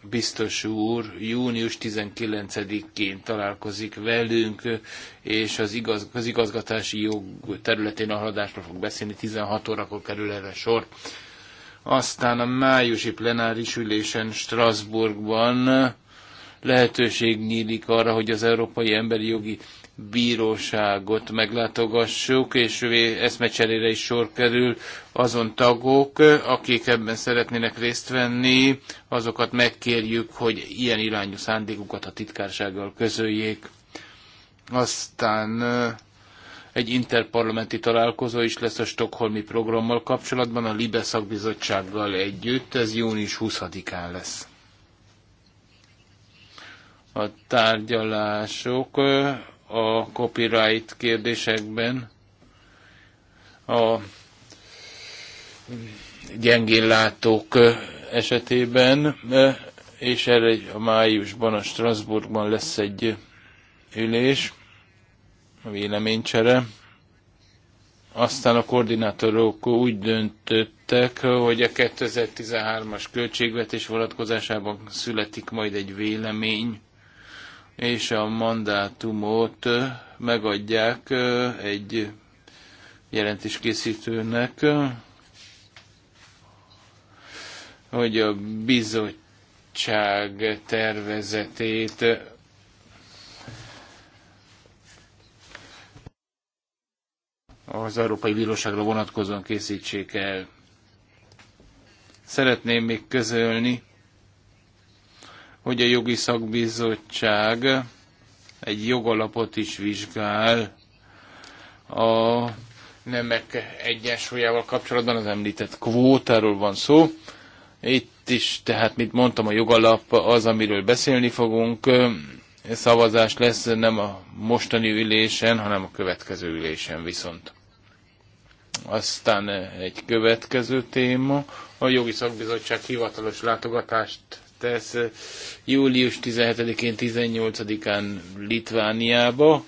biztos úr június 19-én találkozik velünk, és az, igaz, az igazgatási jog területén a haladásról fog beszélni, 16 órakor kerül erre sor. Aztán a májusi plenáris ülésen Strasbourgban lehetőség nyílik arra, hogy az Európai Emberi Jogi Bíróságot meglátogassuk, és eszmecserére is sor kerül azon tagok, akik ebben szeretnének részt venni, azokat megkérjük, hogy ilyen irányú szándékukat a titkársággal közöljék. Aztán egy interparlamenti találkozó is lesz a Stockholmi programmal kapcsolatban, a Libe szakbizottsággal együtt, ez június 20-án lesz a tárgyalások a copyright kérdésekben a gyengéllátók esetében, és erre a májusban a Strasbourgban lesz egy ülés, a véleménycsere. Aztán a koordinátorok úgy döntöttek, hogy a 2013-as költségvetés vonatkozásában születik majd egy vélemény és a mandátumot megadják egy jelentéskészítőnek, hogy a bizottság tervezetét az Európai Bíróságra vonatkozóan készítsék el. Szeretném még közölni, hogy a jogi szakbizottság egy jogalapot is vizsgál a nemek egyensúlyával kapcsolatban, az említett kvótáról van szó. Itt is, tehát, mint mondtam, a jogalap az, amiről beszélni fogunk. Szavazás lesz nem a mostani ülésen, hanem a következő ülésen viszont. Aztán egy következő téma, a jogi szakbizottság hivatalos látogatást tesz eh, július 17-én, 18-án Litvániába.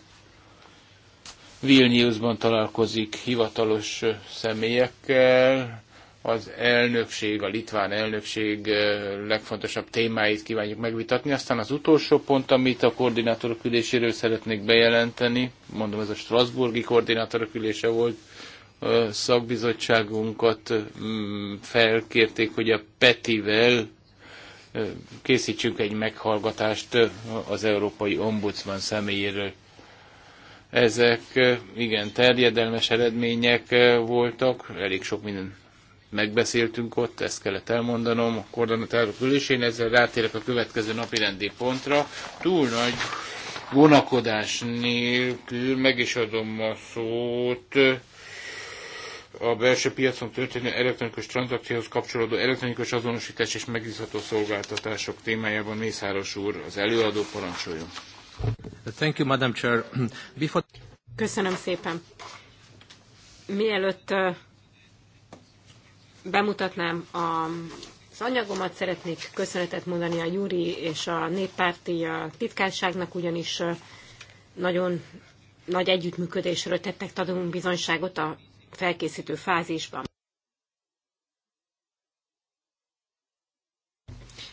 Vilniusban találkozik hivatalos eh, személyekkel, az elnökség, a litván elnökség eh, legfontosabb témáit kívánjuk megvitatni. Aztán az utolsó pont, amit a koordinátorok üléséről szeretnék bejelenteni, mondom, ez a Strasburgi koordinátorok ülése volt, szakbizottságunkat mm, felkérték, hogy a Petivel készítsünk egy meghallgatást az Európai Ombudsman személyéről. Ezek igen terjedelmes eredmények voltak, elég sok minden megbeszéltünk ott, ezt kellett elmondanom a koordinátorok ülésén, ezzel rátérek a következő napi rendi pontra. Túl nagy vonakodás nélkül meg is adom a szót a belső piacon történő elektronikus tranzakcióhoz kapcsolódó elektronikus azonosítás és megbízható szolgáltatások témájában Mészáros úr, az előadó parancsoljon. Thank you, Madam Chair. Before... Köszönöm szépen. Mielőtt bemutatnám a az anyagomat szeretnék köszönetet mondani a Júri és a néppárti titkárságnak, ugyanis nagyon nagy együttműködésről tettek tanulunk bizonyságot a felkészítő fázisban.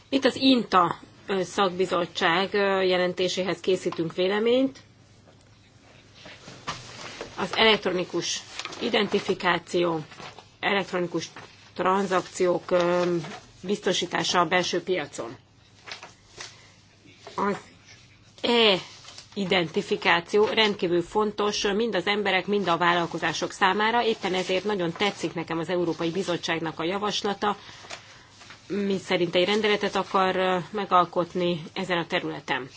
Itt az INTA szakbizottság jelentéséhez készítünk véleményt. Az elektronikus identifikáció, elektronikus tranzakciók biztosítása a belső piacon. Az E identifikáció rendkívül fontos mind az emberek, mind a vállalkozások számára. Éppen ezért nagyon tetszik nekem az Európai Bizottságnak a javaslata, mi szerint egy rendeletet akar megalkotni ezen a területen.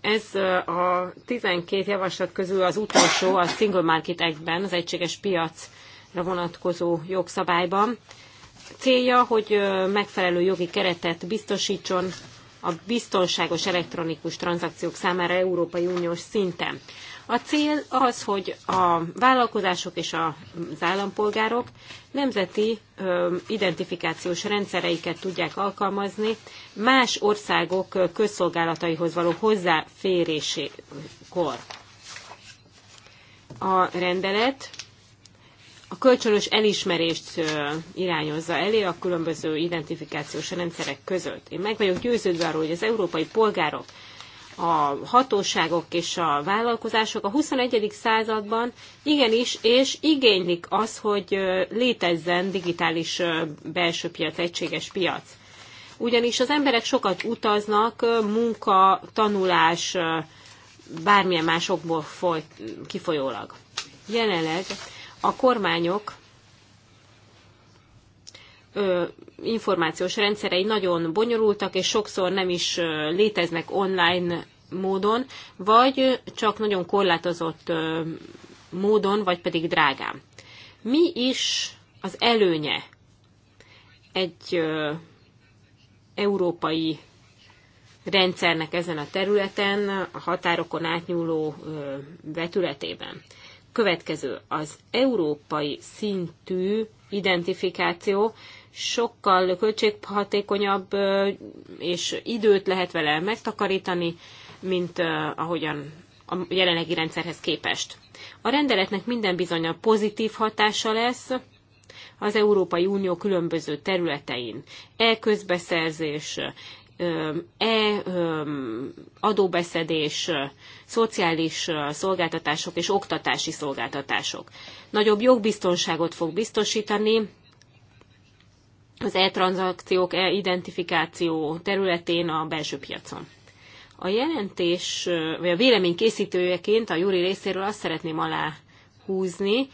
Ez a 12 javaslat közül az utolsó a Single Market Act-ben, az egységes piacra vonatkozó jogszabályban. Célja, hogy megfelelő jogi keretet biztosítson a biztonságos elektronikus tranzakciók számára Európai Uniós szinten. A cél az, hogy a vállalkozások és az állampolgárok nemzeti identifikációs rendszereiket tudják alkalmazni más országok közszolgálataihoz való hozzáférésékor. A rendelet a kölcsönös elismerést irányozza elé a különböző identifikációs rendszerek között. Én meg vagyok győződve arról, hogy az európai polgárok, a hatóságok és a vállalkozások a 21. században igenis, és igénylik az, hogy létezzen digitális belső piac, egységes piac. Ugyanis az emberek sokat utaznak, munka, tanulás, bármilyen másokból folyt, kifolyólag. Jelenleg a kormányok információs rendszerei nagyon bonyolultak, és sokszor nem is léteznek online módon, vagy csak nagyon korlátozott módon, vagy pedig drágán. Mi is az előnye egy európai rendszernek ezen a területen, a határokon átnyúló vetületében? következő. Az európai szintű identifikáció sokkal költséghatékonyabb, és időt lehet vele megtakarítani, mint ahogyan a jelenlegi rendszerhez képest. A rendeletnek minden a pozitív hatása lesz az Európai Unió különböző területein. E-közbeszerzés, e adóbeszedés, szociális szolgáltatások és oktatási szolgáltatások. Nagyobb jogbiztonságot fog biztosítani az e-tranzakciók, e-identifikáció területén a belső piacon. A jelentés, vagy a vélemény készítőjeként a Júri részéről azt szeretném alá húzni,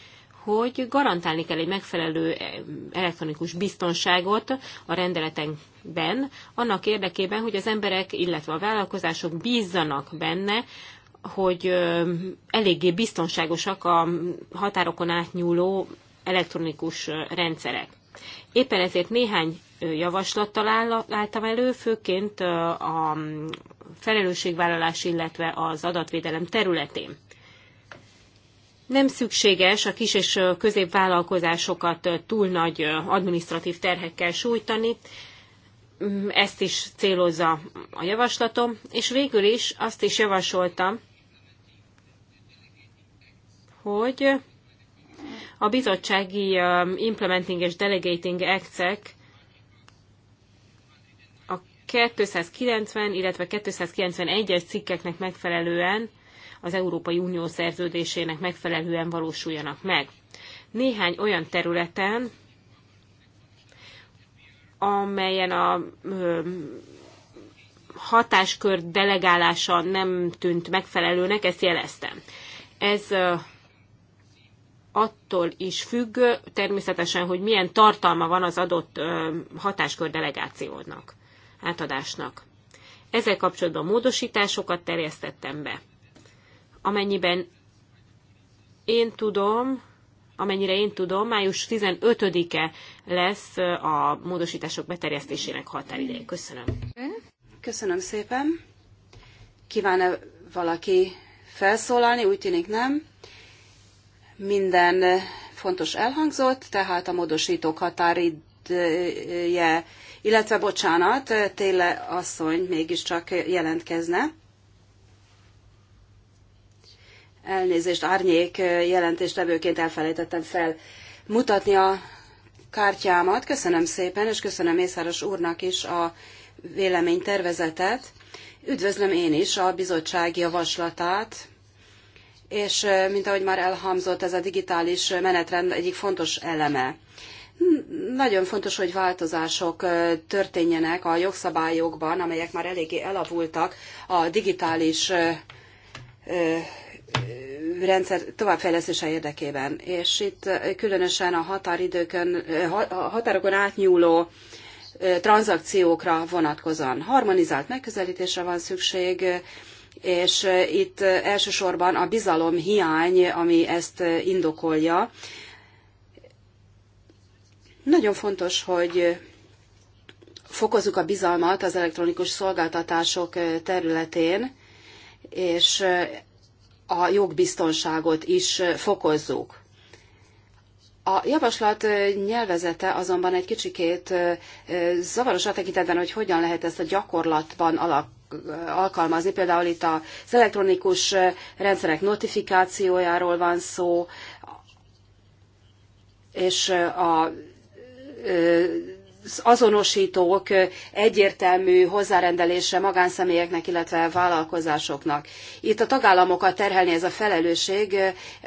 hogy garantálni kell egy megfelelő elektronikus biztonságot a rendeletekben, annak érdekében, hogy az emberek, illetve a vállalkozások bízzanak benne, hogy eléggé biztonságosak a határokon átnyúló elektronikus rendszerek. Éppen ezért néhány javaslattal álltam elő, főként a felelősségvállalás, illetve az adatvédelem területén nem szükséges a kis és középvállalkozásokat túl nagy administratív terhekkel sújtani, mm, ezt is célozza a javaslatom, és végül is azt is javasoltam, hogy a bizottsági Implementing és Delegating act ek a 290, illetve 291-es cikkeknek megfelelően az Európai Unió szerződésének megfelelően valósuljanak meg. Néhány olyan területen, amelyen a hatáskör delegálása nem tűnt megfelelőnek, ezt jeleztem. Ez attól is függ természetesen, hogy milyen tartalma van az adott hatáskör delegációnak, átadásnak. Ezzel kapcsolatban módosításokat terjesztettem be amennyiben én tudom, amennyire én tudom, május 15-e lesz a módosítások beterjesztésének határideje. Köszönöm. Köszönöm szépen. Kíván-e valaki felszólalni? Úgy tűnik nem. Minden fontos elhangzott, tehát a módosítók határideje, illetve bocsánat, Téle asszony mégiscsak jelentkezne elnézést, árnyék jelentéstevőként elfelejtettem fel mutatni a kártyámat. Köszönöm szépen, és köszönöm Mészáros úrnak is a véleménytervezetet. Üdvözlöm én is a bizottság javaslatát, és mint ahogy már elhangzott, ez a digitális menetrend egyik fontos eleme. Nagyon fontos, hogy változások történjenek a jogszabályokban, amelyek már eléggé elavultak a digitális rendszer továbbfejlesztése érdekében. És itt különösen a határidőkön, határokon átnyúló tranzakciókra vonatkozóan harmonizált megközelítésre van szükség, és itt elsősorban a bizalom hiány, ami ezt indokolja. Nagyon fontos, hogy fokozzuk a bizalmat az elektronikus szolgáltatások területén, és a jogbiztonságot is fokozzuk. A javaslat nyelvezete azonban egy kicsikét zavaros a tekintetben, hogy hogyan lehet ezt a gyakorlatban alak, alkalmazni. Például itt az elektronikus rendszerek notifikációjáról van szó, és a azonosítók egyértelmű hozzárendelése magánszemélyeknek, illetve vállalkozásoknak. Itt a tagállamokat terhelni ez a felelősség,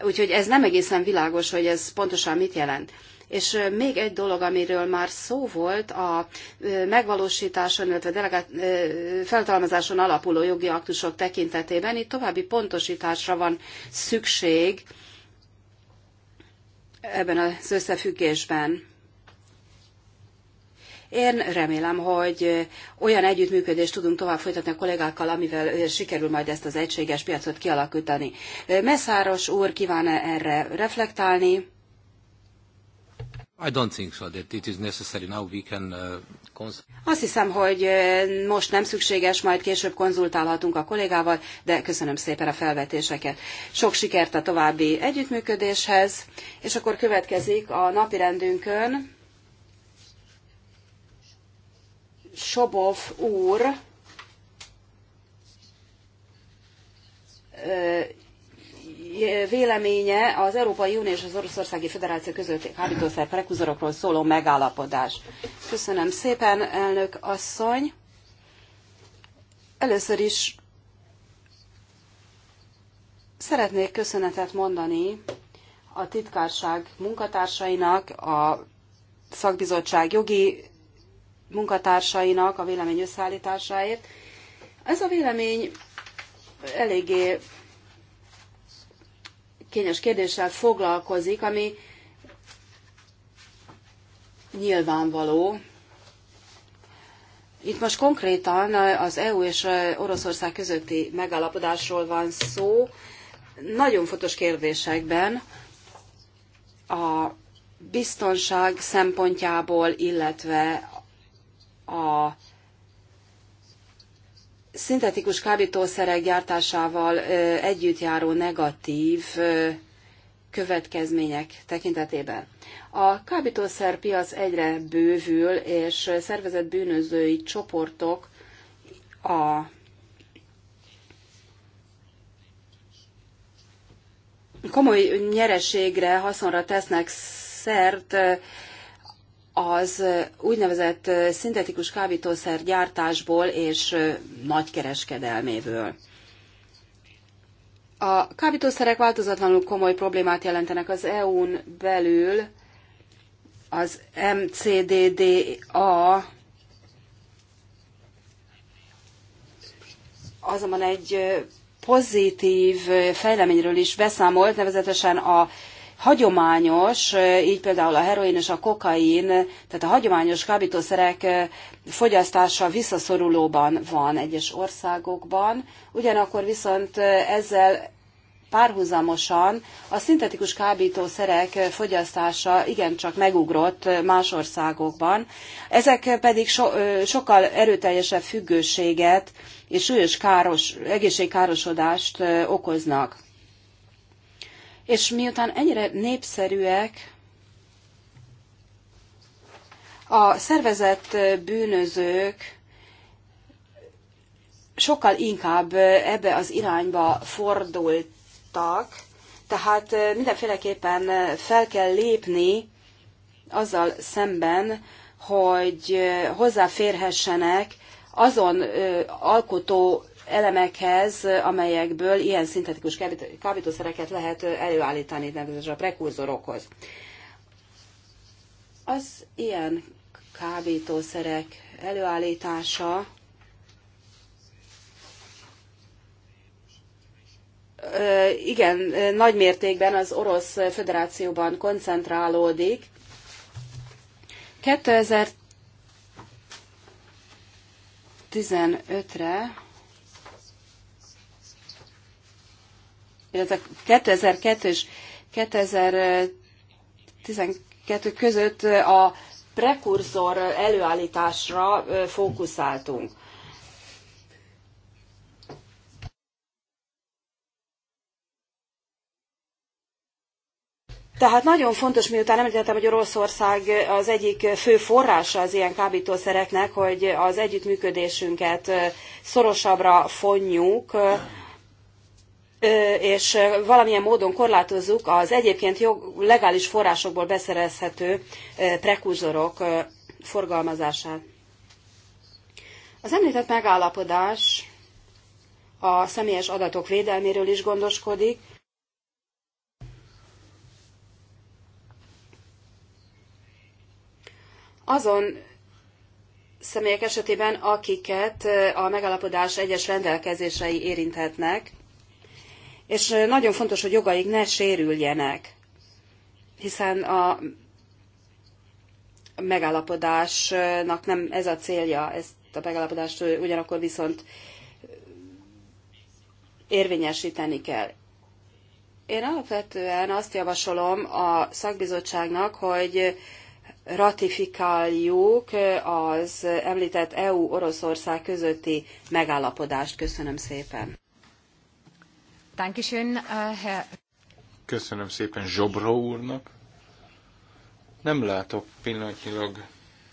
úgyhogy ez nem egészen világos, hogy ez pontosan mit jelent. És még egy dolog, amiről már szó volt, a megvalósításon, illetve delegát, feltalmazáson alapuló jogi aktusok tekintetében itt további pontosításra van szükség ebben az összefüggésben én remélem, hogy olyan együttműködést tudunk tovább folytatni a kollégákkal, amivel sikerül majd ezt az egységes piacot kialakítani. Messzáros úr kíván -e erre reflektálni? I don't think so that it is necessary now we can uh, Azt hiszem, hogy most nem szükséges, majd később konzultálhatunk a kollégával, de köszönöm szépen a felvetéseket. Sok sikert a további együttműködéshez, és akkor következik a napirendünkön Sobov úr véleménye az Európai Unió és az Oroszországi Federáció közötti kábítószer prekuzorokról szóló megállapodás. Köszönöm szépen, elnök asszony. Először is szeretnék köszönetet mondani a titkárság munkatársainak, a szakbizottság jogi munkatársainak a vélemény összeállításáért. Ez a vélemény eléggé kényes kérdéssel foglalkozik, ami nyilvánvaló. Itt most konkrétan az EU és Oroszország közötti megállapodásról van szó. Nagyon fontos kérdésekben a biztonság szempontjából, illetve a szintetikus kábítószerek gyártásával együtt járó negatív következmények tekintetében. A piac egyre bővül, és szervezett bűnözői csoportok a komoly nyereségre, haszonra tesznek szert az úgynevezett szintetikus kábítószer gyártásból és nagykereskedelméből. A kábítószerek változatlanul komoly problémát jelentenek az EU-n belül. Az MCDDA azonban egy pozitív fejleményről is beszámolt, nevezetesen a hagyományos, így például a heroin és a kokain, tehát a hagyományos kábítószerek fogyasztása visszaszorulóban van egyes országokban, ugyanakkor viszont ezzel párhuzamosan a szintetikus kábítószerek fogyasztása igencsak megugrott más országokban, ezek pedig so, sokkal erőteljesebb függőséget és súlyos káros, egészségkárosodást okoznak. És miután ennyire népszerűek, a szervezett bűnözők sokkal inkább ebbe az irányba fordultak, tehát mindenféleképpen fel kell lépni azzal szemben, hogy hozzáférhessenek azon alkotó elemekhez, amelyekből ilyen szintetikus kábítószereket lehet előállítani, nevezetesen a prekurzorokhoz. Az ilyen kábítószerek előállítása igen, nagy mértékben az Orosz Föderációban koncentrálódik. 2015-re illetve 2002 és 2012 között a prekurzor előállításra fókuszáltunk. Tehát nagyon fontos, miután említettem, hogy Oroszország az egyik fő forrása az ilyen kábítószereknek, hogy az együttműködésünket szorosabbra fonjuk és valamilyen módon korlátozzuk az egyébként jog, legális forrásokból beszerezhető prekurzorok forgalmazását. Az említett megállapodás a személyes adatok védelméről is gondoskodik, azon személyek esetében, akiket a megállapodás egyes rendelkezései érinthetnek, és nagyon fontos, hogy jogaik ne sérüljenek, hiszen a megállapodásnak nem ez a célja, ezt a megállapodást ugyanakkor viszont érvényesíteni kell. Én alapvetően azt javasolom a szakbizottságnak, hogy ratifikáljuk az említett EU-Oroszország közötti megállapodást. Köszönöm szépen. Uh, Köszönöm szépen Zsobró úrnak. Nem látok pillanatnyilag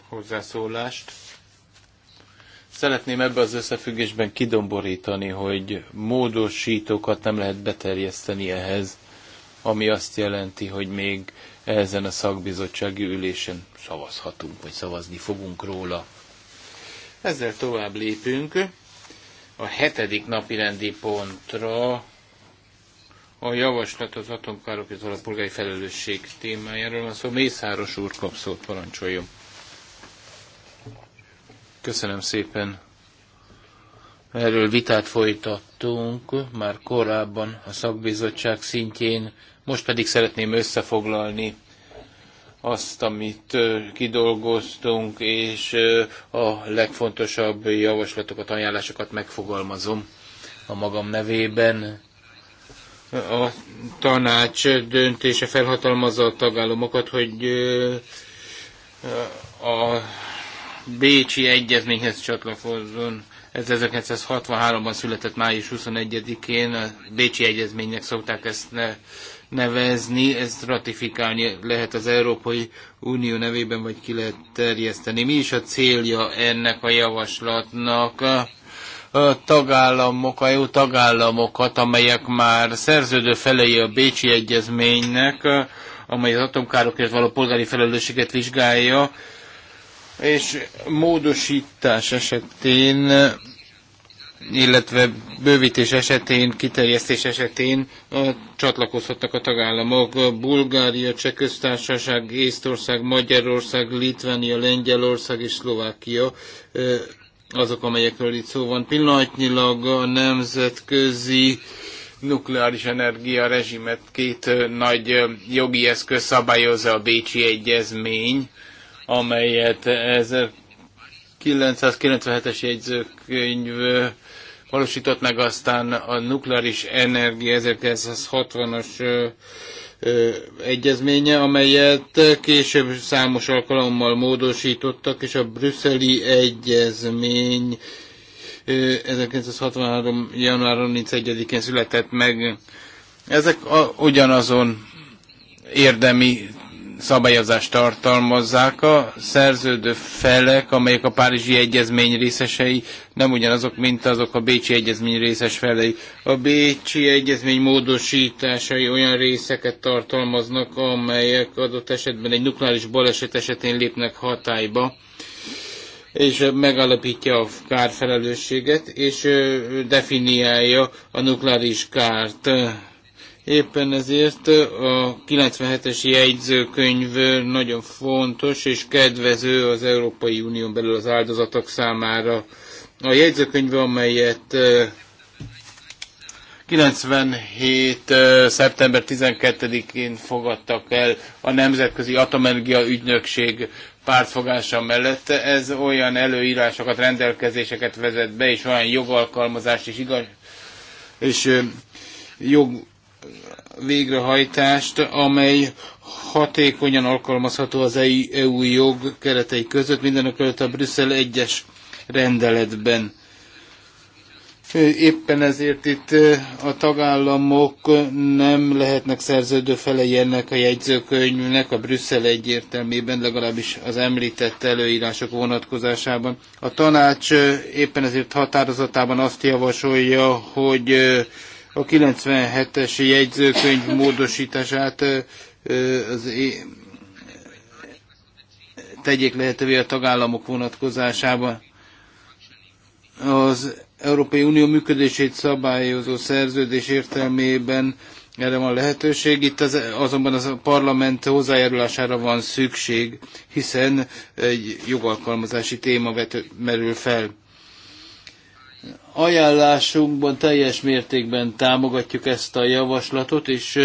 hozzászólást. Szeretném ebbe az összefüggésben kidomborítani, hogy módosítókat nem lehet beterjeszteni ehhez, ami azt jelenti, hogy még ezen a szakbizottsági ülésen szavazhatunk, vagy szavazni fogunk róla. Ezzel tovább lépünk a hetedik napi rendi pontra, a javaslat az atomkárok és a polgári felelősség témájáról van szó. Szóval Mészáros úr kap szót, parancsoljon. Köszönöm szépen. Erről vitát folytattunk már korábban a szakbizottság szintjén, most pedig szeretném összefoglalni azt, amit kidolgoztunk, és a legfontosabb javaslatokat, ajánlásokat megfogalmazom a magam nevében a tanács döntése felhatalmazza a tagállamokat, hogy a Bécsi Egyezményhez csatlakozzon. Ez 1963-ban született május 21-én, a Bécsi Egyezménynek szokták ezt ne, nevezni, ezt ratifikálni lehet az Európai Unió nevében, vagy ki lehet terjeszteni. Mi is a célja ennek a javaslatnak? tagállamok, a EU tagállamokat, amelyek már szerződő felei a Bécsi Egyezménynek, amely az atomkárokért való polgári felelősséget vizsgálja, és módosítás esetén, illetve bővítés esetén, kiterjesztés esetén csatlakozhatnak a tagállamok. Bulgária, Csehköztársaság, Észtország, Magyarország, Litvánia, Lengyelország és Szlovákia azok, amelyekről itt szó van. Pillanatnyilag a nemzetközi nukleáris energia rezsimet két nagy jogi eszköz szabályozza a Bécsi Egyezmény, amelyet 1997-es jegyzőkönyv valósított meg, aztán a nukleáris energia 1960-as egyezménye, amelyet később számos alkalommal módosítottak, és a brüsszeli egyezmény 1963. január 31-én született meg. Ezek a, ugyanazon érdemi szabályozást tartalmazzák a szerződő felek, amelyek a Párizsi Egyezmény részesei, nem ugyanazok, mint azok a Bécsi Egyezmény részes felei. A Bécsi Egyezmény módosításai olyan részeket tartalmaznak, amelyek adott esetben egy nukleáris baleset esetén lépnek hatályba és megalapítja a kárfelelősséget, és definiálja a nukleáris kárt Éppen ezért a 97-es jegyzőkönyv nagyon fontos és kedvező az Európai Unión belül az áldozatok számára. A jegyzőkönyv, amelyet 97. szeptember 12-én fogadtak el a Nemzetközi Atomenergia Ügynökség pártfogása mellett. Ez olyan előírásokat, rendelkezéseket vezet be, és olyan jogalkalmazást és igaz, és jog, végrehajtást, amely hatékonyan alkalmazható az EU e jog keretei között, mindenek előtt a Brüsszel egyes rendeletben. Éppen ezért itt a tagállamok nem lehetnek szerződő felei ennek a jegyzőkönyvnek, a Brüsszel egyértelmében, legalábbis az említett előírások vonatkozásában. A tanács éppen ezért határozatában azt javasolja, hogy a 97-es jegyzőkönyv módosítását az é... tegyék lehetővé a tagállamok vonatkozásában. Az Európai Unió működését szabályozó szerződés értelmében erre van lehetőség, itt az, azonban az a parlament hozzájárulására van szükség, hiszen egy jogalkalmazási téma vető, merül fel. Ajánlásunkban teljes mértékben támogatjuk ezt a javaslatot, és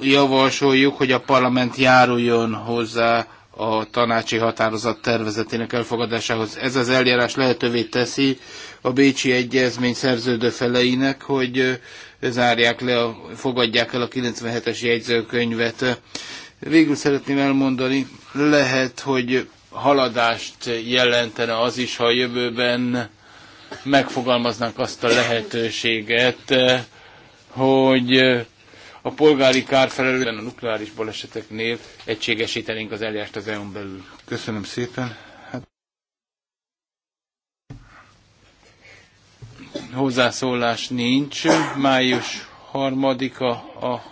javasoljuk, hogy a parlament járuljon hozzá a tanácsi határozat tervezetének elfogadásához. Ez az eljárás lehetővé teszi a Bécsi Egyezmény szerződő feleinek, hogy zárják le, fogadják el a 97-es jegyzőkönyvet. Végül szeretném elmondani, lehet, hogy haladást jelentene az is, ha a jövőben megfogalmaznánk azt a lehetőséget, eh, hogy eh, a polgári kárfelelőben a nukleáris baleseteknél egységesítenénk az eljárást az EU-n belül. Köszönöm szépen. Hát... Hozzászólás nincs. Május harmadika a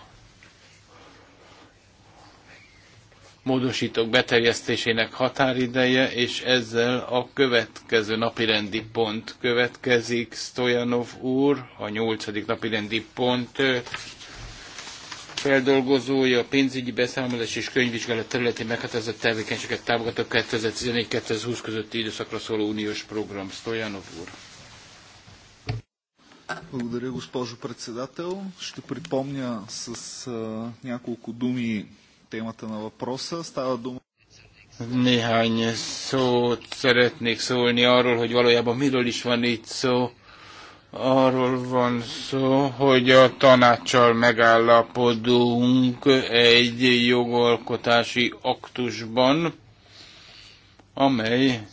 módosítók beterjesztésének határideje, és ezzel a következő napirendi pont következik. Stojanov úr, a nyolcadik napirendi pont feldolgozója, pénzügyi beszámolás és könyvvizsgálat területi meghatározott tevékenységet támogató 2014-2020 közötti időszakra szóló uniós program. Stojanov úr. Благодаря, госпожо председател. Ще припомня с а, няколко думи темата на въпроса. Става дума néhány szót szeretnék szólni arról, hogy valójában miről is van itt szó. Arról van szó, hogy a tanácssal megállapodunk egy jogalkotási aktusban, amely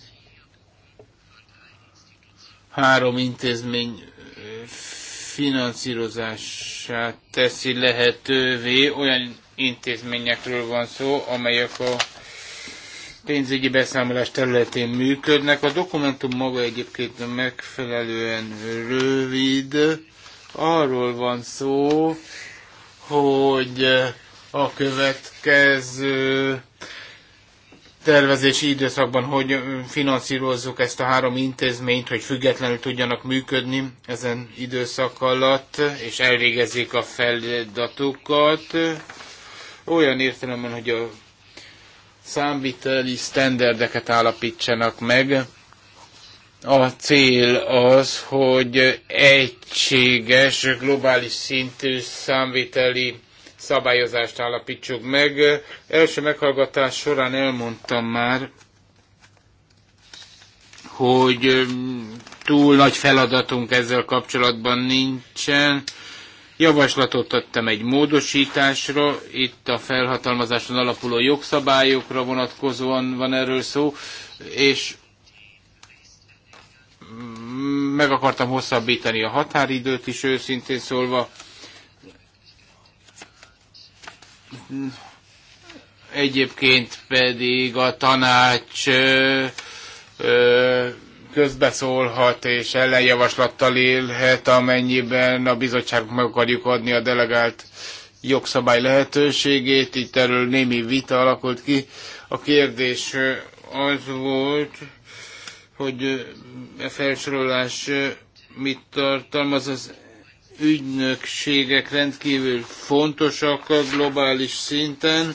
három intézmény finanszírozását teszi lehetővé olyan intézményekről van szó, amelyek a pénzügyi beszámolás területén működnek. A dokumentum maga egyébként megfelelően rövid. Arról van szó, hogy a következő tervezési időszakban, hogy finanszírozzuk ezt a három intézményt, hogy függetlenül tudjanak működni ezen időszak alatt, és elvégezzék a feladatukat. Olyan értelemben, hogy a számviteli sztenderdeket állapítsanak meg. A cél az, hogy egységes, globális szintű számviteli szabályozást állapítsuk meg. Első meghallgatás során elmondtam már, hogy mm, túl nagy feladatunk ezzel kapcsolatban nincsen. Javaslatot tettem egy módosításra, itt a felhatalmazáson alapuló jogszabályokra vonatkozóan van erről szó, és meg akartam hosszabbítani a határidőt is őszintén szólva. Egyébként pedig a tanács ö, ö, közbeszólhat és ellenjavaslattal élhet, amennyiben a bizottság meg akarjuk adni a delegált jogszabály lehetőségét. Itt erről némi vita alakult ki. A kérdés az volt, hogy a e felsorolás mit tartalmaz az ügynökségek rendkívül fontosak a globális szinten,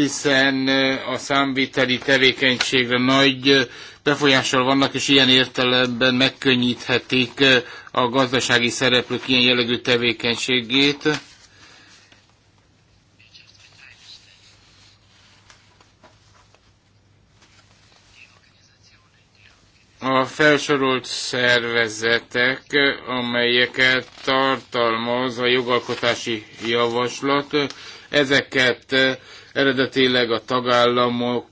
hiszen a számviteli tevékenységre nagy befolyással vannak, és ilyen értelemben megkönnyíthetik a gazdasági szereplők ilyen jellegű tevékenységét. a felsorolt szervezetek, amelyeket tartalmaz a jogalkotási javaslat, ezeket Eredetileg a tagállamok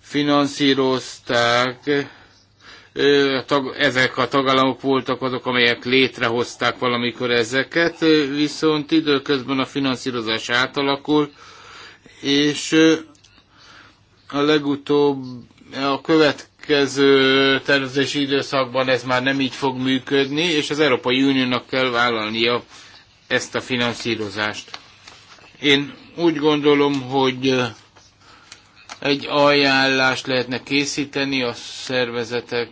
finanszírozták, ezek a tagállamok voltak azok, amelyek létrehozták valamikor ezeket, viszont időközben a finanszírozás átalakul, és a legutóbb, a következő tervezési időszakban ez már nem így fog működni, és az Európai Uniónak kell vállalnia ezt a finanszírozást. Én úgy gondolom, hogy egy ajánlást lehetne készíteni a szervezetek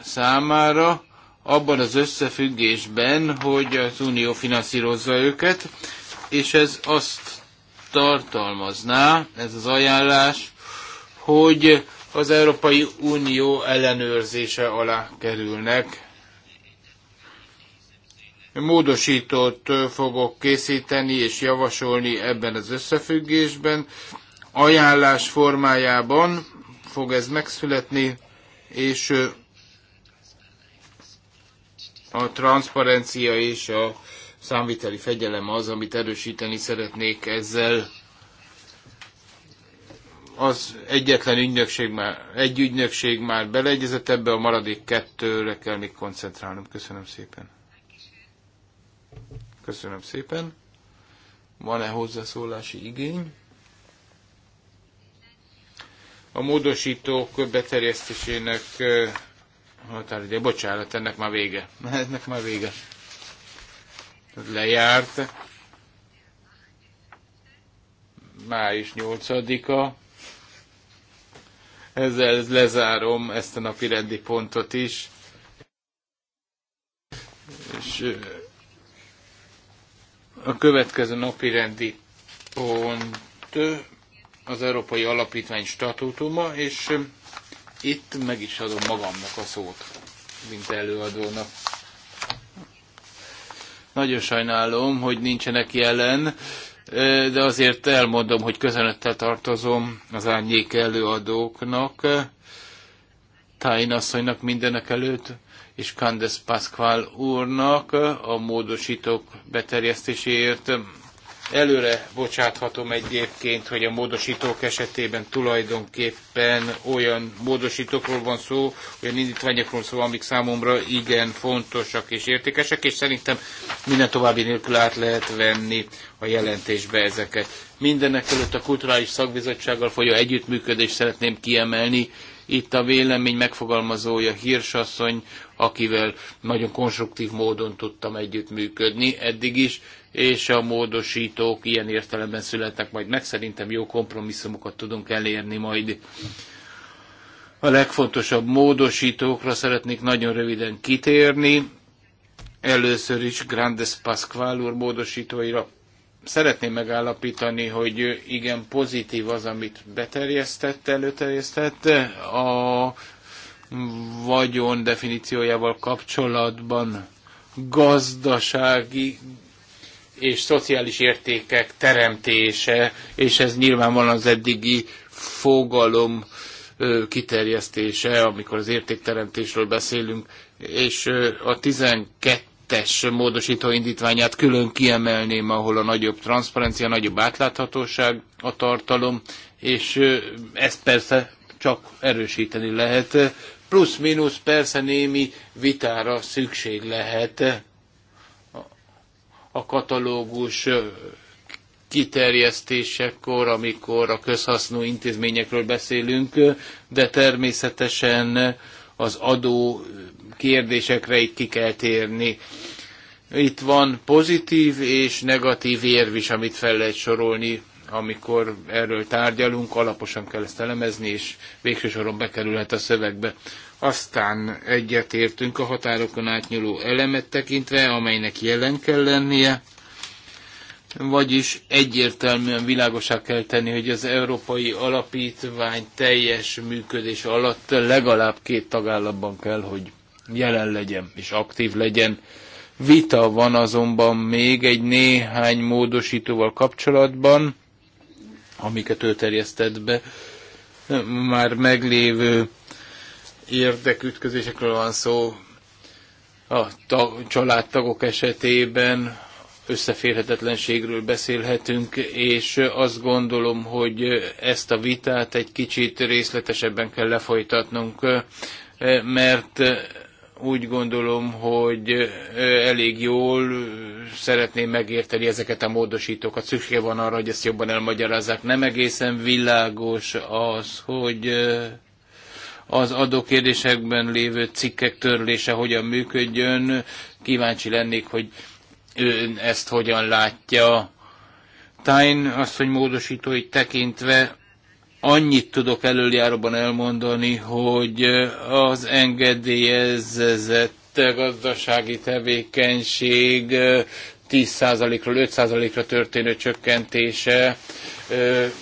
számára, abban az összefüggésben, hogy az Unió finanszírozza őket, és ez azt tartalmazná, ez az ajánlás, hogy az Európai Unió ellenőrzése alá kerülnek módosítót fogok készíteni és javasolni ebben az összefüggésben. Ajánlás formájában fog ez megszületni, és a transzparencia és a számviteli fegyelem az, amit erősíteni szeretnék ezzel. Az egyetlen ügynökség már, egy ügynökség már beleegyezett ebbe, a maradék kettőre kell még koncentrálnom. Köszönöm szépen. Köszönöm szépen. Van-e hozzászólási igény? A módosítók beterjesztésének határidő. Bocsánat, ennek már vége. *laughs* Ennek már vége. Lejárt. Május 8-a. Ezzel lezárom ezt a napi rendi pontot is. És a következő napi rendi pont az Európai Alapítvány statútuma, és itt meg is adom magamnak a szót, mint előadónak. Nagyon sajnálom, hogy nincsenek jelen, de azért elmondom, hogy közönöttel tartozom az árnyék előadóknak, Tájn asszonynak mindenek előtt, és Candes Pasquale úrnak a módosítók beterjesztéséért. Előre bocsáthatom egyébként, hogy a módosítók esetében tulajdonképpen olyan módosítókról van szó, olyan indítványokról szó, amik számomra igen fontosak és értékesek, és szerintem minden további nélkül át lehet venni a jelentésbe ezeket. Mindenek előtt a Kulturális Szakbizottsággal folyó együttműködést szeretném kiemelni, itt a vélemény megfogalmazója Hírsasszony, akivel nagyon konstruktív módon tudtam együttműködni eddig is, és a módosítók ilyen értelemben születtek, majd meg. Szerintem jó kompromisszumokat tudunk elérni majd. A legfontosabb módosítókra szeretnék nagyon röviden kitérni. Először is Grandes Pasquale úr módosítóira szeretném megállapítani, hogy igen, pozitív az, amit beterjesztett, előterjesztett a vagyon definíciójával kapcsolatban gazdasági és szociális értékek teremtése, és ez nyilvánvalóan az eddigi fogalom kiterjesztése, amikor az értékteremtésről beszélünk, és a 12 kettes módosító indítványát külön kiemelném, ahol a nagyobb transzparencia, nagyobb átláthatóság a tartalom, és ezt persze csak erősíteni lehet. Plusz-minusz persze némi vitára szükség lehet a katalógus kiterjesztésekor, amikor a közhasznú intézményekről beszélünk, de természetesen az adó kérdésekre itt ki kell térni. Itt van pozitív és negatív érv is, amit fel lehet sorolni, amikor erről tárgyalunk, alaposan kell ezt elemezni, és végső soron bekerülhet a szövegbe. Aztán egyetértünk a határokon átnyúló elemet tekintve, amelynek jelen kell lennie, vagyis egyértelműen világosá kell tenni, hogy az európai alapítvány teljes működés alatt legalább két tagállamban kell, hogy jelen legyen és aktív legyen. Vita van azonban még egy néhány módosítóval kapcsolatban, amiket ő terjesztett be, már meglévő érdekütközésekről van szó a családtagok esetében, összeférhetetlenségről beszélhetünk, és azt gondolom, hogy ezt a vitát egy kicsit részletesebben kell lefolytatnunk, mert úgy gondolom, hogy elég jól szeretném megérteni ezeket a módosítókat. Szükség van arra, hogy ezt jobban elmagyarázzák. Nem egészen világos az, hogy az adókérdésekben lévő cikkek törlése hogyan működjön. Kíváncsi lennék, hogy ön ezt hogyan látja. Tájn azt, hogy módosítói tekintve annyit tudok előjáróban elmondani, hogy az engedélyezett gazdasági tevékenység 10%-ról 5%-ra történő csökkentése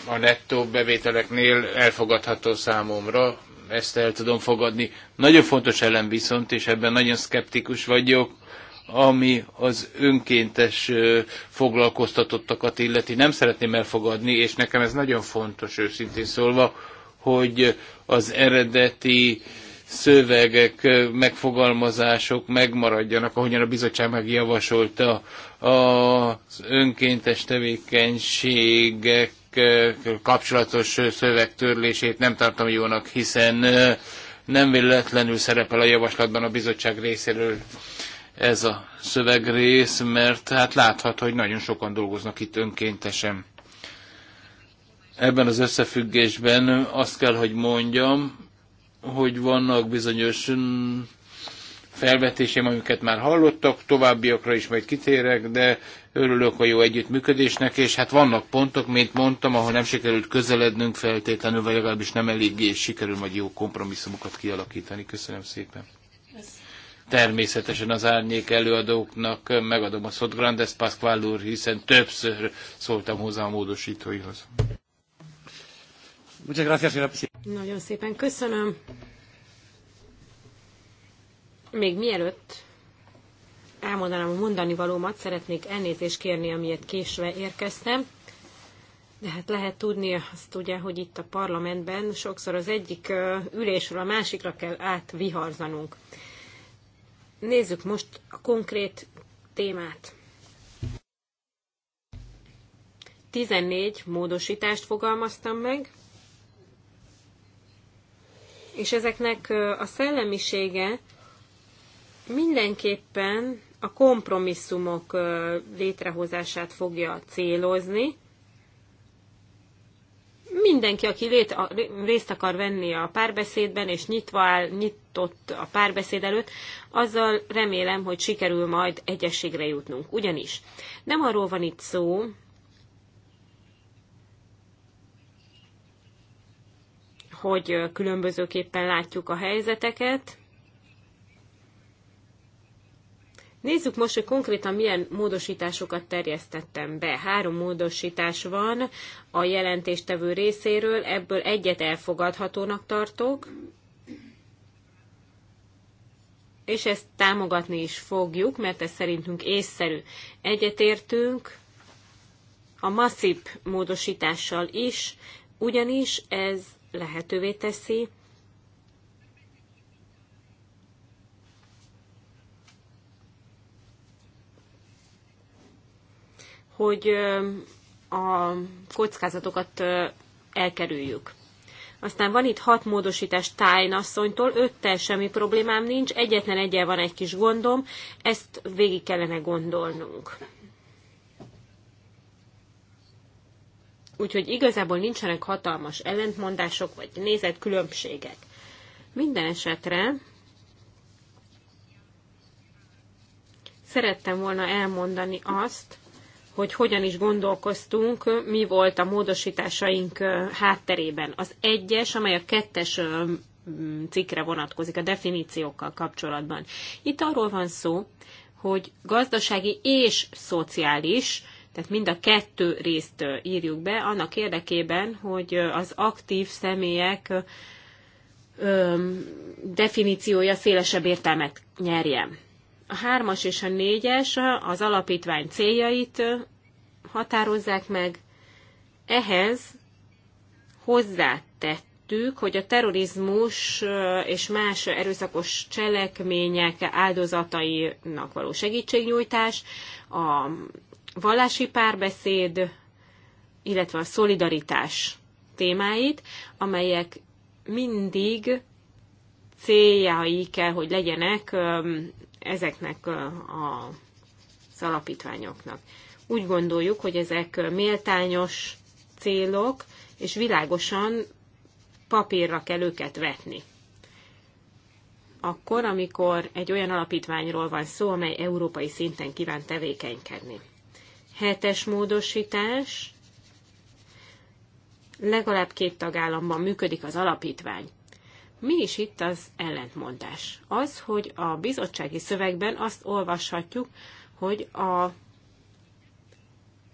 a nettó bevételeknél elfogadható számomra. Ezt el tudom fogadni. Nagyon fontos ellen viszont, és ebben nagyon szkeptikus vagyok, ami az önkéntes foglalkoztatottakat illeti. Nem szeretném elfogadni, és nekem ez nagyon fontos őszintén szólva, hogy az eredeti szövegek, megfogalmazások megmaradjanak, ahogyan a bizottság megjavasolta az önkéntes tevékenységek kapcsolatos szövegtörlését nem tartom jónak, hiszen nem véletlenül szerepel a javaslatban a bizottság részéről ez a szövegrész, mert hát láthat, hogy nagyon sokan dolgoznak itt önkéntesen. Ebben az összefüggésben azt kell, hogy mondjam, hogy vannak bizonyos felvetéseim, amiket már hallottak, továbbiakra is majd kitérek, de örülök a jó együttműködésnek, és hát vannak pontok, mint mondtam, ahol nem sikerült közelednünk feltétlenül, vagy legalábbis nem eléggé, és sikerül majd jó kompromisszumokat kialakítani. Köszönöm szépen természetesen az árnyék előadóknak megadom a szót Grandes Pasquale úr, hiszen többször szóltam hozzá a módosítóihoz. Nagyon szépen köszönöm. Még mielőtt elmondanám a mondani valómat, szeretnék elnézést kérni, amiért késve érkeztem. De hát lehet tudni azt ugye, hogy itt a parlamentben sokszor az egyik ülésről a másikra kell átviharzanunk. Nézzük most a konkrét témát. 14 módosítást fogalmaztam meg, és ezeknek a szellemisége mindenképpen a kompromisszumok létrehozását fogja célozni, mindenki, aki lét, a, részt akar venni a párbeszédben, és nyitva áll, nyitott a párbeszéd előtt, azzal remélem, hogy sikerül majd egyességre jutnunk. Ugyanis nem arról van itt szó, hogy különbözőképpen látjuk a helyzeteket, Nézzük most, hogy konkrétan milyen módosításokat terjesztettem be. Három módosítás van a jelentéstevő részéről, ebből egyet elfogadhatónak tartok, és ezt támogatni is fogjuk, mert ez szerintünk észszerű. Egyetértünk a masszív módosítással is, ugyanis ez lehetővé teszi, hogy a kockázatokat elkerüljük. Aztán van itt hat módosítás tájnasszonytól, öttel semmi problémám nincs, egyetlen egyel van egy kis gondom, ezt végig kellene gondolnunk. Úgyhogy igazából nincsenek hatalmas ellentmondások vagy nézetkülönbségek. Minden esetre szerettem volna elmondani azt, hogy hogyan is gondolkoztunk, mi volt a módosításaink hátterében. Az egyes, amely a kettes cikkre vonatkozik, a definíciókkal kapcsolatban. Itt arról van szó, hogy gazdasági és szociális, tehát mind a kettő részt írjuk be, annak érdekében, hogy az aktív személyek definíciója szélesebb értelmet nyerjen. A hármas és a négyes az alapítvány céljait határozzák meg. Ehhez hozzátettük, hogy a terrorizmus és más erőszakos cselekmények áldozatainak való segítségnyújtás, a vallási párbeszéd, illetve a szolidaritás témáit, amelyek mindig céljai kell, hogy legyenek ezeknek a alapítványoknak. Úgy gondoljuk, hogy ezek méltányos célok, és világosan papírra kell őket vetni. Akkor, amikor egy olyan alapítványról van szó, amely európai szinten kíván tevékenykedni. Hetes módosítás. Legalább két tagállamban működik az alapítvány. Mi is itt az ellentmondás? Az, hogy a bizottsági szövegben azt olvashatjuk, hogy a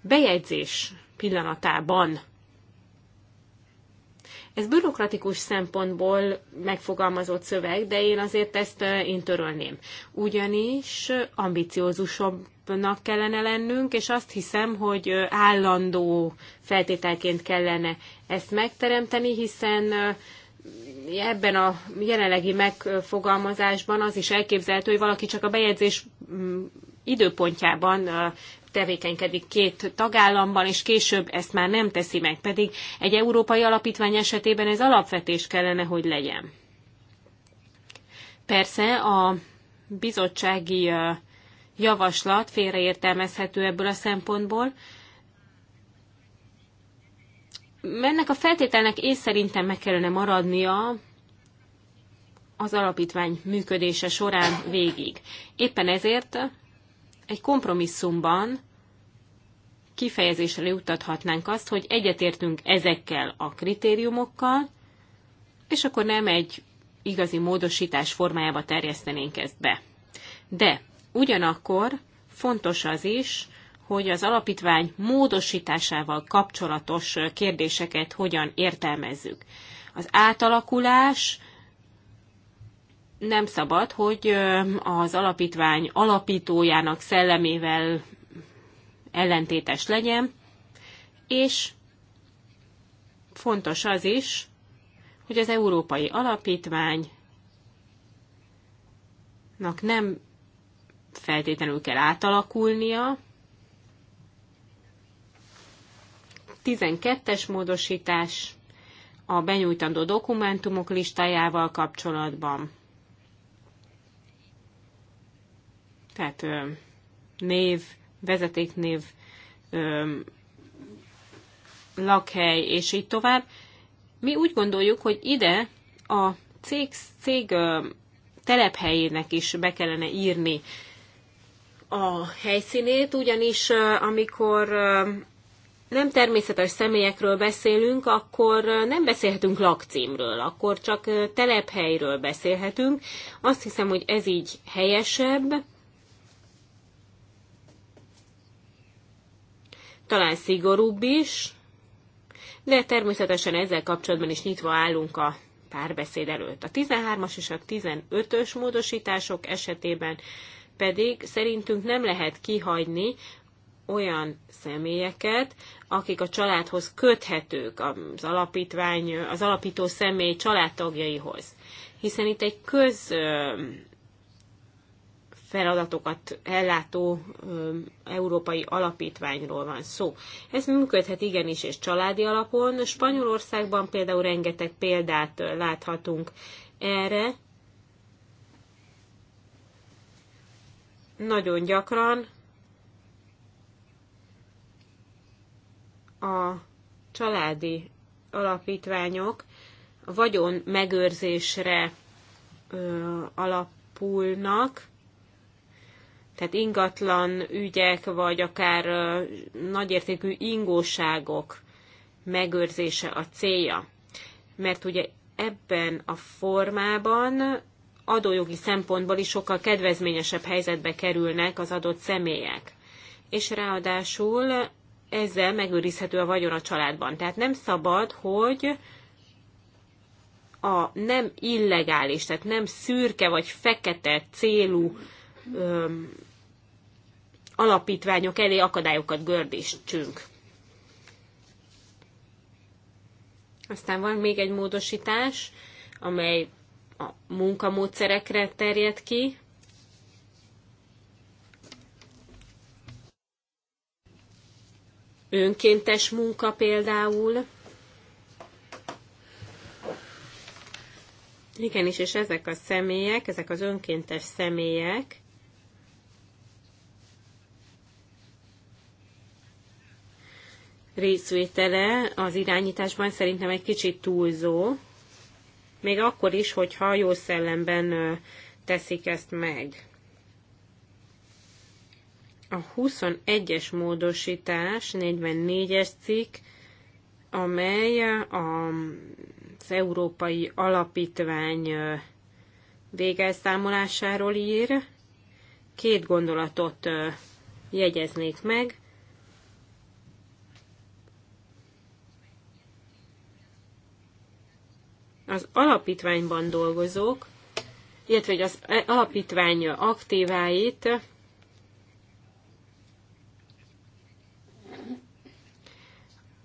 bejegyzés pillanatában ez bürokratikus szempontból megfogalmazott szöveg, de én azért ezt eh, én törölném. Ugyanis ambiciózusabbnak kellene lennünk, és azt hiszem, hogy eh, állandó feltételként kellene ezt megteremteni, hiszen eh, ebben a jelenlegi megfogalmazásban az is elképzelhető, hogy valaki csak a bejegyzés mm, időpontjában tevékenykedik két tagállamban, és később ezt már nem teszi meg, pedig egy európai alapítvány esetében ez alapvetés kellene, hogy legyen. Persze a bizottsági javaslat félreértelmezhető ebből a szempontból, ennek a feltételnek én szerintem meg kellene maradnia az alapítvány működése során végig. Éppen ezért egy kompromisszumban kifejezésre utathatnánk azt, hogy egyetértünk ezekkel a kritériumokkal, és akkor nem egy igazi módosítás formájába terjesztenénk ezt be. De ugyanakkor fontos az is, hogy az alapítvány módosításával kapcsolatos kérdéseket hogyan értelmezzük. Az átalakulás nem szabad, hogy az alapítvány alapítójának szellemével ellentétes legyen, és fontos az is, hogy az Európai Alapítványnak nem feltétlenül kell átalakulnia, 12-es módosítás a benyújtandó dokumentumok listájával kapcsolatban. Tehát név, vezetéknév, lakhely, és így tovább. Mi úgy gondoljuk, hogy ide a cég, cég telephelyének is be kellene írni a helyszínét, ugyanis amikor nem természetes személyekről beszélünk, akkor nem beszélhetünk lakcímről, akkor csak telephelyről beszélhetünk. Azt hiszem, hogy ez így helyesebb. Talán szigorúbb is, de természetesen ezzel kapcsolatban is nyitva állunk a párbeszéd előtt. A 13-as és a 15-ös módosítások esetében pedig szerintünk nem lehet kihagyni olyan személyeket, akik a családhoz köthetők az alapítvány, az alapító személy családtagjaihoz. Hiszen itt egy köz feladatokat ellátó európai alapítványról van szó. Ez működhet igenis, és családi alapon. Spanyolországban például rengeteg példát láthatunk erre. Nagyon gyakran a családi alapítványok a vagyon megőrzésre ö, alapulnak, tehát ingatlan ügyek, vagy akár ö, nagyértékű ingóságok megőrzése a célja. Mert ugye ebben a formában adójogi szempontból is sokkal kedvezményesebb helyzetbe kerülnek az adott személyek. És ráadásul ezzel megőrizhető a vagyon a családban. Tehát nem szabad, hogy a nem illegális, tehát nem szürke vagy fekete célú öm, alapítványok elé akadályokat gördítsünk. Aztán van még egy módosítás, amely a munkamódszerekre terjed ki. önkéntes munka például. Igenis, és ezek a személyek, ezek az önkéntes személyek, részvétele az irányításban szerintem egy kicsit túlzó, még akkor is, hogyha jó szellemben teszik ezt meg a 21-es módosítás, 44-es cikk, amely az Európai Alapítvány végelszámolásáról ír. Két gondolatot jegyeznék meg. Az alapítványban dolgozók, illetve az alapítvány aktíváit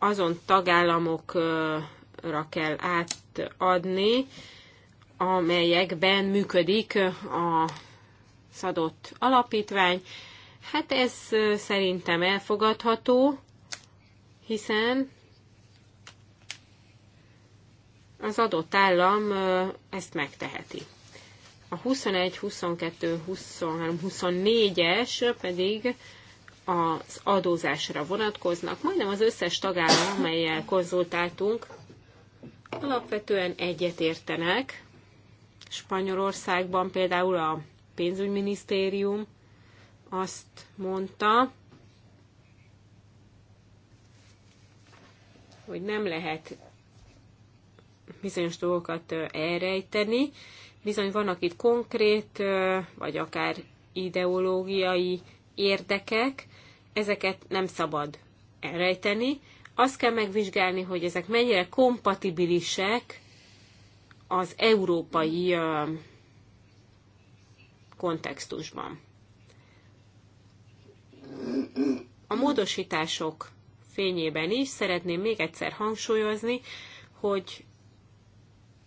azon tagállamokra kell átadni, amelyekben működik a szadott alapítvány. Hát ez szerintem elfogadható, hiszen az adott állam ezt megteheti. A 21, 22, 23, 24-es pedig az adózásra vonatkoznak. Majdnem az összes tagállam, amelyel konzultáltunk, alapvetően egyetértenek. Spanyolországban például a pénzügyminisztérium azt mondta, hogy nem lehet bizonyos dolgokat elrejteni. Bizony vannak itt konkrét, vagy akár ideológiai érdekek, ezeket nem szabad elrejteni. Azt kell megvizsgálni, hogy ezek mennyire kompatibilisek az európai kontextusban. A módosítások fényében is szeretném még egyszer hangsúlyozni, hogy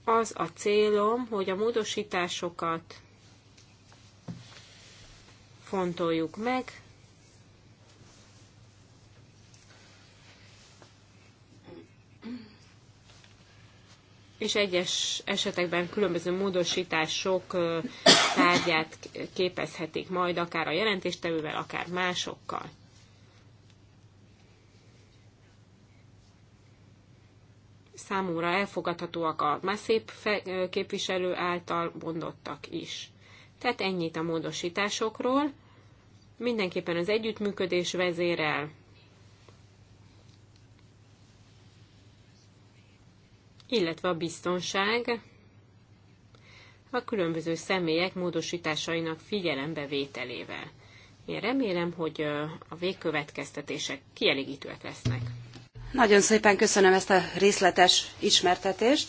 az a célom, hogy a módosításokat fontoljuk meg, és egyes esetekben különböző módosítások tárgyát képezhetik majd, akár a jelentéstevővel, akár másokkal. Számomra elfogadhatóak a Maszép képviselő által mondottak is. Tehát ennyit a módosításokról. Mindenképpen az együttműködés vezérel illetve a biztonság a különböző személyek módosításainak figyelembevételével. Én remélem, hogy a végkövetkeztetések kielégítőek lesznek. Nagyon szépen köszönöm ezt a részletes ismertetést,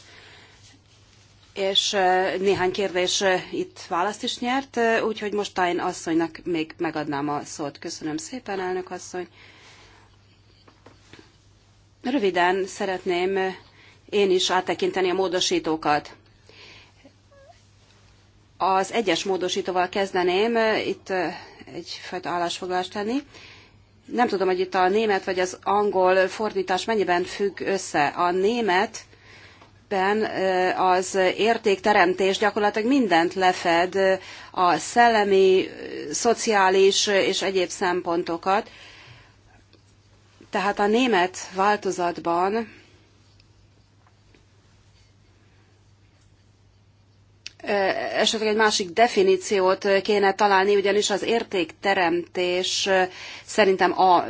és néhány kérdés itt választ is nyert, úgyhogy most Tain asszonynak még megadnám a szót. Köszönöm szépen, elnök asszony. Röviden szeretném én is áttekinteni a módosítókat. Az egyes módosítóval kezdeném, itt egyfajta állásfoglalást tenni. Nem tudom, hogy itt a német vagy az angol fordítás mennyiben függ össze. A németben az értékteremtés gyakorlatilag mindent lefed, a szellemi, szociális és egyéb szempontokat. Tehát a német változatban esetleg egy másik definíciót kéne találni, ugyanis az értékteremtés szerintem a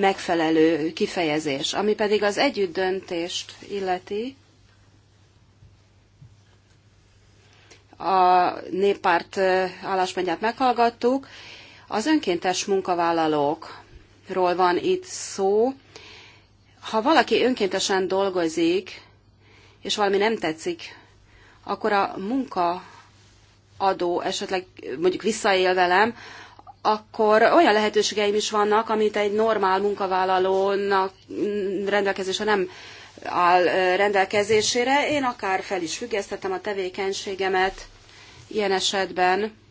megfelelő kifejezés, ami pedig az együttdöntést illeti. A néppárt álláspontját meghallgattuk. Az önkéntes munkavállalókról van itt szó. Ha valaki önkéntesen dolgozik, és valami nem tetszik akkor a munkaadó esetleg mondjuk visszaél velem, akkor olyan lehetőségeim is vannak, amit egy normál munkavállalónak rendelkezésre nem áll rendelkezésére. Én akár fel is függesztettem a tevékenységemet ilyen esetben.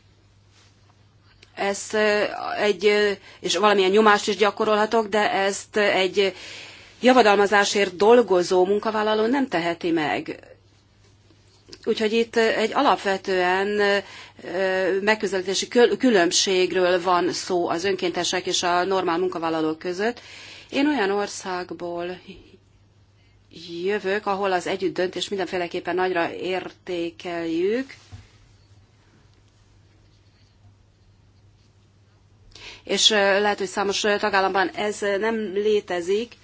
Ez egy, és valamilyen nyomást is gyakorolhatok, de ezt egy javadalmazásért dolgozó munkavállaló nem teheti meg Úgyhogy itt egy alapvetően megközelítési különbségről van szó az önkéntesek és a normál munkavállalók között. Én olyan országból jövök, ahol az együtt döntés mindenféleképpen nagyra értékeljük, és lehet, hogy számos tagállamban ez nem létezik,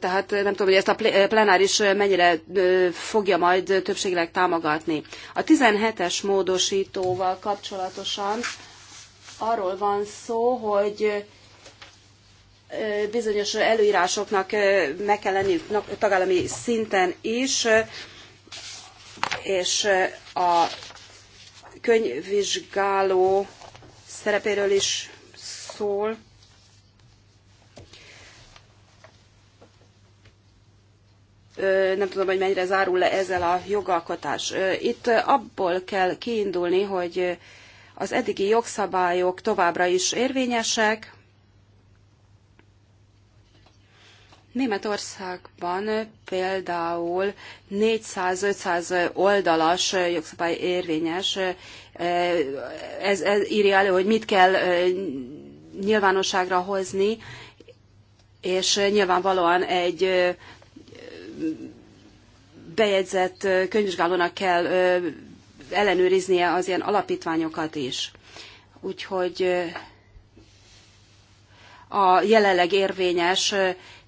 tehát nem tudom, hogy ezt a plenáris mennyire fogja majd többségileg támogatni. A 17-es módosítóval kapcsolatosan arról van szó, hogy bizonyos előírásoknak meg kell lenni tagállami szinten is, és a könyvvizsgáló szerepéről is szól. nem tudom, hogy mennyire zárul le ezzel a jogalkotás. Itt abból kell kiindulni, hogy az eddigi jogszabályok továbbra is érvényesek. Németországban például 400-500 oldalas jogszabály érvényes. Ez, ez írja elő, hogy mit kell nyilvánosságra hozni, és nyilvánvalóan egy bejegyzett könyvvizsgálónak kell ellenőriznie az ilyen alapítványokat is. Úgyhogy a jelenleg érvényes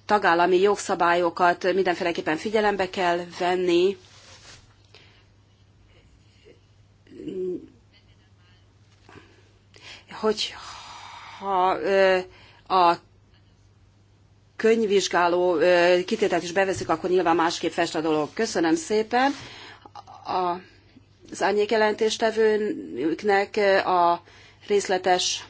tagállami jogszabályokat mindenféleképpen figyelembe kell venni. Hogyha a könyvvizsgáló kitételt is beveszik akkor nyilván másképp fest a dolog. Köszönöm szépen. A, az árnyékjelentéstevőnknek a részletes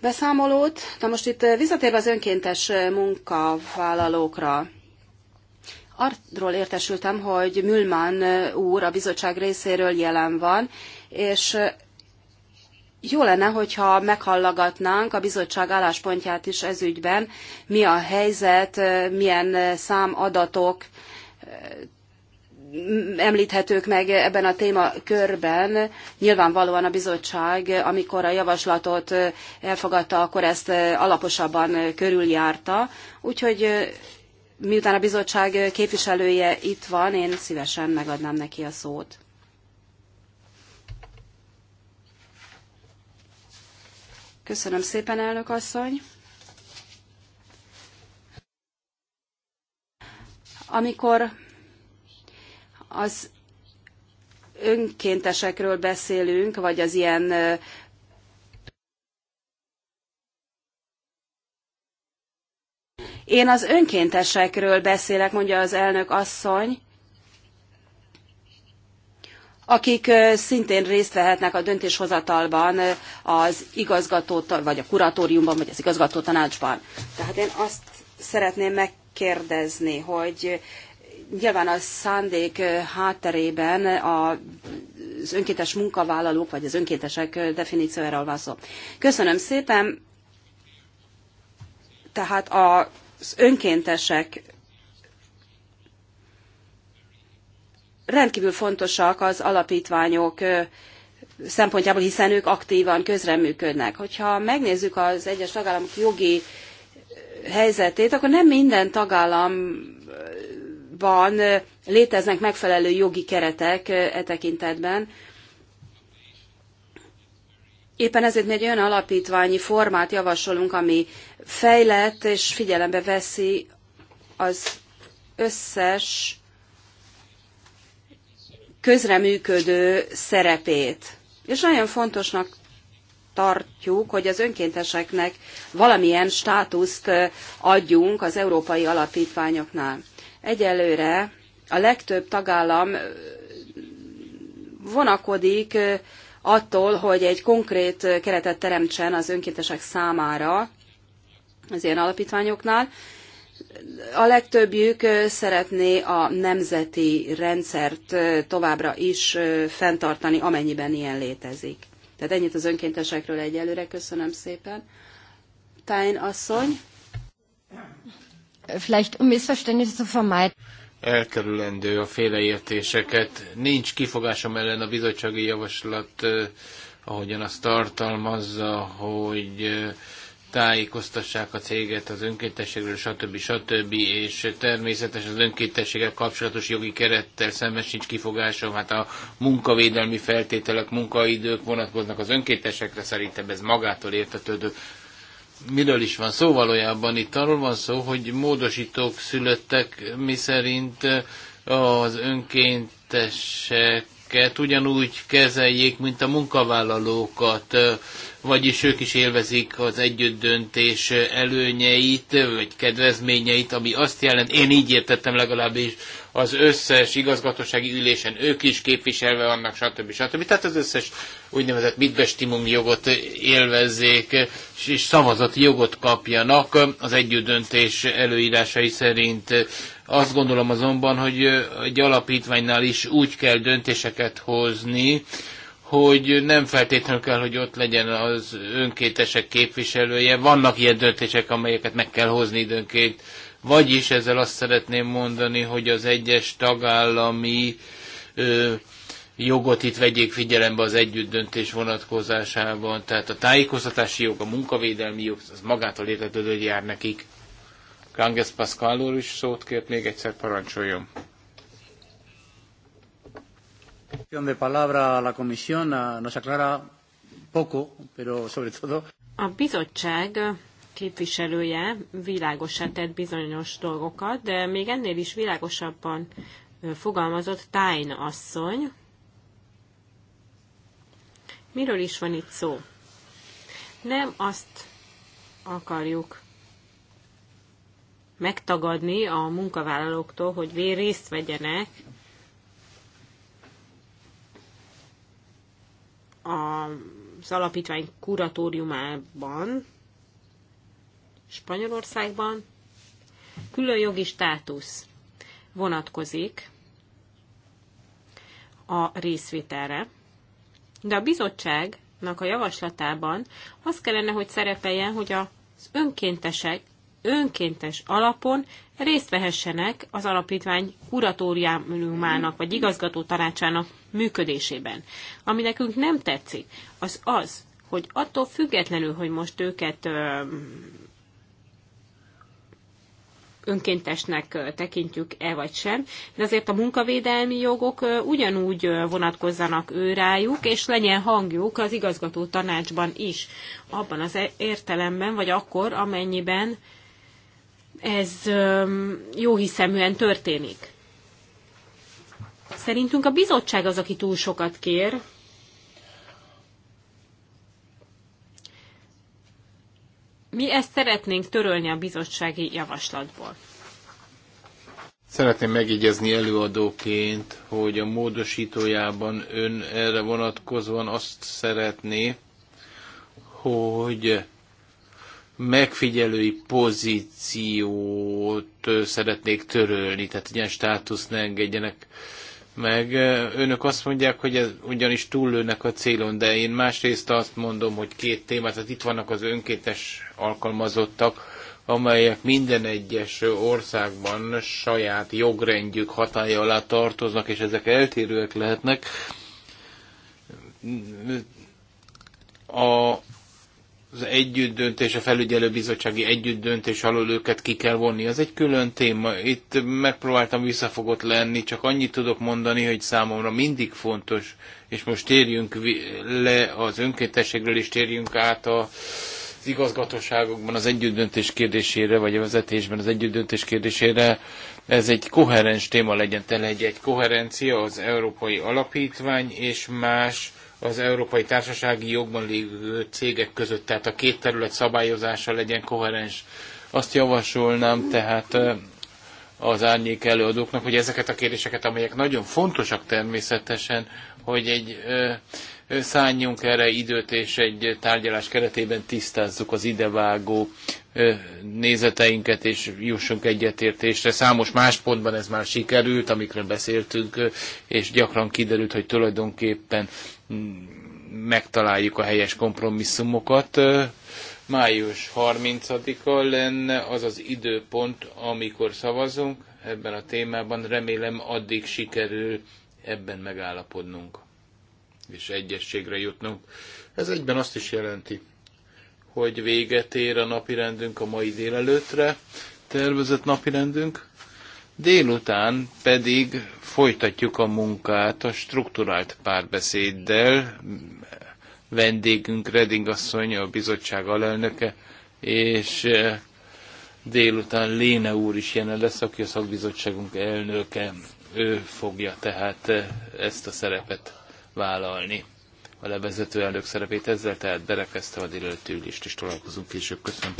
beszámolót. Na most itt visszatérve az önkéntes munkavállalókra. Arról értesültem, hogy Mülman úr a bizottság részéről jelen van, és jó lenne, hogyha meghallgatnánk a bizottság álláspontját is ez ügyben, mi a helyzet, milyen számadatok említhetők meg ebben a témakörben. Nyilvánvalóan a bizottság, amikor a javaslatot elfogadta, akkor ezt alaposabban körüljárta. Úgyhogy miután a bizottság képviselője itt van, én szívesen megadnám neki a szót. Köszönöm szépen, elnök asszony. Amikor az önkéntesekről beszélünk, vagy az ilyen Én az önkéntesekről beszélek, mondja az elnök asszony akik szintén részt vehetnek a döntéshozatalban az igazgató, vagy a kuratóriumban, vagy az igazgató tanácsban. Tehát én azt szeretném megkérdezni, hogy nyilván a szándék hátterében a az önkéntes munkavállalók, vagy az önkéntesek definíció van szó. Köszönöm szépen. Tehát az önkéntesek rendkívül fontosak az alapítványok szempontjából, hiszen ők aktívan közreműködnek. Hogyha megnézzük az egyes tagállamok jogi helyzetét, akkor nem minden tagállamban léteznek megfelelő jogi keretek e tekintetben. Éppen ezért mi egy olyan alapítványi formát javasolunk, ami fejlett és figyelembe veszi az összes közreműködő szerepét. És nagyon fontosnak tartjuk, hogy az önkénteseknek valamilyen státuszt adjunk az európai alapítványoknál. Egyelőre a legtöbb tagállam vonakodik attól, hogy egy konkrét keretet teremtsen az önkéntesek számára az ilyen alapítványoknál, a legtöbbjük szeretné a nemzeti rendszert továbbra is fenntartani, amennyiben ilyen létezik. Tehát ennyit az önkéntesekről egyelőre. Köszönöm szépen. Tájn asszony. Vielleicht um Missverständnisse zu vermeiden. Elkerülendő a félreértéseket. Nincs kifogásom ellen a bizottsági javaslat, ahogyan azt tartalmazza, hogy tájékoztassák a céget az önkéntességről, stb. stb. És természetesen az önkéntességgel kapcsolatos jogi kerettel szemben sincs kifogásom. Hát a munkavédelmi feltételek, munkaidők vonatkoznak az önkéntesekre, szerintem ez magától értetődő. Miről is van szó valójában? Itt arról van szó, hogy módosítók születtek, miszerint az önkéntesek őket ugyanúgy kezeljék, mint a munkavállalókat, vagyis ők is élvezik az együttdöntés előnyeit, vagy kedvezményeit, ami azt jelent, én így értettem legalábbis, az összes igazgatósági ülésen ők is képviselve vannak, stb. stb. Tehát az összes úgynevezett mitbestimum jogot élvezzék, és szavazati jogot kapjanak az együttdöntés előírásai szerint. Azt gondolom azonban, hogy egy alapítványnál is úgy kell döntéseket hozni, hogy nem feltétlenül kell, hogy ott legyen az önkétesek képviselője. Vannak ilyen döntések, amelyeket meg kell hozni időnként. Vagyis ezzel azt szeretném mondani, hogy az egyes tagállami ö, jogot itt vegyék figyelembe az együttdöntés vonatkozásában. Tehát a tájékoztatási jog, a munkavédelmi jog, az magától értetődő jár nekik. Ganges Pascal úr is szót kért, még egyszer parancsoljon. a bizottság képviselője világosá tett bizonyos dolgokat, de még ennél is világosabban fogalmazott Tájn asszony. Miről is van itt szó? Nem azt akarjuk megtagadni a munkavállalóktól, hogy vér részt vegyenek az alapítvány kuratóriumában, Spanyolországban, külön jogi státusz vonatkozik a részvételre. De a bizottságnak a javaslatában az kellene, hogy szerepeljen, hogy az önkéntesek önkéntes alapon részt vehessenek az alapítvány kuratóriumának vagy igazgató tanácsának működésében. Ami nekünk nem tetszik, az az, hogy attól függetlenül, hogy most őket önkéntesnek tekintjük-e vagy sem, de azért a munkavédelmi jogok ugyanúgy vonatkozzanak rájuk, és legyen hangjuk az igazgató tanácsban is, abban az e- értelemben, vagy akkor, amennyiben ez jóhiszeműen történik. Szerintünk a bizottság az, aki túl sokat kér. Mi ezt szeretnénk törölni a bizottsági javaslatból. Szeretném megígyezni előadóként, hogy a módosítójában ön erre vonatkozóan azt szeretné, hogy megfigyelői pozíciót szeretnék törölni, tehát egy ilyen státuszt ne engedjenek meg. Önök azt mondják, hogy ez ugyanis túllőnek a célon, de én másrészt azt mondom, hogy két témát, tehát itt vannak az önkétes alkalmazottak, amelyek minden egyes országban saját jogrendjük hatája alá tartoznak, és ezek eltérőek lehetnek. A az együttdöntés, a felügyelőbizottsági együttdöntés alól őket ki kell vonni. Az egy külön téma. Itt megpróbáltam visszafogott lenni, csak annyit tudok mondani, hogy számomra mindig fontos, és most térjünk le az önkéntességről, és térjünk át a az igazgatóságokban az együttdöntés kérdésére, vagy a vezetésben az együttdöntés kérdésére, ez egy koherens téma legyen, egy, egy koherencia az Európai Alapítvány és más az európai társasági jogban lévő cégek között, tehát a két terület szabályozása legyen koherens. Azt javasolnám tehát az árnyék előadóknak, hogy ezeket a kérdéseket, amelyek nagyon fontosak természetesen, hogy egy szálljunk erre időt, és egy tárgyalás keretében tisztázzuk az idevágó nézeteinket, és jussunk egyetértésre. Számos más pontban ez már sikerült, amikről beszéltünk, és gyakran kiderült, hogy tulajdonképpen mm, megtaláljuk a helyes kompromisszumokat. Május 30-a lenne az az időpont, amikor szavazunk ebben a témában. Remélem addig sikerül ebben megállapodnunk és egyességre jutnunk. Ez egyben azt is jelenti, hogy véget ér a napirendünk a mai délelőtre, tervezett napirendünk. Délután pedig folytatjuk a munkát a strukturált párbeszéddel. Vendégünk Reding asszony, a bizottság alelnöke, és eh, délután Léne úr is jelen lesz, aki a szakbizottságunk elnöke. Ő fogja tehát eh, ezt a szerepet vállalni a levezető elnök szerepét. Ezzel tehát berekeztem a délelőtti ülést, és találkozunk később. Köszönöm.